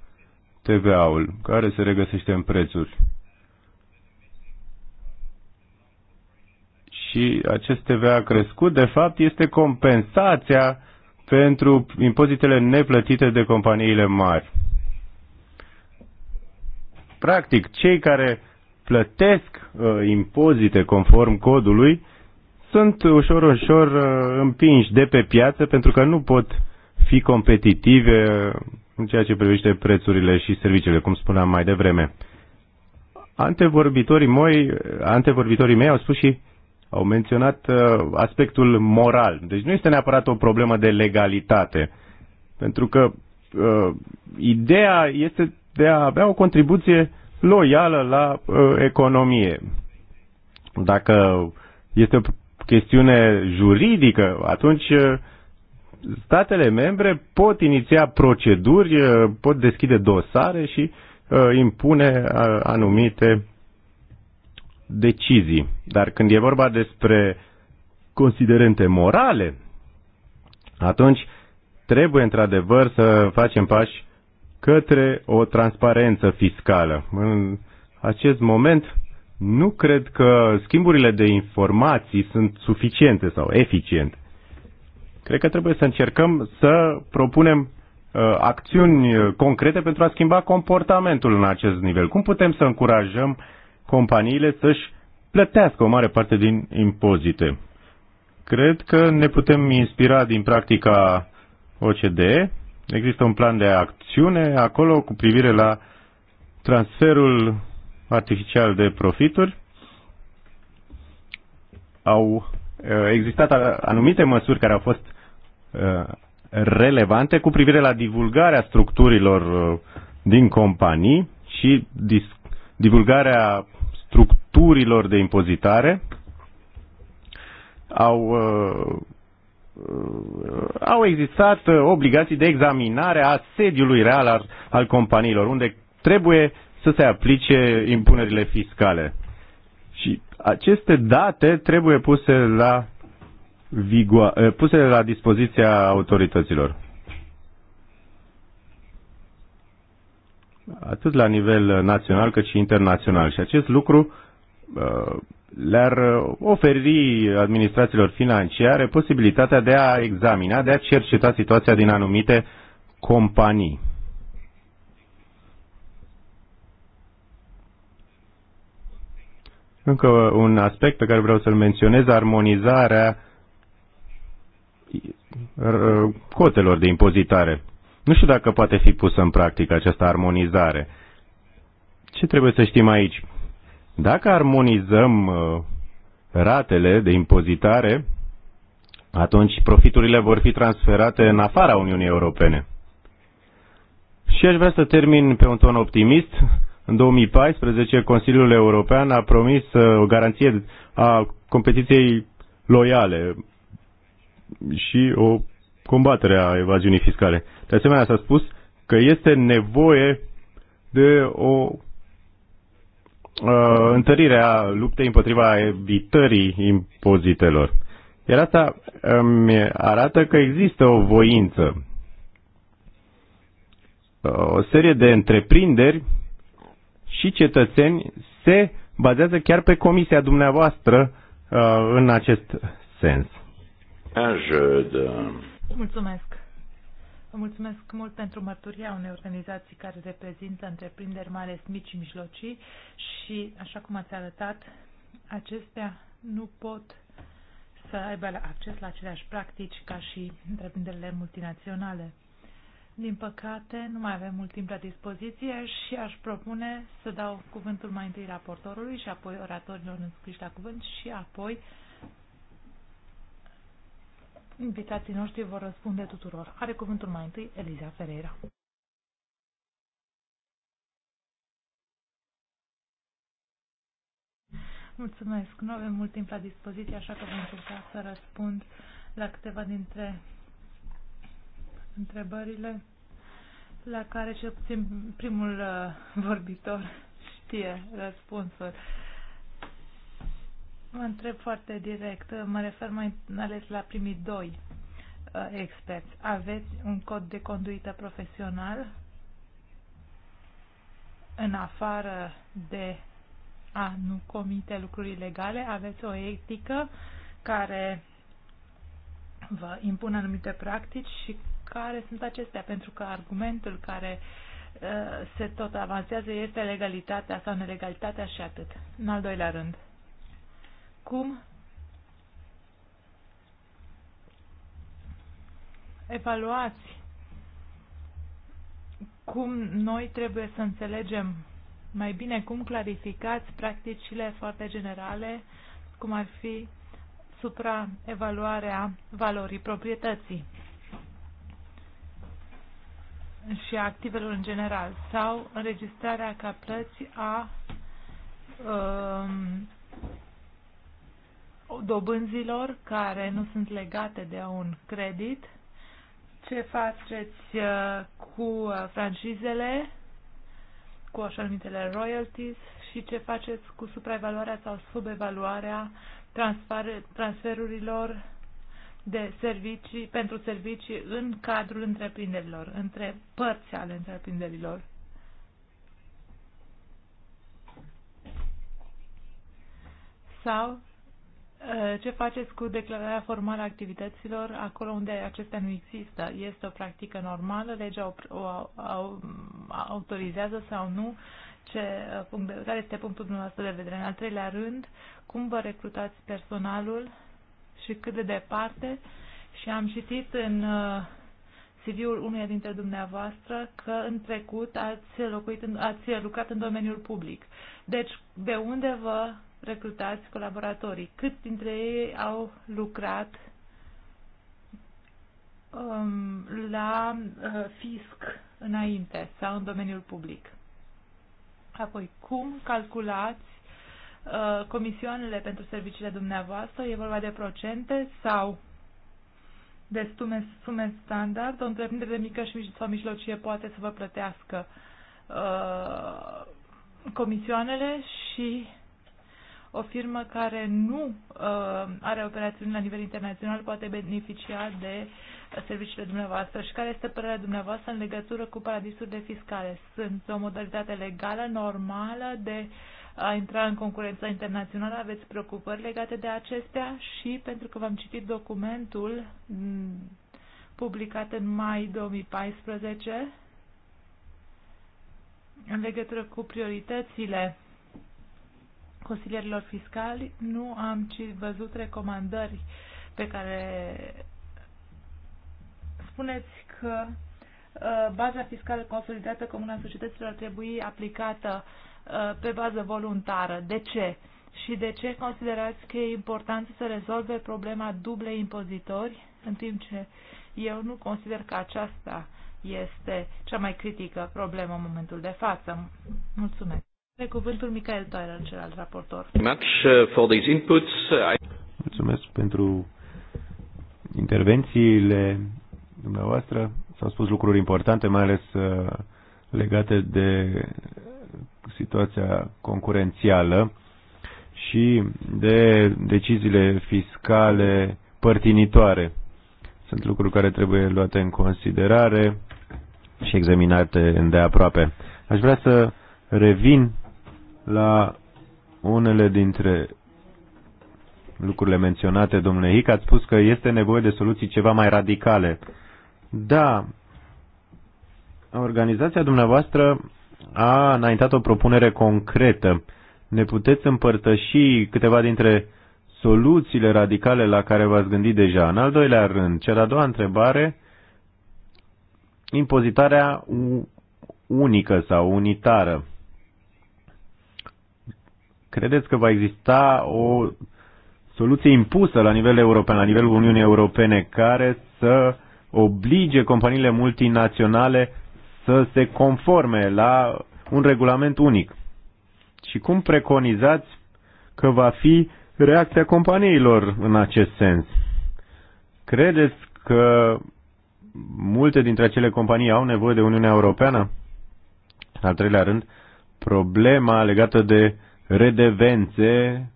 TVA-ul, care se regăsește în prețuri. Și acest TVA crescut, de fapt, este compensația pentru impozitele neplătite de companiile mari practic, cei care plătesc uh, impozite conform codului sunt ușor, ușor uh, împinși de pe piață pentru că nu pot fi competitive în ceea ce privește prețurile și serviciile, cum spuneam mai devreme. Antevorbitorii, moi, antevorbitorii mei au spus și au menționat uh, aspectul moral. Deci nu este neapărat o problemă de legalitate. Pentru că uh, ideea este de a avea o contribuție loială la uh, economie. Dacă este o chestiune juridică, atunci uh, statele membre pot iniția proceduri, uh, pot deschide dosare și uh, impune uh, anumite decizii. Dar când e vorba despre considerente morale, atunci trebuie într-adevăr să facem pași către o transparență fiscală. În acest moment nu cred că schimburile de informații sunt suficiente sau eficiente. Cred că trebuie să încercăm să propunem uh, acțiuni uh, concrete pentru a schimba comportamentul în acest nivel. Cum putem să încurajăm companiile să-și plătească o mare parte din impozite? Cred că ne putem inspira din practica OCDE Există un plan de acțiune acolo cu privire la transferul artificial de profituri. Au uh, existat anumite măsuri care au fost uh, relevante cu privire la divulgarea structurilor uh, din companii și divulgarea structurilor de impozitare. Au Uh, au existat uh, obligații de examinare a sediului real al, al companiilor, unde trebuie să se aplice impunerile fiscale. Și aceste date trebuie puse la, vigo- uh, puse la dispoziția autorităților. Atât la nivel național cât și internațional. Și acest lucru le-ar uh, oferi uh, administrațiilor financiare posibilitatea de a examina, de a cerceta situația din anumite companii. Încă un aspect pe care vreau să-l menționez, armonizarea uh, cotelor de impozitare. Nu știu dacă poate fi pusă în practică această armonizare. Ce trebuie să știm aici? Dacă armonizăm uh, ratele de impozitare, atunci profiturile vor fi transferate în afara Uniunii Europene. Și aș vrea să termin pe un ton optimist. În 2014, Consiliul European a promis uh, o garanție a competiției loiale și o combatere a evaziunii fiscale. De asemenea, s-a spus că este nevoie de o uh, întărirea luptei împotriva evitării impozitelor. Iar asta îmi um, arată că există o voință. O serie de întreprinderi și cetățeni se bazează chiar pe comisia dumneavoastră uh, în acest sens. Mulțumesc. Vă mulțumesc mult pentru mărturia unei organizații care reprezintă întreprinderi mai ales mici și mijlocii și, așa cum ați arătat, acestea nu pot să aibă acces la aceleași practici ca și întreprinderile multinaționale. Din păcate, nu mai avem mult timp la dispoziție și aș propune să dau cuvântul mai întâi raportorului și apoi oratorilor înscriși la cuvânt și apoi uh, Invitații noștri vor răspunde tuturor. Are cuvântul mai întâi Eliza Ferreira. Mulțumesc. Nu avem mult timp la dispoziție, așa că vom încerca să răspund la câteva dintre întrebările la care cel puțin primul uh, vorbitor știe răspunsul. Mă întreb foarte direct, mă refer mai ales la primii doi uh, experți. Aveți un cod de conduită profesional în afară de a nu comite lucruri ilegale? Aveți o etică care vă impune anumite practici și care sunt acestea? Pentru că argumentul care uh, se tot avansează este legalitatea sau nelegalitatea și atât. În al doilea rând cum evaluați cum noi trebuie să înțelegem mai bine, cum clarificați practicile foarte generale, cum ar fi supraevaluarea valorii proprietății și activelor în general sau înregistrarea ca plăți a um, dobânzilor care nu sunt legate de un credit, ce faceți uh, cu uh, francizele, cu așa numitele royalties și ce faceți cu supraevaluarea sau subevaluarea transferurilor de servicii, pentru servicii în cadrul întreprinderilor, între părți ale întreprinderilor. Sau Eh, ce faceți cu declararea formală a activităților acolo unde acestea nu există? Este o practică normală? Legea o, o, o autorizează sau nu? Ce eh, punct de, care este punctul dumneavoastră de vedere? În al treilea rând, cum vă recrutați personalul și cât de departe? Și am citit în eh, CV-ul uneia dintre dumneavoastră că în trecut ați, locuit în, ați lucrat în domeniul public. Deci, de unde vă recrutați colaboratorii, cât dintre ei au lucrat um, la uh, fisc înainte sau în domeniul public. Apoi, cum calculați uh, comisioanele pentru serviciile dumneavoastră? E vorba de procente sau de sume, sume standard? O întreprindere de mică și sau mijlocie poate să vă plătească uh, comisioanele și o firmă care nu uh, are operațiuni la nivel internațional poate beneficia de serviciile dumneavoastră și care este părerea dumneavoastră în legătură cu paradisurile fiscale? Sunt o modalitate legală, normală de a intra în concurența internațională? Aveți preocupări legate de acestea? Și pentru că v-am citit documentul publicat în mai 2014 în legătură cu prioritățile consilierilor fiscali, nu am ci văzut recomandări pe care spuneți că uh, baza fiscală consolidată comună a societăților ar trebui aplicată uh, pe bază voluntară. De ce? Și de ce considerați că e important să se rezolve problema dublei impozitori, în timp ce eu nu consider că aceasta este cea mai critică problemă în momentul de față? Mulțumesc! De cuvântul Michael Toiler, celălalt raportor. Uh, uh, Mulțumesc pentru intervențiile dumneavoastră. S-au spus lucruri importante, mai ales uh, legate de situația concurențială și de deciziile fiscale părtinitoare. Sunt lucruri care trebuie luate în considerare și examinate îndeaproape. Aș vrea să revin la unele dintre lucrurile menționate, domnule Hic, ați spus că este nevoie de soluții ceva mai radicale. Da, organizația dumneavoastră a înaintat o propunere concretă. Ne puteți împărtăși câteva dintre soluțiile radicale la care v-ați gândit deja? În al doilea rând, cea de-a doua întrebare, impozitarea unică sau unitară. Credeți că va exista o soluție impusă la nivel european, la nivelul Uniunii Europene, care să oblige companiile multinaționale să se conforme la un regulament unic? Și cum preconizați că va fi reacția companiilor în acest sens? Credeți că multe dintre acele companii au nevoie de Uniunea Europeană? În al treilea rând, problema legată de redevențe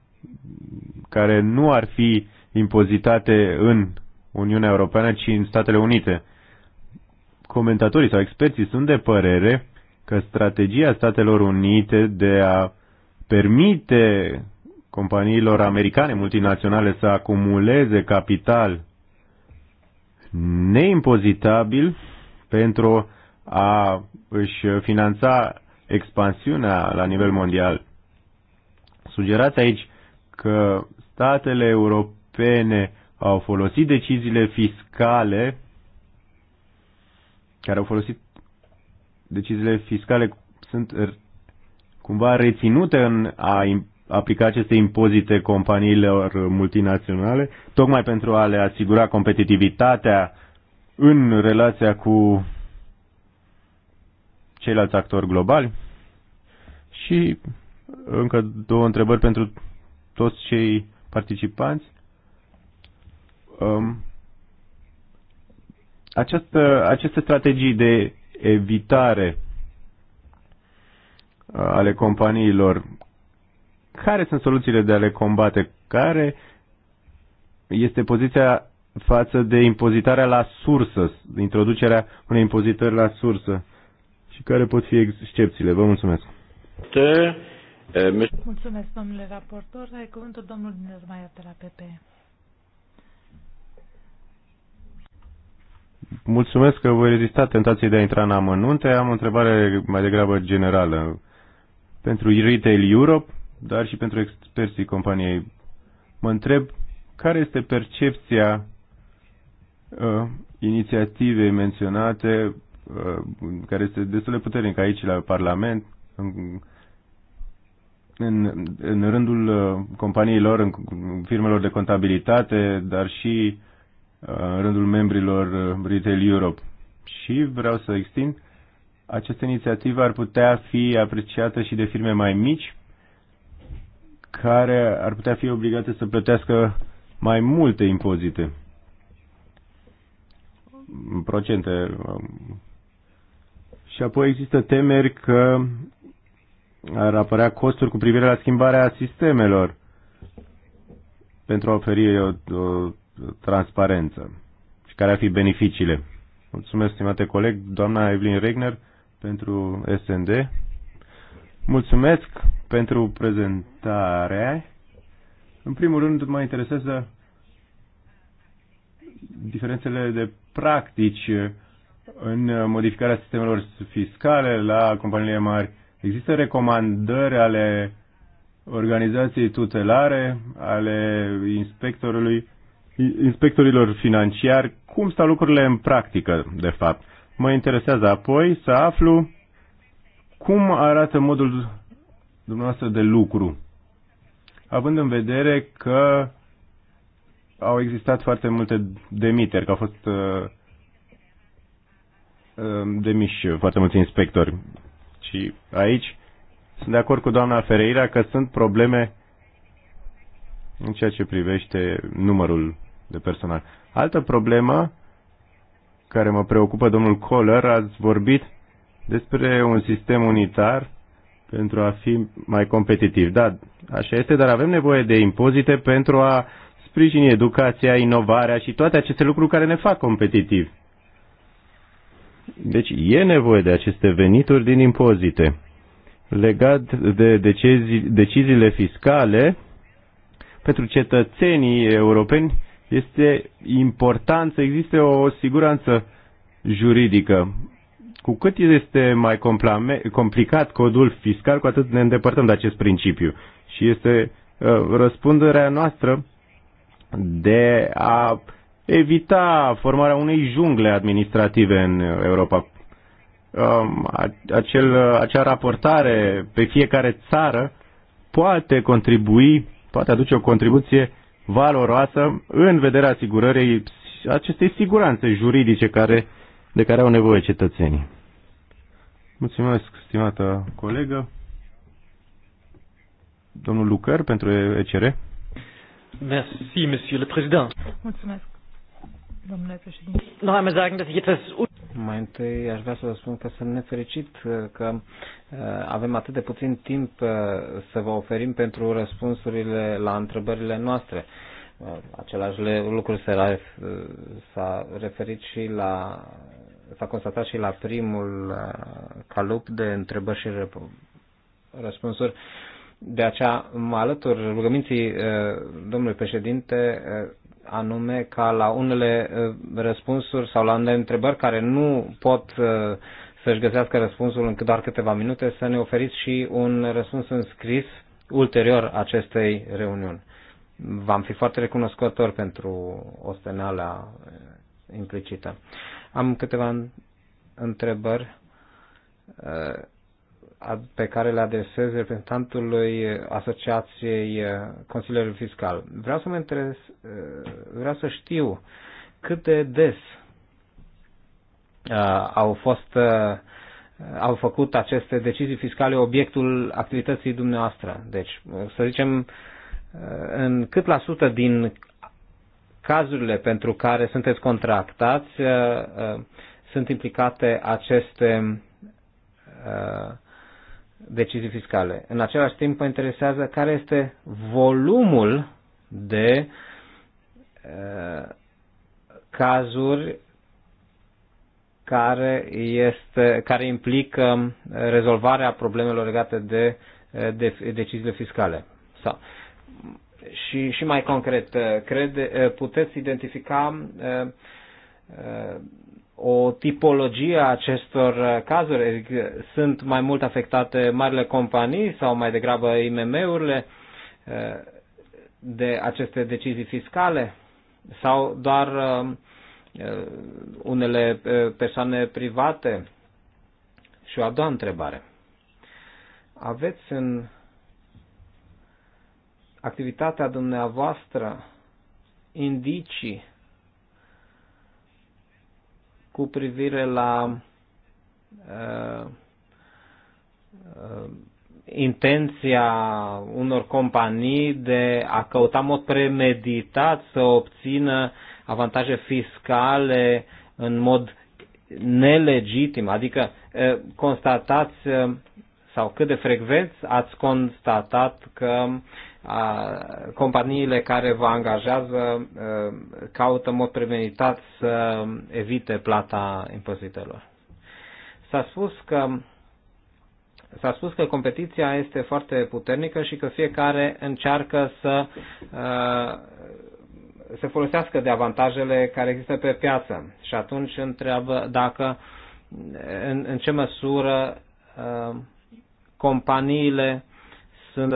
care nu ar fi impozitate în Uniunea Europeană, ci în Statele Unite. Comentatorii sau experții sunt de părere că strategia Statelor Unite de a permite companiilor americane multinaționale să acumuleze capital neimpozitabil pentru a își finanța expansiunea la nivel mondial Sugerați aici că statele europene au folosit deciziile fiscale care au folosit deciziile fiscale sunt cumva reținute în a aplica aceste impozite companiilor multinaționale, tocmai pentru a le asigura competitivitatea în relația cu ceilalți actori globali și încă două întrebări pentru toți cei participanți. Um, această, aceste strategii de evitare uh, ale companiilor, care sunt soluțiile de a le combate? Care este poziția față de impozitarea la sursă, introducerea unei impozitări la sursă? Și care pot fi excepțiile? Vă mulțumesc. Te... Eh, Mulțumesc, domnule raportor. Ai cuvântul domnul Nermaia de la PP. Mulțumesc că voi rezista tentației de a intra în amănunte. Am o întrebare mai degrabă generală. Pentru Retail Europe, dar și pentru experții companiei, mă întreb care este percepția uh, inițiativei menționate, uh, care este destul de puternică aici la Parlament, în, în, în rândul uh, companiilor, în firmelor de contabilitate, dar și uh, în rândul membrilor uh, Retail Europe. Și vreau să extind, această inițiativă ar putea fi apreciată și de firme mai mici, care ar putea fi obligate să plătească mai multe impozite. Procente. Um. Și apoi există temeri că ar apărea costuri cu privire la schimbarea sistemelor pentru a oferi o, o transparență și care ar fi beneficiile. Mulțumesc, stimate coleg, doamna Evelyn Regner, pentru SND. Mulțumesc pentru prezentare. În primul rând, mă interesează diferențele de practici în modificarea sistemelor fiscale la companiile mari. Există recomandări ale organizației tutelare, ale inspectorului, inspectorilor financiari, cum stau lucrurile în practică, de fapt. Mă interesează apoi să aflu cum arată modul dumneavoastră de lucru, având în vedere că au existat foarte multe demiteri, că au fost uh, uh demiși foarte mulți inspectori. Și aici sunt de acord cu doamna Fereira că sunt probleme în ceea ce privește numărul de personal. Altă problemă care mă preocupă, domnul Kohler, ați vorbit despre un sistem unitar pentru a fi mai competitiv. Da, așa este, dar avem nevoie de impozite pentru a sprijini educația, inovarea și toate aceste lucruri care ne fac competitivi. Deci e nevoie de aceste venituri din impozite. Legat de decizi, deciziile fiscale, pentru cetățenii europeni este important să existe o siguranță juridică. Cu cât este mai complicat codul fiscal, cu atât ne îndepărtăm de acest principiu. Și este uh, răspunderea noastră de a evita formarea unei jungle administrative în Europa. Um, acel, acea raportare pe fiecare țară poate contribui, poate aduce o contribuție valoroasă în vederea asigurării acestei siguranțe juridice care, de care au nevoie cetățenii. Mulțumesc, stimată colegă. Domnul Lucăr pentru ECR. Merci, monsieur le président. Mulțumesc, domnule președinte. Mai întâi aș vrea să vă spun că sunt nefericit că uh, avem atât de puțin timp uh, să vă oferim pentru răspunsurile la întrebările noastre. Uh, același lucru s-a referit și la s-a constatat și la primul calup de întrebări și răspunsuri. De aceea mă alătur rugăminții domnului președinte anume ca la unele uh, răspunsuri sau la unele întrebări care nu pot uh, să-și găsească răspunsul în doar câteva minute, să ne oferiți și un răspuns în scris ulterior acestei reuniuni. V-am fi foarte recunoscător pentru osteneala uh, implicită. Am câteva întrebări pe care le adresez reprezentantului Asociației eh, Consiliului Fiscal. Vreau să mă interes, eh, vreau să știu cât de des eh, au fost au făcut aceste decizii fiscale obiectul activității dumneavoastră. Deci, să zicem, în cât la sută din cazurile pentru care sunteți contractați sunt implicate aceste uh, decizii fiscale. În același timp mă interesează care este volumul de uh, cazuri care, este, care implică uh, rezolvarea problemelor legate uh, de, de, deciziile fiscale. Sau, și, și mai concret, crede, puteți identifica o tipologie a acestor cazuri? Adică sunt mai mult afectate marile companii sau mai degrabă IMM-urile eh, de aceste decizii fiscale? Sau doar eh, eh, unele persoane private? Și o a doua întrebare. Aveți în activitatea dumneavoastră indicii cu privire la uh, uh, intenția unor companii de a căuta mod premeditat să obțină avantaje fiscale în mod nelegitim. Adică uh, constatați uh, sau cât de frecvent ați constatat că a, companiile care vă angajează caută în mod premeditat să evite plata impozitelor. S-a spus că S-a spus că competiția este foarte puternică și că fiecare încearcă să se folosească de avantajele care există pe piață. Și atunci întreabă dacă, în, în ce măsură companiile sunt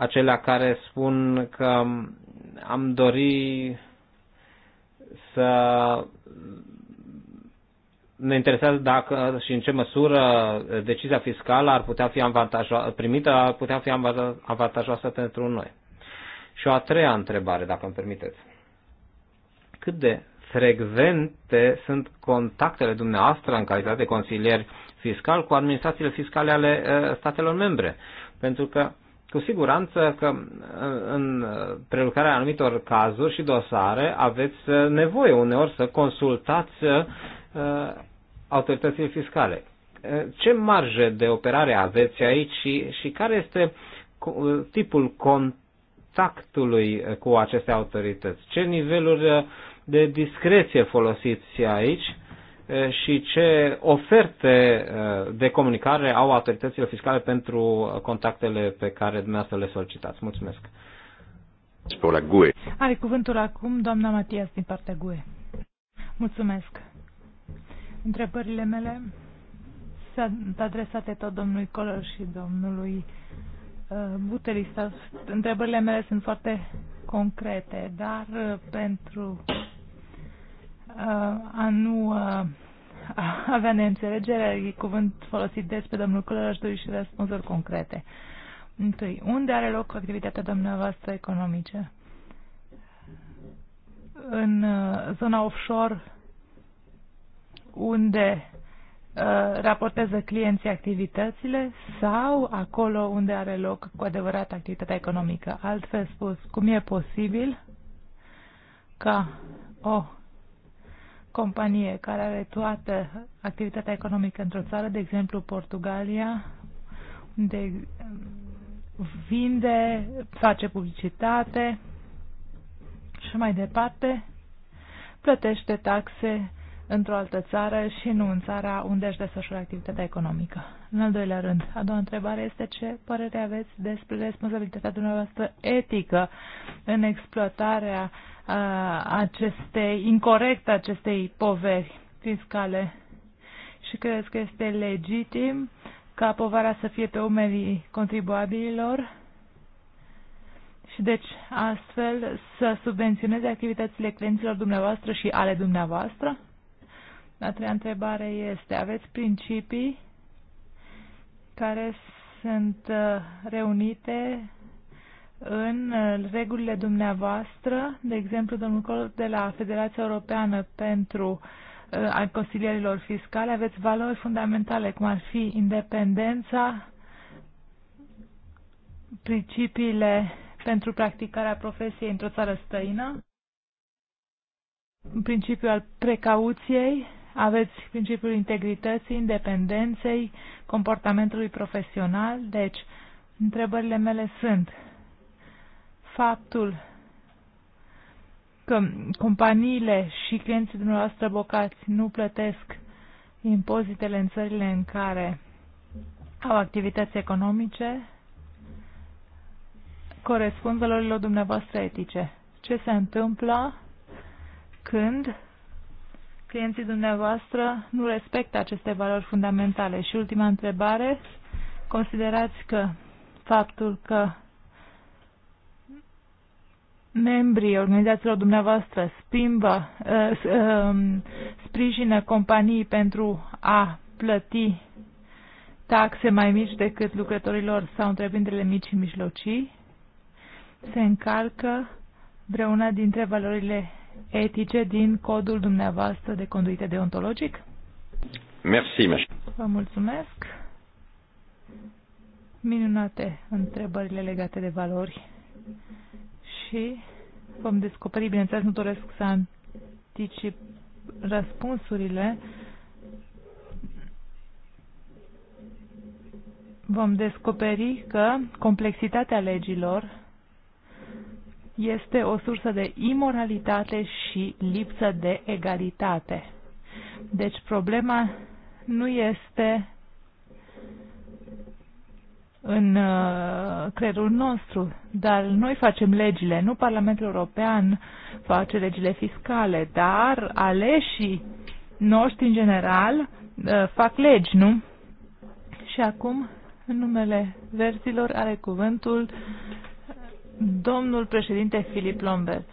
acelea care spun că am dori să ne interesează dacă și în ce măsură decizia fiscală ar putea fi avantajoasă, primită ar putea fi avantajoasă pentru noi. Și o a treia întrebare, dacă îmi permiteți. Cât de frecvente sunt contactele dumneavoastră în calitate de consilier fiscal cu administrațiile fiscale ale uh, statelor membre? Pentru că cu siguranță că în prelucrarea anumitor cazuri și dosare aveți nevoie uneori să consultați uh, autoritățile fiscale. Uh, ce marjă de operare aveți aici și, și care este tipul contactului uh, cu aceste autorități? Ce niveluri de discreție folosiți aici și ce oferte de comunicare au autoritățile fiscale pentru contactele pe care dumneavoastră le solicitați. Mulțumesc. la GUE. Are cuvântul acum doamna Matias din partea GUE. Mulțumesc. Întrebările mele sunt adresate tot domnului Color și domnului Butelista. Întrebările mele sunt foarte concrete, dar pentru a nu avea neînțelegere, e cuvânt folosit des pe domnul Călăr, aș dori și răspunsuri concrete. Întâi, unde are loc activitatea dumneavoastră economice? În zona offshore, unde raportează clienții activitățile sau acolo unde are loc cu adevărat activitatea economică. Altfel spus, cum e posibil ca o companie care are toată activitatea economică într-o țară, de exemplu Portugalia, unde um, vinde, face publicitate și mai departe, plătește taxe într-o altă țară și nu în țara unde își desfășoară activitatea economică. În al doilea rând, a doua întrebare este ce părere aveți despre responsabilitatea dumneavoastră etică în exploatarea aceste incorrect acestei poveri fiscale și cred că este legitim ca povara să fie pe umerii contribuabililor și deci astfel să subvenționeze activitățile clienților dumneavoastră și ale dumneavoastră? A treia întrebare este, aveți principii care sunt uh, reunite în uh, regulile dumneavoastră, de exemplu, domnul Col de la Federația Europeană pentru uh, al consilierilor fiscale, aveți valori fundamentale, cum ar fi independența, principiile pentru practicarea profesiei într-o țară străină, principiul al precauției, aveți principiul integrității, independenței, comportamentului profesional. Deci, întrebările mele sunt, faptul că companiile și clienții dumneavoastră bocați nu plătesc impozitele în țările în care au activități economice corespund valorilor dumneavoastră etice. Ce se întâmplă când clienții dumneavoastră nu respectă aceste valori fundamentale? Și ultima întrebare, considerați că faptul că membrii organizațiilor dumneavoastră spimbă, uh, um, sprijină companii pentru a plăti taxe mai mici decât lucrătorilor sau întreprinderile mici și mijlocii, se încalcă vreuna dintre valorile etice din codul dumneavoastră de conduită deontologic? Merci, Vă mulțumesc. Minunate întrebările legate de valori și vom descoperi, bineînțeles, nu doresc să anticip răspunsurile, vom descoperi că complexitatea legilor este o sursă de imoralitate și lipsă de egalitate. Deci problema nu este în uh, creierul nostru, dar noi facem legile, nu Parlamentul European face legile fiscale, dar aleșii noștri în general uh, fac legi, nu? Și acum, în numele verzilor, are cuvântul domnul președinte Filip Lomberts.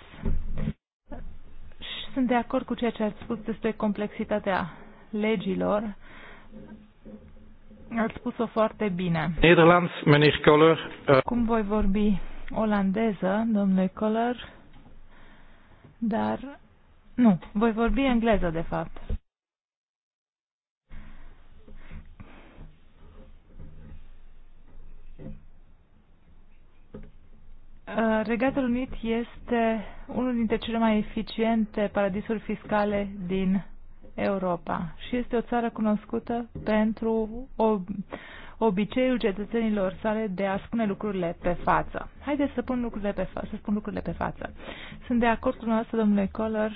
Și sunt de acord cu ceea ce ați spus despre complexitatea legilor Ați spus-o foarte bine. Nederlands, meneer Koller. Eh, Cum voi vorbi olandeză, domnule Koller, dar nu, voi vorbi engleză, de fapt. Eh, Regatul Unit este unul dintre cele mai eficiente paradisuri fiscale din Europa și este o țară cunoscută pentru obiceiul cetățenilor sale de a spune lucrurile pe față. Haideți să, pun lucrurile pe fa- să spun lucrurile pe față. Sunt de acord cu dumneavoastră, domnule Coller,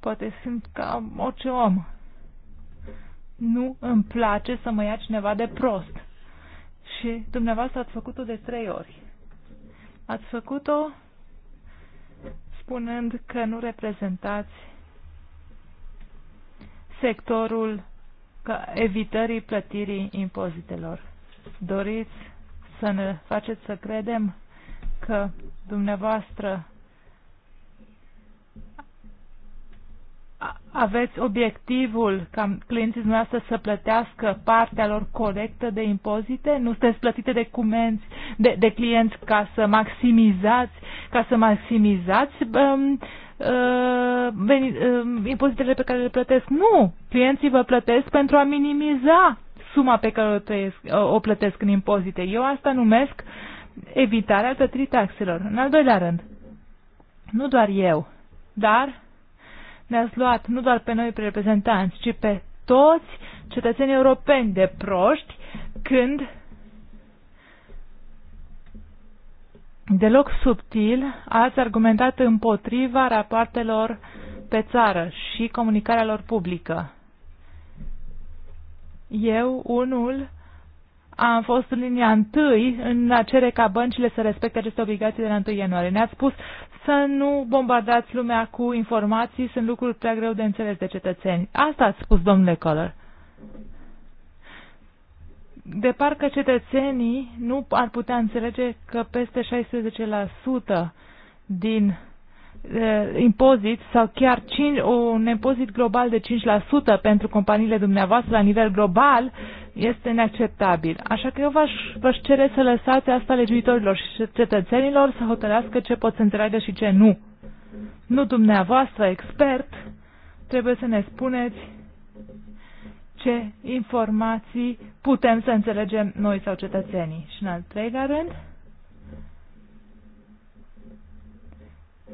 poate sunt ca orice om. Nu îmi place să mă ia cineva de prost. Și dumneavoastră ați făcut-o de trei ori. Ați făcut-o spunând că nu reprezentați sectorul evitării plătirii impozitelor. Doriți să ne faceți să credem că dumneavoastră aveți obiectivul ca clienții dumneavoastră să plătească partea lor corectă de impozite? Nu sunteți plătite de, cumenți, de, de clienți ca să maximizați, ca să maximizați um, Uh, uh, impozitele pe care le plătesc. Nu! Clienții vă plătesc pentru a minimiza suma pe care o, tăiesc, uh, o plătesc în impozite. Eu asta numesc evitarea plătirii taxelor. În al doilea rând, nu doar eu, dar ne-ați luat nu doar pe noi reprezentanți, ci pe toți cetățenii europeni de proști când deloc subtil, ați argumentat împotriva rapoartelor pe țară și comunicarea lor publică. Eu, unul, am fost în linia întâi în a cere ca băncile să respecte aceste obligații de la 1 ianuarie. Ne-ați spus să nu bombardați lumea cu informații, sunt lucruri prea greu de înțeles de cetățeni. Asta ați spus, domnule Coller de parcă cetățenii nu ar putea înțelege că peste 16% din uh, impozit sau chiar 5, un impozit global de 5% pentru companiile dumneavoastră la nivel global este inacceptabil. Așa că eu v-aș, v-aș cere să lăsați asta legiuitorilor și cetățenilor să hotărească ce pot să înțeleagă și ce nu. Nu dumneavoastră, expert, trebuie să ne spuneți ce informații putem să înțelegem noi sau cetățenii. Și în al treilea rând,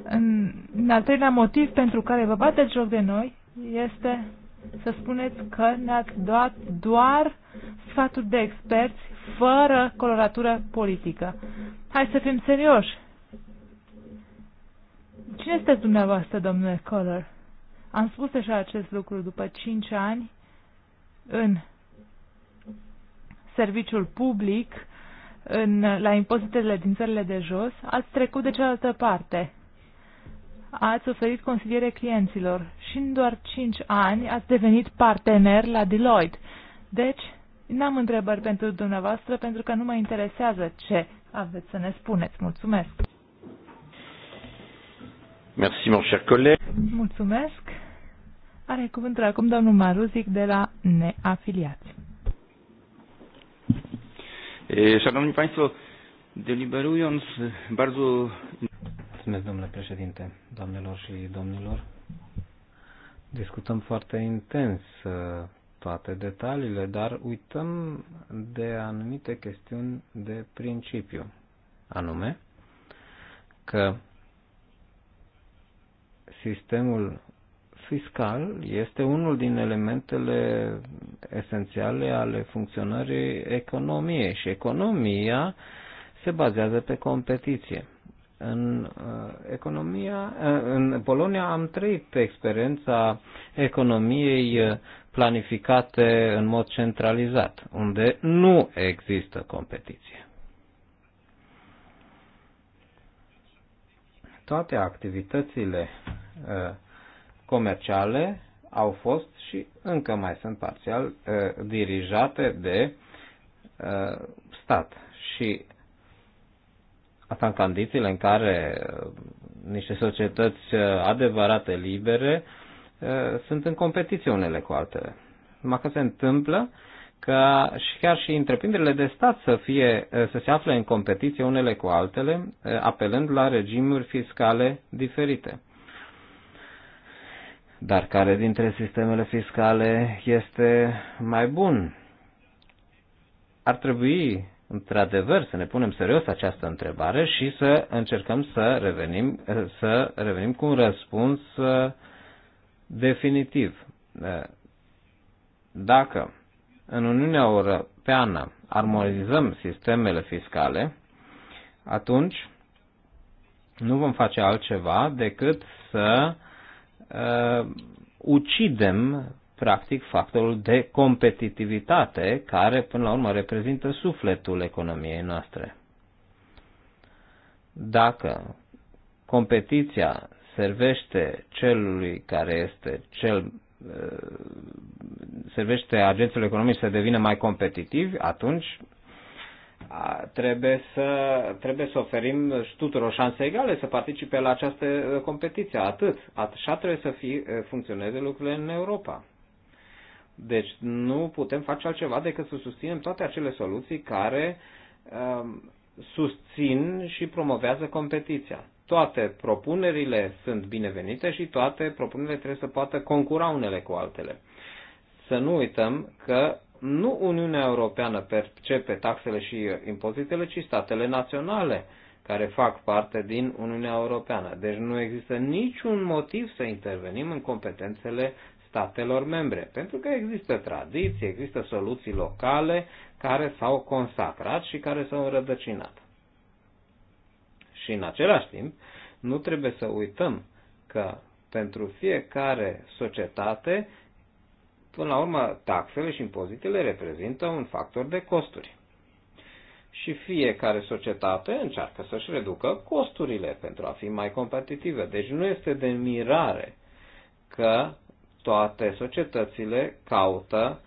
în, în al treilea motiv pentru care vă bateți joc de noi este să spuneți că ne-ați dat doar sfaturi de experți fără coloratură politică. Hai să fim serioși. Cine sunteți dumneavoastră, domnule Color? Am spus deja acest lucru după 5 ani în serviciul public, în, la impozitele din țările de jos, ați trecut de cealaltă parte. Ați oferit consiliere clienților și în doar 5 ani ați devenit partener la Deloitte. Deci, n-am întrebări pentru dumneavoastră pentru că nu mă interesează ce aveți să ne spuneți. Mulțumesc! Merci, mon cher collègue. Mulțumesc! Are cuvântul acum domnul Maruzic de la Neafiliați. Szanowni Państwo, deliberując bardzo... Mulțumesc, domnule președinte, doamnelor și domnilor. Discutăm foarte intens uh, toate detaliile, dar uităm de anumite chestiuni de principiu, anume că sistemul fiscal este unul din elementele esențiale ale funcționării economiei și economia se bazează pe competiție. În uh, economia, uh, în Polonia am trăit experiența economiei uh, planificate în mod centralizat, unde nu există competiție. Toate activitățile comerciale au fost și încă mai sunt parțial uh, dirijate de uh, stat. Și asta în condițiile în care uh, niște societăți adevărate libere sunt în competiție unele cu altele. Numai că se întâmplă că și chiar și întreprinderile de stat să, fie, să se afle în competiție unele cu altele, apelând la regimuri fiscale diferite. Dar care dintre sistemele fiscale este mai bun? Ar trebui, într-adevăr, să ne punem serios această întrebare și să încercăm să revenim, să revenim cu un răspuns uh, definitiv. Uh, dacă în Uniunea Europeană armonizăm sistemele fiscale, atunci nu vom face altceva decât să uh, ucidem practic factorul de competitivitate care până la urmă reprezintă sufletul economiei noastre. Dacă competiția servește celui care este cel uh, servește agenților economici să devină mai competitivi, atunci trebuie să, trebuie să oferim tuturor șanse egale să participe la această uh, competiție. Atât. Așa trebuie să fie, uh, funcționeze lucrurile în Europa. Deci nu putem face altceva decât să susținem toate acele soluții care uh, susțin și promovează competiția. Toate propunerile sunt binevenite și toate propunerile trebuie să poată concura unele cu altele. Să nu uităm că nu Uniunea Europeană percepe taxele și impozitele, ci statele naționale care fac parte din Uniunea Europeană. Deci nu există niciun motiv să intervenim în competențele statelor membre, pentru că există tradiții, există soluții locale care s-au consacrat și care s-au rădăcinat. Și în același timp, nu trebuie să uităm că pentru fiecare societate Până la urmă, taxele și impozitele reprezintă un factor de costuri. Și fiecare societate încearcă să-și reducă costurile pentru a fi mai competitivă. Deci nu este de mirare că toate societățile caută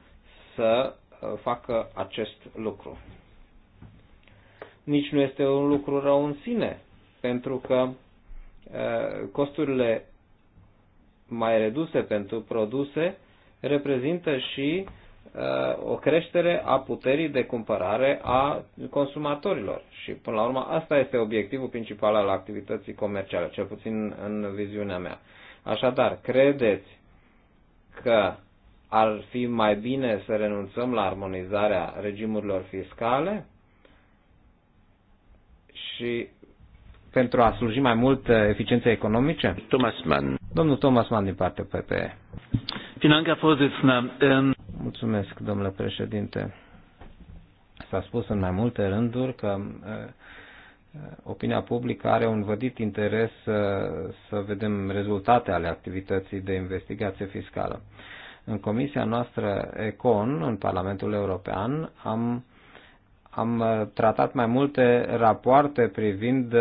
să uh, facă acest lucru. Nici nu este un lucru rău în sine, pentru că uh, costurile mai reduse pentru produse reprezintă și uh, o creștere a puterii de cumpărare a consumatorilor. Și, până la urmă, asta este obiectivul principal al activității comerciale, cel puțin în viziunea mea. Așadar, credeți că ar fi mai bine să renunțăm la armonizarea regimurilor fiscale și pentru a sluji mai mult uh, eficienței economice? Thomas Mann. Domnul Thomas Mann din partea PPE. Ähm, Mulțumesc, domnule președinte. S-a spus în mai multe rânduri că uh, uh, opinia publică are un vădit interes să, uh, să vedem rezultate ale activității de investigație fiscală. În comisia noastră ECON, în Parlamentul European, am, am tratat mai multe rapoarte privind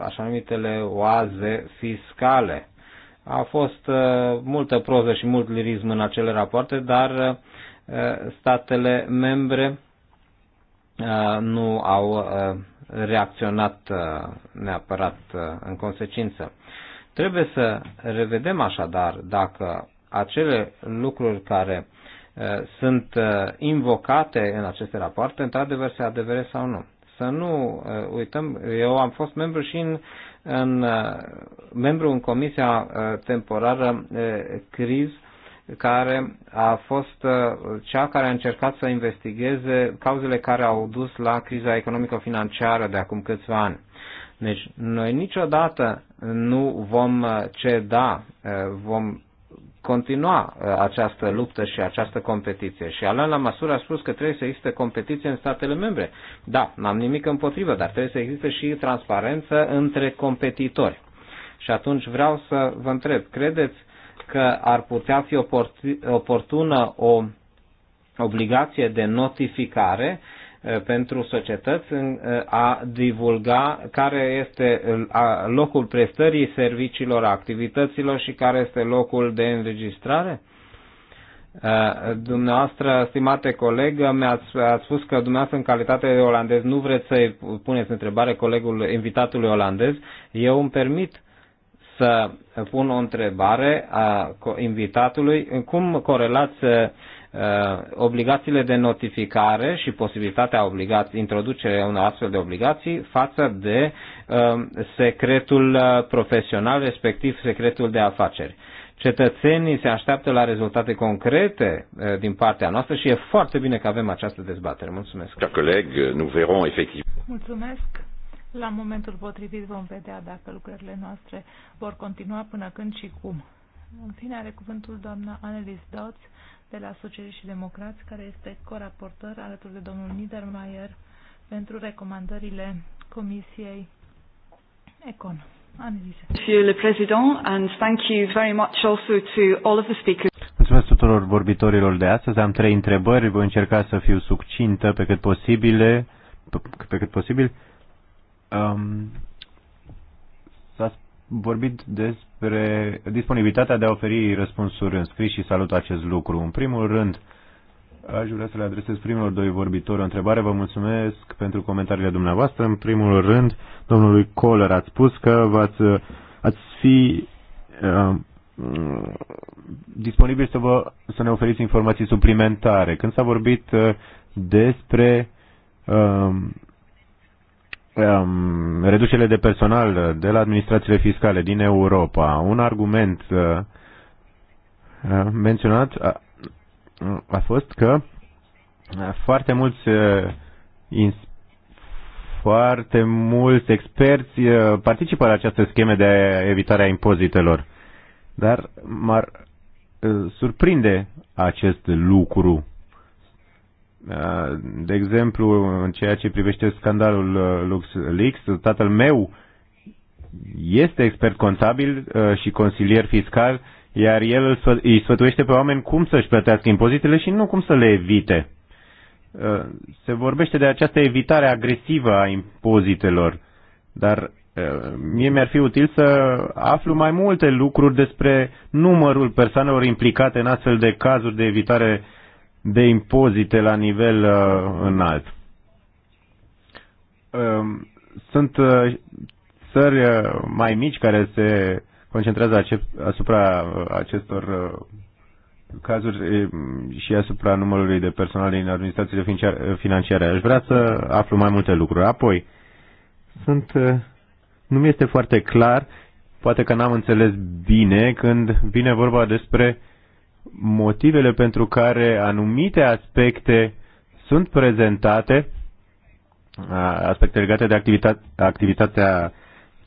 așa numitele oaze fiscale a fost uh, multă proză și mult lirism în acele rapoarte, dar uh, statele membre uh, nu au reacționat neapărat în consecință. Trebuie să revedem așadar dacă acele lucruri care sunt invocate în aceste rapoarte, într-adevăr se adevere sau nu. Să nu uităm, eu am fost membru și în în uh, membru în comisia uh, temporară uh, CRIZ care a fost cea care a încercat să investigheze cauzele care au dus la criza economico-financiară de acum câțiva ani. Deci noi niciodată nu vom ceda, vom continua uh, această luptă și această competiție. Și Alain la măsură a spus că trebuie să existe competiție în statele membre. Da, n-am nimic împotrivă, dar trebuie să existe și transparență între competitori. Și atunci vreau să vă întreb, credeți că ar putea fi oportună o obligație de notificare Uh, pentru societăți uh, a divulga care este locul prestării serviciilor, activităților și care este locul de înregistrare? Uh, dumneavoastră, stimate colegă, mi-ați spus că dumneavoastră în calitate de olandez nu vreți să-i puneți întrebare colegul invitatului olandez. Eu îmi permit să pun o întrebare a invitatului. Cum corelați Uh, obligațiile de notificare și posibilitatea obligații, introducerea unor astfel de obligații față de um, secretul uh, profesional, respectiv secretul de afaceri. Cetățenii se așteaptă la rezultate concrete uh, din partea noastră și e foarte bine că avem această dezbatere. Mulțumesc. coleg, nous verrons efectiv. Mulțumesc. La momentul potrivit vom vedea dacă lucrările noastre vor continua până când și cum. În fine, are cuvântul doamna Annelies Dodds, de la Socialiști și Democrați, care este coraportor alături de domnul Niedermayer pentru recomandările Comisiei Econ. Mulțumesc tuturor vorbitorilor de astăzi. Am trei întrebări. Voi încerca să fiu succintă pe cât posibil. pe cât posibil. Um, s-a vorbit des, despre disponibilitatea de a oferi răspunsuri în scris și salut acest lucru. În primul rând, aș vrea să le adresez primilor doi vorbitori o întrebare. Vă mulțumesc pentru comentariile dumneavoastră. În primul rând, domnului Kohler ați spus că v-ați, ați fi uh, disponibil să, vă, să ne oferiți informații suplimentare. Când s-a vorbit uh, despre uh, um, reducerile de personal uh, de la administrațiile fiscale din Europa. Un argument uh, uh menționat a, a fost că uh, foarte mulți uh, foarte mulți experți participă la această scheme de evitare a impozitelor. Dar m-ar surprinde acest lucru. De exemplu, în ceea ce privește scandalul uh, LuxLeaks, tatăl meu este expert contabil uh, și consilier fiscal, iar el îi sfătuiește pe oameni cum să-și plătească impozitele și nu cum să le evite. Uh, se vorbește de această evitare agresivă a impozitelor, dar mie mi-ar fi util să aflu mai multe lucruri despre numărul persoanelor implicate în astfel de cazuri de evitare de impozite la nivel uh, înalt. Uh, sunt uh, țări uh, mai mici care se concentrează asupra uh, acestor uh, cazuri și asupra numărului de personal din administrațiile financiare. Aș vrea să aflu mai multe lucruri. Apoi, sunt, uh, nu mi este foarte clar, poate că n-am înțeles bine când vine vorba despre uh, motivele pentru care anumite aspecte sunt prezentate, aspecte legate de activitate, activitatea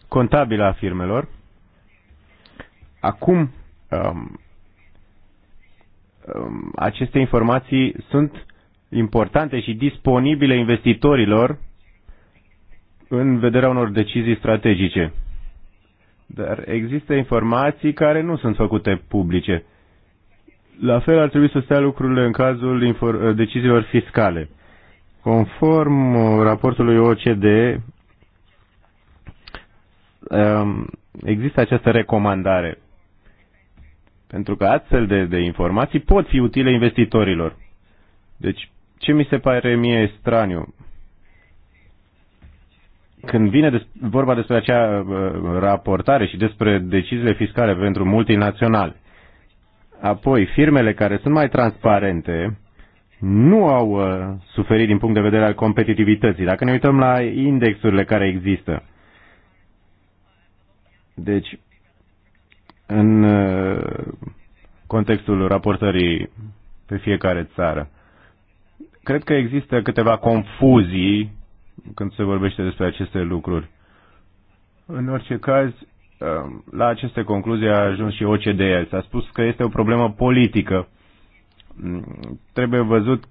contabilă a firmelor. Acum, um, um, aceste informații sunt importante și disponibile investitorilor în vederea unor decizii strategice. Dar există informații care nu sunt făcute publice. Uh, la fel ar trebui să stea lucrurile în cazul uh, deciziilor fiscale. Conform uh, raportului OCDE, um, există această recomandare. Pentru că astfel de, de informații pot fi utile investitorilor. Deci, ce mi se pare mie straniu? Când vine des, vorba despre acea uh, raportare și despre deciziile fiscale pentru multinaționale, Apoi, firmele care sunt mai transparente nu au uh, suferit din punct de vedere al competitivității. Dacă ne uităm la indexurile care există. Deci, în uh, contextul raportării pe fiecare țară, cred că există câteva confuzii când se vorbește despre aceste lucruri. În orice caz, Um, la aceste concluzii a ajuns și OCDE. S-a spus că este o problemă politică. Mm, trebuie văzut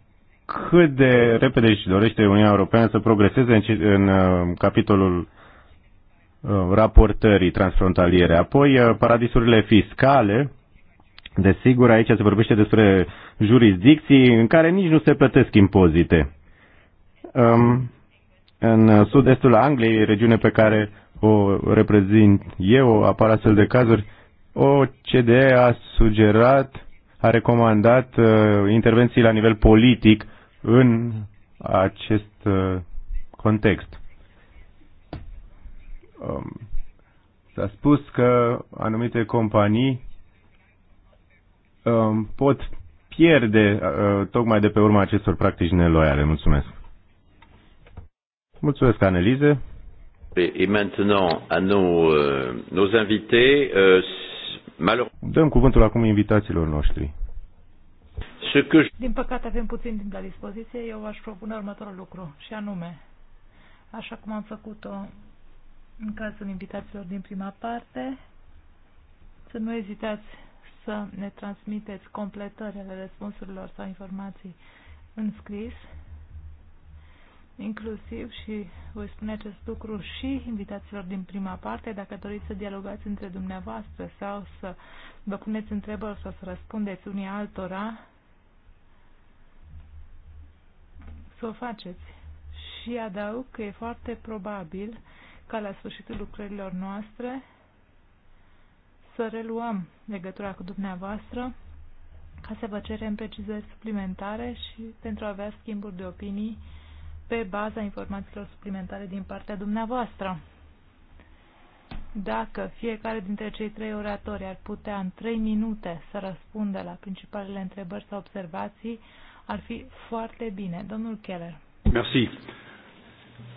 cât de repede își dorește Uniunea Europeană să progreseze în, în um, capitolul um, raportării transfrontaliere. Apoi, uh, paradisurile fiscale, desigur, aici se vorbește despre jurisdicții în care nici nu se plătesc impozite. în sud-estul Angliei, regiune pe care o reprezint eu, apar astfel de cazuri. OCDE a sugerat, a recomandat uh, intervenții la nivel politic în acest uh, context. Um, s-a spus că anumite companii um, pot pierde uh, tocmai de pe urma acestor practici neloiale. Mulțumesc! Mulțumesc, Anelize! et maintenant à nos, euh, nos invités. Euh, Dăm cuvântul acum invitațiilor noștri. Ce que je... Din păcate avem puțin timp la dispoziție, eu aș propune următorul lucru, și anume, așa cum am făcut-o în cazul invitațiilor din prima parte, să nu ezitați să ne transmiteți completările răspunsurilor sau informații în scris inclusiv și voi spune acest lucru și invitaților din prima parte, dacă doriți să dialogați între dumneavoastră sau să vă puneți întrebări sau să răspundeți unii altora, să o faceți. Și adaug că e foarte probabil ca la sfârșitul lucrărilor noastre să reluăm legătura cu dumneavoastră ca să vă cerem precizări suplimentare și pentru a avea schimburi de opinii pe baza informațiilor suplimentare din partea dumneavoastră. Dacă fiecare dintre cei trei oratori ar putea în trei minute să răspundă la principalele întrebări sau observații, ar fi foarte bine. Domnul Keller. Merci.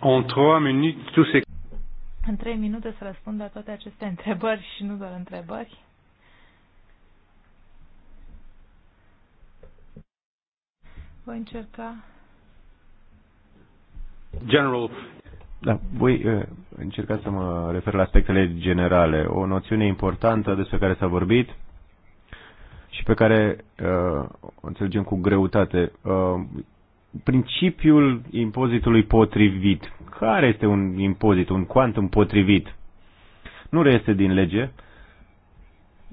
En trois minutes, În trei minute să răspund la toate aceste întrebări și nu doar întrebări. Voi încerca general. Da, voi uh, încerca să mă refer la aspectele generale. O noțiune importantă despre care s-a vorbit și pe care uh, o înțelegem cu greutate. Uh, principiul impozitului potrivit. Care este un impozit, un quantum potrivit? Nu reiese din lege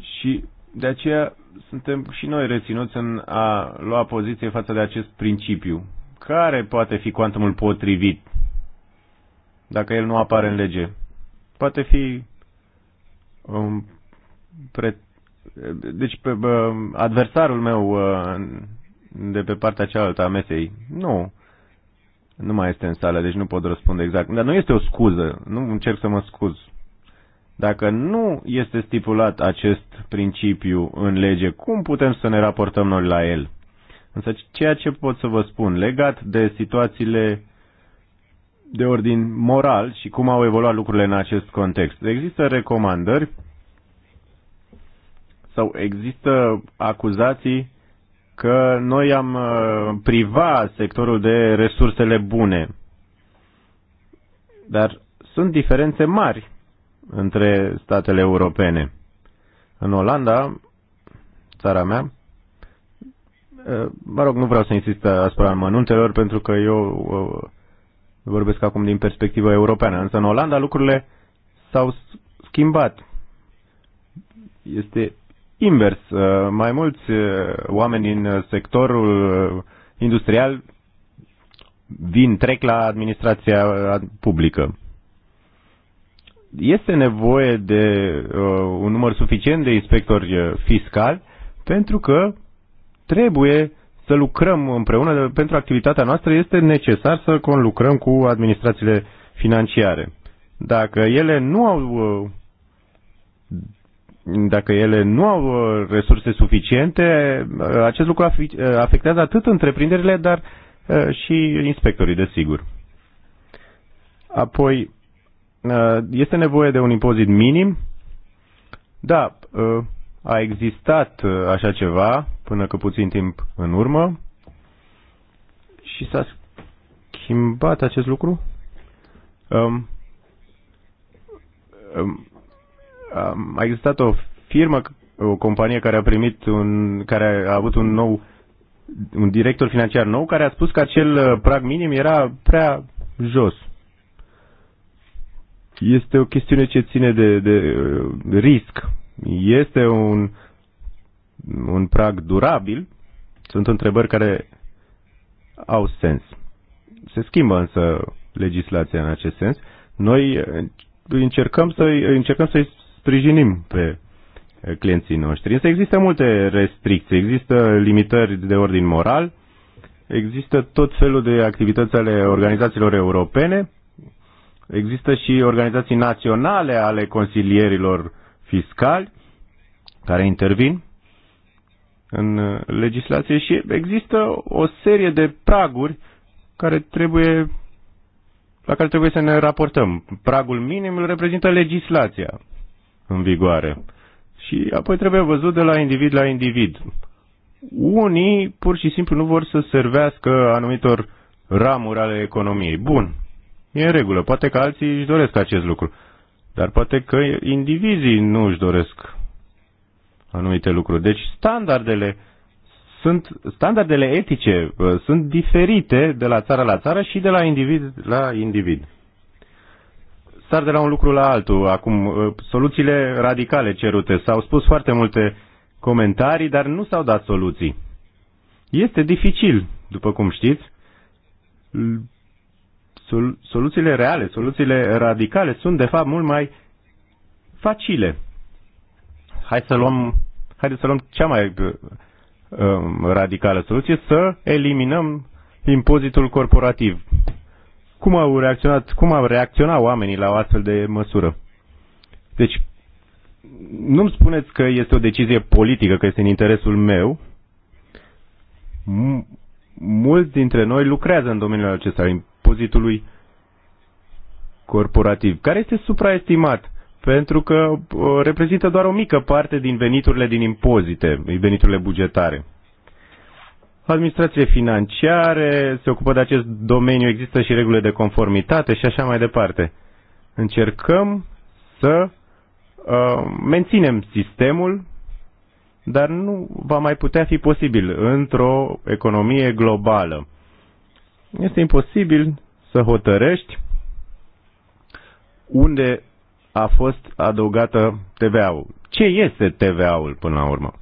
și de aceea suntem și noi reținuți în a lua poziție față de acest principiu care poate fi cuantumul potrivit dacă el nu apare în lege? Poate fi um, pre... deci pe, bă, adversarul meu uh, de pe partea cealaltă a mesei. Nu. Nu mai este în sală, deci nu pot răspunde exact. Dar nu este o scuză. Nu încerc să mă scuz. Dacă nu este stipulat acest principiu în lege, cum putem să ne raportăm noi la el? Însă ceea ce pot să vă spun legat de situațiile de ordin moral și cum au evoluat lucrurile în acest context. Există recomandări sau există acuzații că noi am uh, privat sectorul de resursele bune. Dar sunt diferențe mari între statele europene. În Olanda, țara mea, Eh, mă rog, nu vreau să insist asupra mănuntelor, pentru că eu eh, vorbesc acum din perspectiva europeană, însă în Olanda lucrurile s-au schimbat. Este invers. Eh, mai mulți oameni din sectorul industrial vin, trec la administrația publică. Este nevoie de uh, un număr suficient de inspectori fiscali pentru că trebuie să lucrăm împreună. Pentru activitatea noastră este necesar să conlucrăm cu administrațiile financiare. Dacă ele nu au uh, dacă ele nu au uh, resurse suficiente, uh, acest lucru afectează atât întreprinderile, dar și inspectorii, desigur. Apoi, este nevoie de un impozit minim? Da, a existat așa ceva până că puțin timp în urmă și s-a schimbat acest lucru. Um, um, um, a existat o firmă, o companie care a primit un, care a avut un nou un director financiar nou care a spus că acel uh, prag minim era prea jos. Este o chestiune ce ține de, de, de uh, risc. Este un un prag durabil, sunt întrebări care au sens. Se schimbă însă legislația în acest sens. Noi eh, încercăm să încercăm să-i sprijinim pe eh, clienții noștri. Însă există multe restricții, există limitări de ordin moral, există tot felul de activități ale organizațiilor europene, există și organizații naționale ale consilierilor fiscali care intervin în uh, legislație și există o serie de praguri care trebuie, la care trebuie să ne raportăm. Pragul minim îl reprezintă legislația în vigoare. Și apoi trebuie văzut de la individ la individ. Unii pur și simplu nu vor să servească anumitor ramuri ale economiei. Bun, e în regulă. Poate că alții își doresc acest lucru. Dar poate că indivizii nu își doresc anumite lucruri. Deci standardele sunt standardele etice uh, sunt diferite de la țară la țară și de la individ la individ. Sar de la un lucru la altul. Acum, uh, soluțiile radicale cerute. S-au spus foarte multe comentarii, dar nu s-au dat soluții. Este dificil, după cum știți. Soluțiile reale, soluțiile radicale sunt, de fapt, mult mai facile hai să luăm, hai să luăm cea mai uh, um, radicală soluție, să eliminăm impozitul corporativ. Cum au reacționat, cum au reacționat oamenii la o astfel de măsură? Deci, nu-mi spuneți că este o decizie politică, că este în interesul meu. Mulți dintre noi lucrează în domeniul acesta, impozitului corporativ, care este supraestimat pentru că uh, reprezintă doar o mică parte din veniturile din impozite, veniturile bugetare. Administrațiile financiare se ocupă de acest domeniu, există și regulile de conformitate și așa mai departe. Încercăm să uh, menținem sistemul, dar nu va mai putea fi posibil într-o economie globală. Este imposibil să hotărăști unde a fost adăugată TVA-ul. Ce este TVA-ul până la urmă?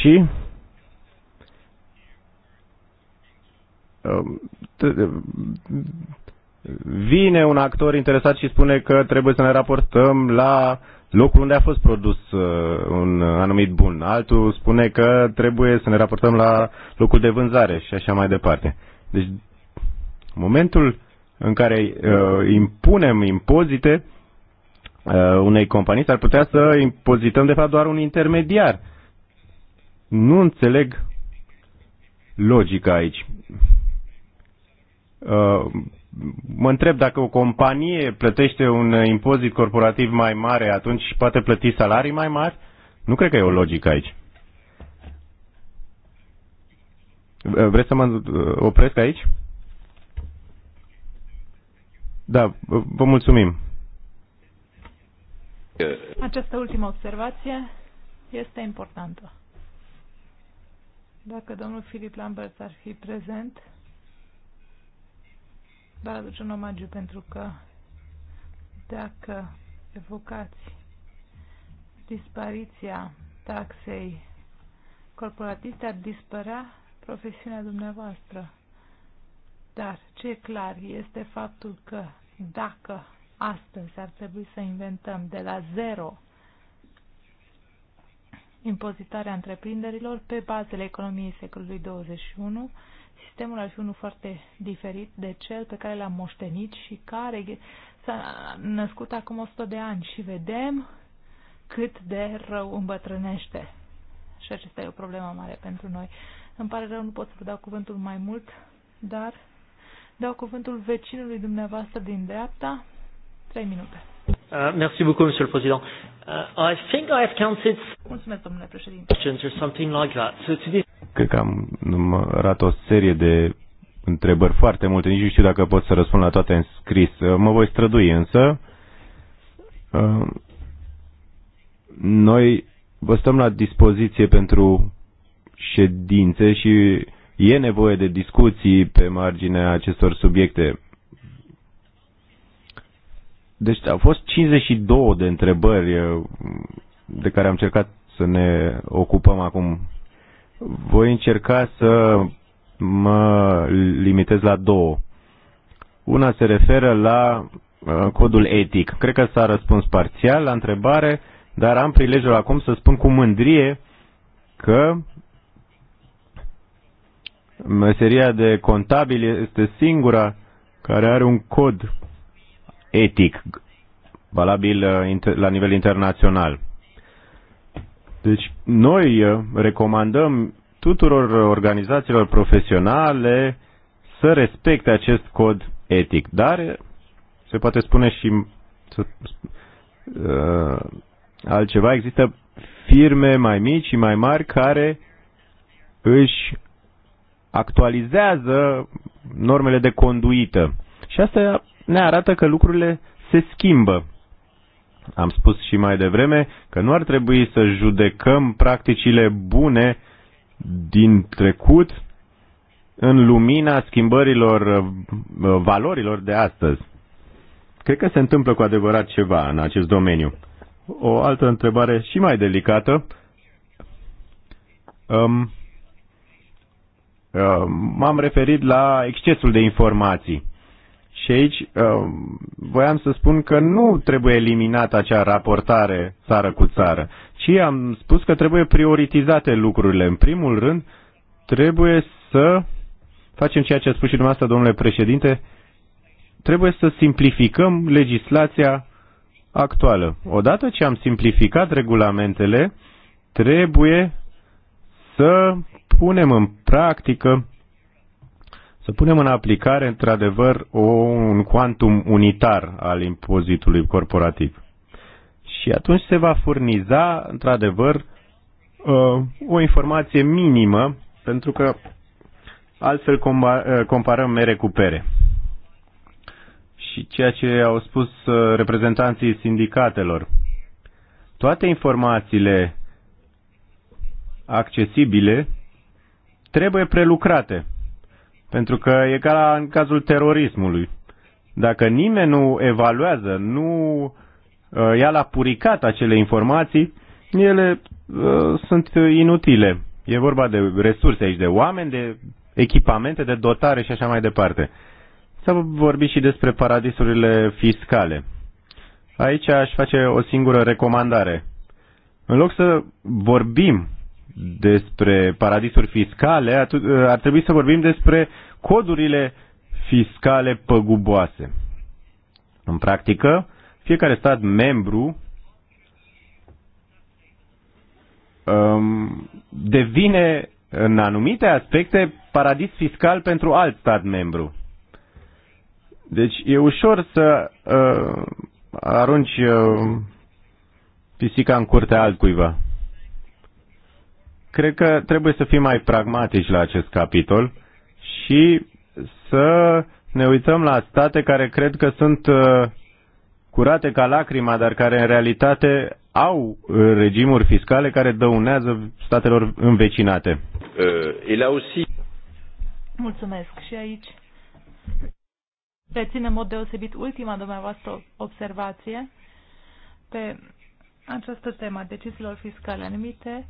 Și um, vine un actor interesat și spune că trebuie să ne raportăm la locul unde a fost produs uh, un anumit bun. Altul spune că trebuie să ne raportăm la locul de vânzare și așa mai departe. Deci, momentul în care uh, impunem impozite uh, unei companii, s-ar putea să impozităm de fapt doar un intermediar. Nu înțeleg logica aici. Uh, mă întreb dacă o companie plătește un impozit corporativ mai mare, atunci poate plăti salarii mai mari? Nu cred că e o logică aici. Vreți să mă uh, opresc aici? Da, vă mulțumim. Această ultimă observație este importantă. Dacă domnul Filip Lambert ar fi prezent, vă aduce un omagiu pentru că dacă evocați dispariția taxei corporatiste, ar dispărea profesiunea dumneavoastră. Dar ce clar este faptul că dacă astăzi ar trebui să inventăm de la zero impozitarea întreprinderilor pe bazele economiei secolului 21, sistemul ar fi unul foarte diferit de cel pe care l-am moștenit și care s-a născut acum 100 de ani și vedem cât de rău îmbătrânește. Și acesta e o problemă mare pentru noi. Îmi pare rău, nu pot să vă dau cuvântul mai mult, dar Dau cuvântul vecinului dumneavoastră din dreapta. Trei minute. Uh, merci beaucoup, Monsieur le Président. Uh, I think I have counted. Mulțumesc, domnule președinte. ...questions Or something like that. So to this... Cred că am numărat o serie de întrebări foarte multe, nici nu știu dacă pot să răspund la toate în scris. Uh, mă voi strădui însă. Uh, noi vă stăm la dispoziție pentru ședințe și E nevoie de discuții pe marginea acestor subiecte. Deci au fost 52 de întrebări eh, de care am încercat să ne ocupăm acum. Voi încerca să mă limitez la două. Una se referă la eh, codul etic. Cred că s-a răspuns parțial la întrebare, dar am prilejul acum să spun cu mândrie că meseria de contabil este singura care are un cod etic valabil uh, la nivel internațional. Deci noi uh, recomandăm tuturor organizațiilor profesionale să respecte acest cod etic, dar uh, se poate spune și să, uh, altceva, există firme mai mici și mai mari care își actualizează normele de conduită. Și asta ne arată că lucrurile se schimbă. Am spus și mai devreme că nu ar trebui să judecăm practicile bune din trecut în lumina schimbărilor uh, valorilor de astăzi. Cred că se întâmplă cu adevărat ceva în acest domeniu. O altă întrebare și mai delicată. Um, Uh, m-am referit la excesul de informații. Și aici uh, voiam să spun că nu trebuie eliminată acea raportare țară cu țară, ci am spus că trebuie prioritizate lucrurile. În primul rând, trebuie să facem ceea ce a spus și dumneavoastră, domnule președinte, trebuie să simplificăm legislația actuală. Odată ce am simplificat regulamentele, trebuie să punem în practică, să punem în aplicare, într-adevăr, un cuantum unitar al impozitului corporativ. Și atunci se va furniza, într-adevăr, uh, o informație minimă, pentru că altfel uh, comparăm mere cu pere. Și ceea ce au spus uh, reprezentanții sindicatelor. Toate informațiile accesibile trebuie prelucrate. Pentru că e ca în cazul terorismului. Dacă nimeni nu evaluează, nu uh, ia la puricat acele informații, ele uh, sunt inutile. E vorba de resurse aici, de oameni, de echipamente, de dotare și așa mai departe. Să vorbim și despre paradisurile fiscale. Aici aș face o singură recomandare. În loc să vorbim despre paradisuri fiscale, ar trebui să vorbim despre codurile fiscale păguboase. În practică, fiecare stat membru um, devine în anumite aspecte paradis fiscal pentru alt stat membru. Deci e ușor să uh, arunci uh, pisica în curtea altcuiva cred că trebuie să fim mai pragmatici la acest capitol și să ne uităm la state care cred că sunt uh, curate ca lacrima, dar care în realitate au uh, regimuri fiscale care dăunează statelor învecinate. Uh, Mulțumesc și aici. Rețin în mod deosebit ultima dumneavoastră observație pe această temă a deciziilor fiscale anumite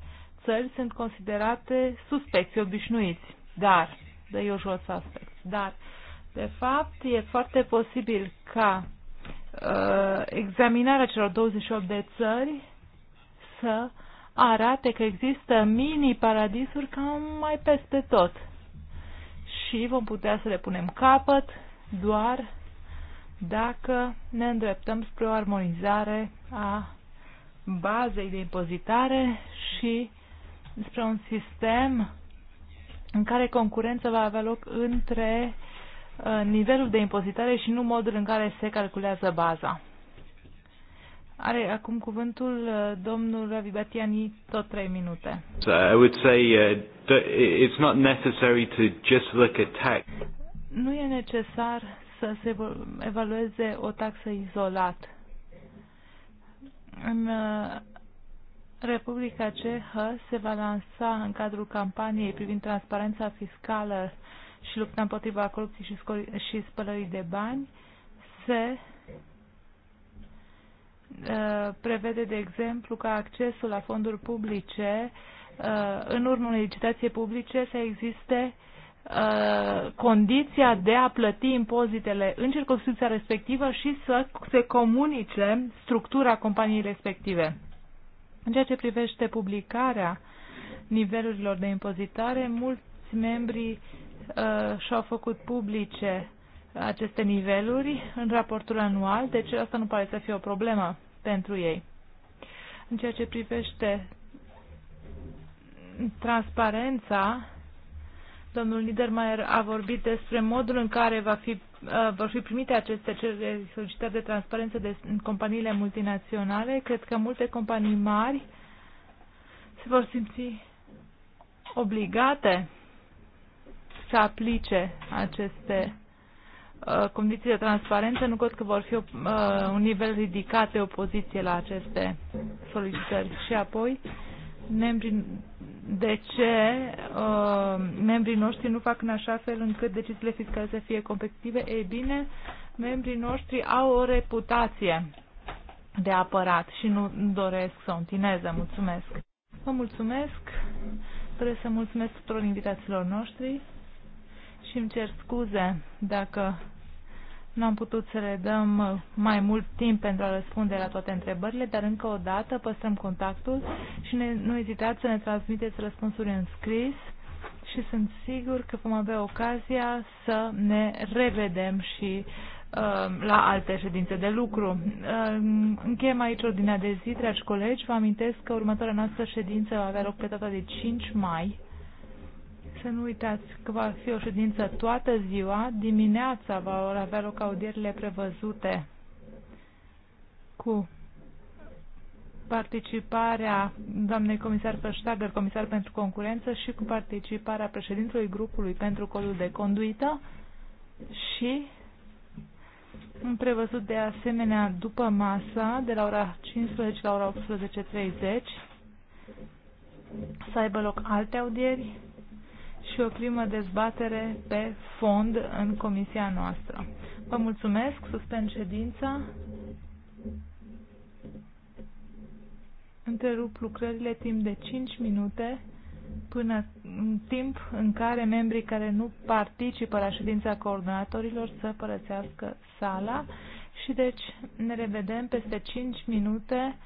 țări sunt considerate suspecți obișnuiți, dar, de jos aspect, dar, de fapt, e foarte posibil ca uh, examinarea celor 28 de țări să arate că există mini-paradisuri cam mai peste tot. Și vom putea să le punem capăt doar dacă ne îndreptăm spre o armonizare a bazei de impozitare și spre un sistem în care concurența va avea loc între uh, nivelul de impozitare și nu modul în care se calculează baza. Are acum cuvântul uh, domnul Ravi Batiani, tot trei minute. I would say uh, it's not necessary to just look at tax. Nu e necesar să se evalueze o taxă izolat. În uh, Republica Cehă se va lansa în cadrul campaniei privind transparența fiscală și lupta împotriva corupției și, spălării de bani. Se ă, prevede, de exemplu, ca accesul la fonduri publice ă, în urma unei licitații publice să existe ă, condiția de a plăti impozitele în circunstanța respectivă și să se comunice structura companiei respective în ceea ce privește publicarea nivelurilor de impozitare, mulți membri uh, și-au făcut publice aceste niveluri în raportul anual, deci asta nu pare să fie o problemă pentru ei. În ceea ce privește transparența, Domnul Niedermayer a vorbit despre modul în care va fi, uh, vor fi primite aceste cereri solicitări de transparență de companiile multinaționale. Cred că multe companii mari se vor simți obligate să aplice aceste uh, condiții de transparență. Nu cred că vor fi uh, un nivel ridicat de opoziție la aceste solicitări. Și apoi, uh, membrii, de ce uh, membrii noștri nu fac în așa fel încât deciziile fiscale să fie competitive? Ei bine, membrii noștri au o reputație de apărat și nu doresc să o întineze. Mulțumesc! Vă mulțumesc! Trebuie să mulțumesc tuturor invitaților noștri și îmi cer scuze dacă nu am putut să le dăm uh, mai mult timp pentru a răspunde la toate întrebările, dar încă o dată păstrăm contactul și ne, nu ezitați să ne transmiteți răspunsuri în scris și sunt sigur că vom avea ocazia să ne revedem și uh, la alte ședințe de lucru. Uh, încheiem aici ordinea de zi, dragi colegi. Vă amintesc că următoarea noastră ședință va avea loc pe data de 5 mai să nu uitați că va fi o ședință toată ziua. Dimineața va avea loc audierile prevăzute cu participarea doamnei comisar Verstager, comisar pentru concurență și cu participarea președintelui grupului pentru codul de conduită și în prevăzut de asemenea după masa de la ora 15 la ora 18.30 să aibă loc alte audieri și o primă dezbatere pe fond în comisia noastră. Vă mulțumesc, suspend ședința. Întrerup lucrările timp de 5 minute până în timp în care membrii care nu participă la ședința coordonatorilor să părăsească sala și deci ne revedem peste 5 minute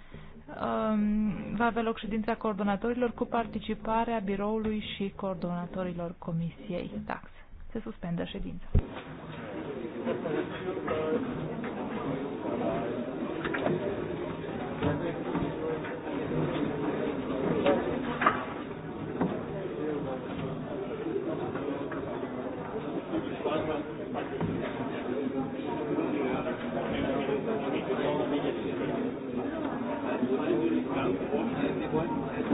Um, va avea loc ședința coordonatorilor cu participarea biroului și coordonatorilor Comisiei Tax. Se suspendă ședința. Thank you.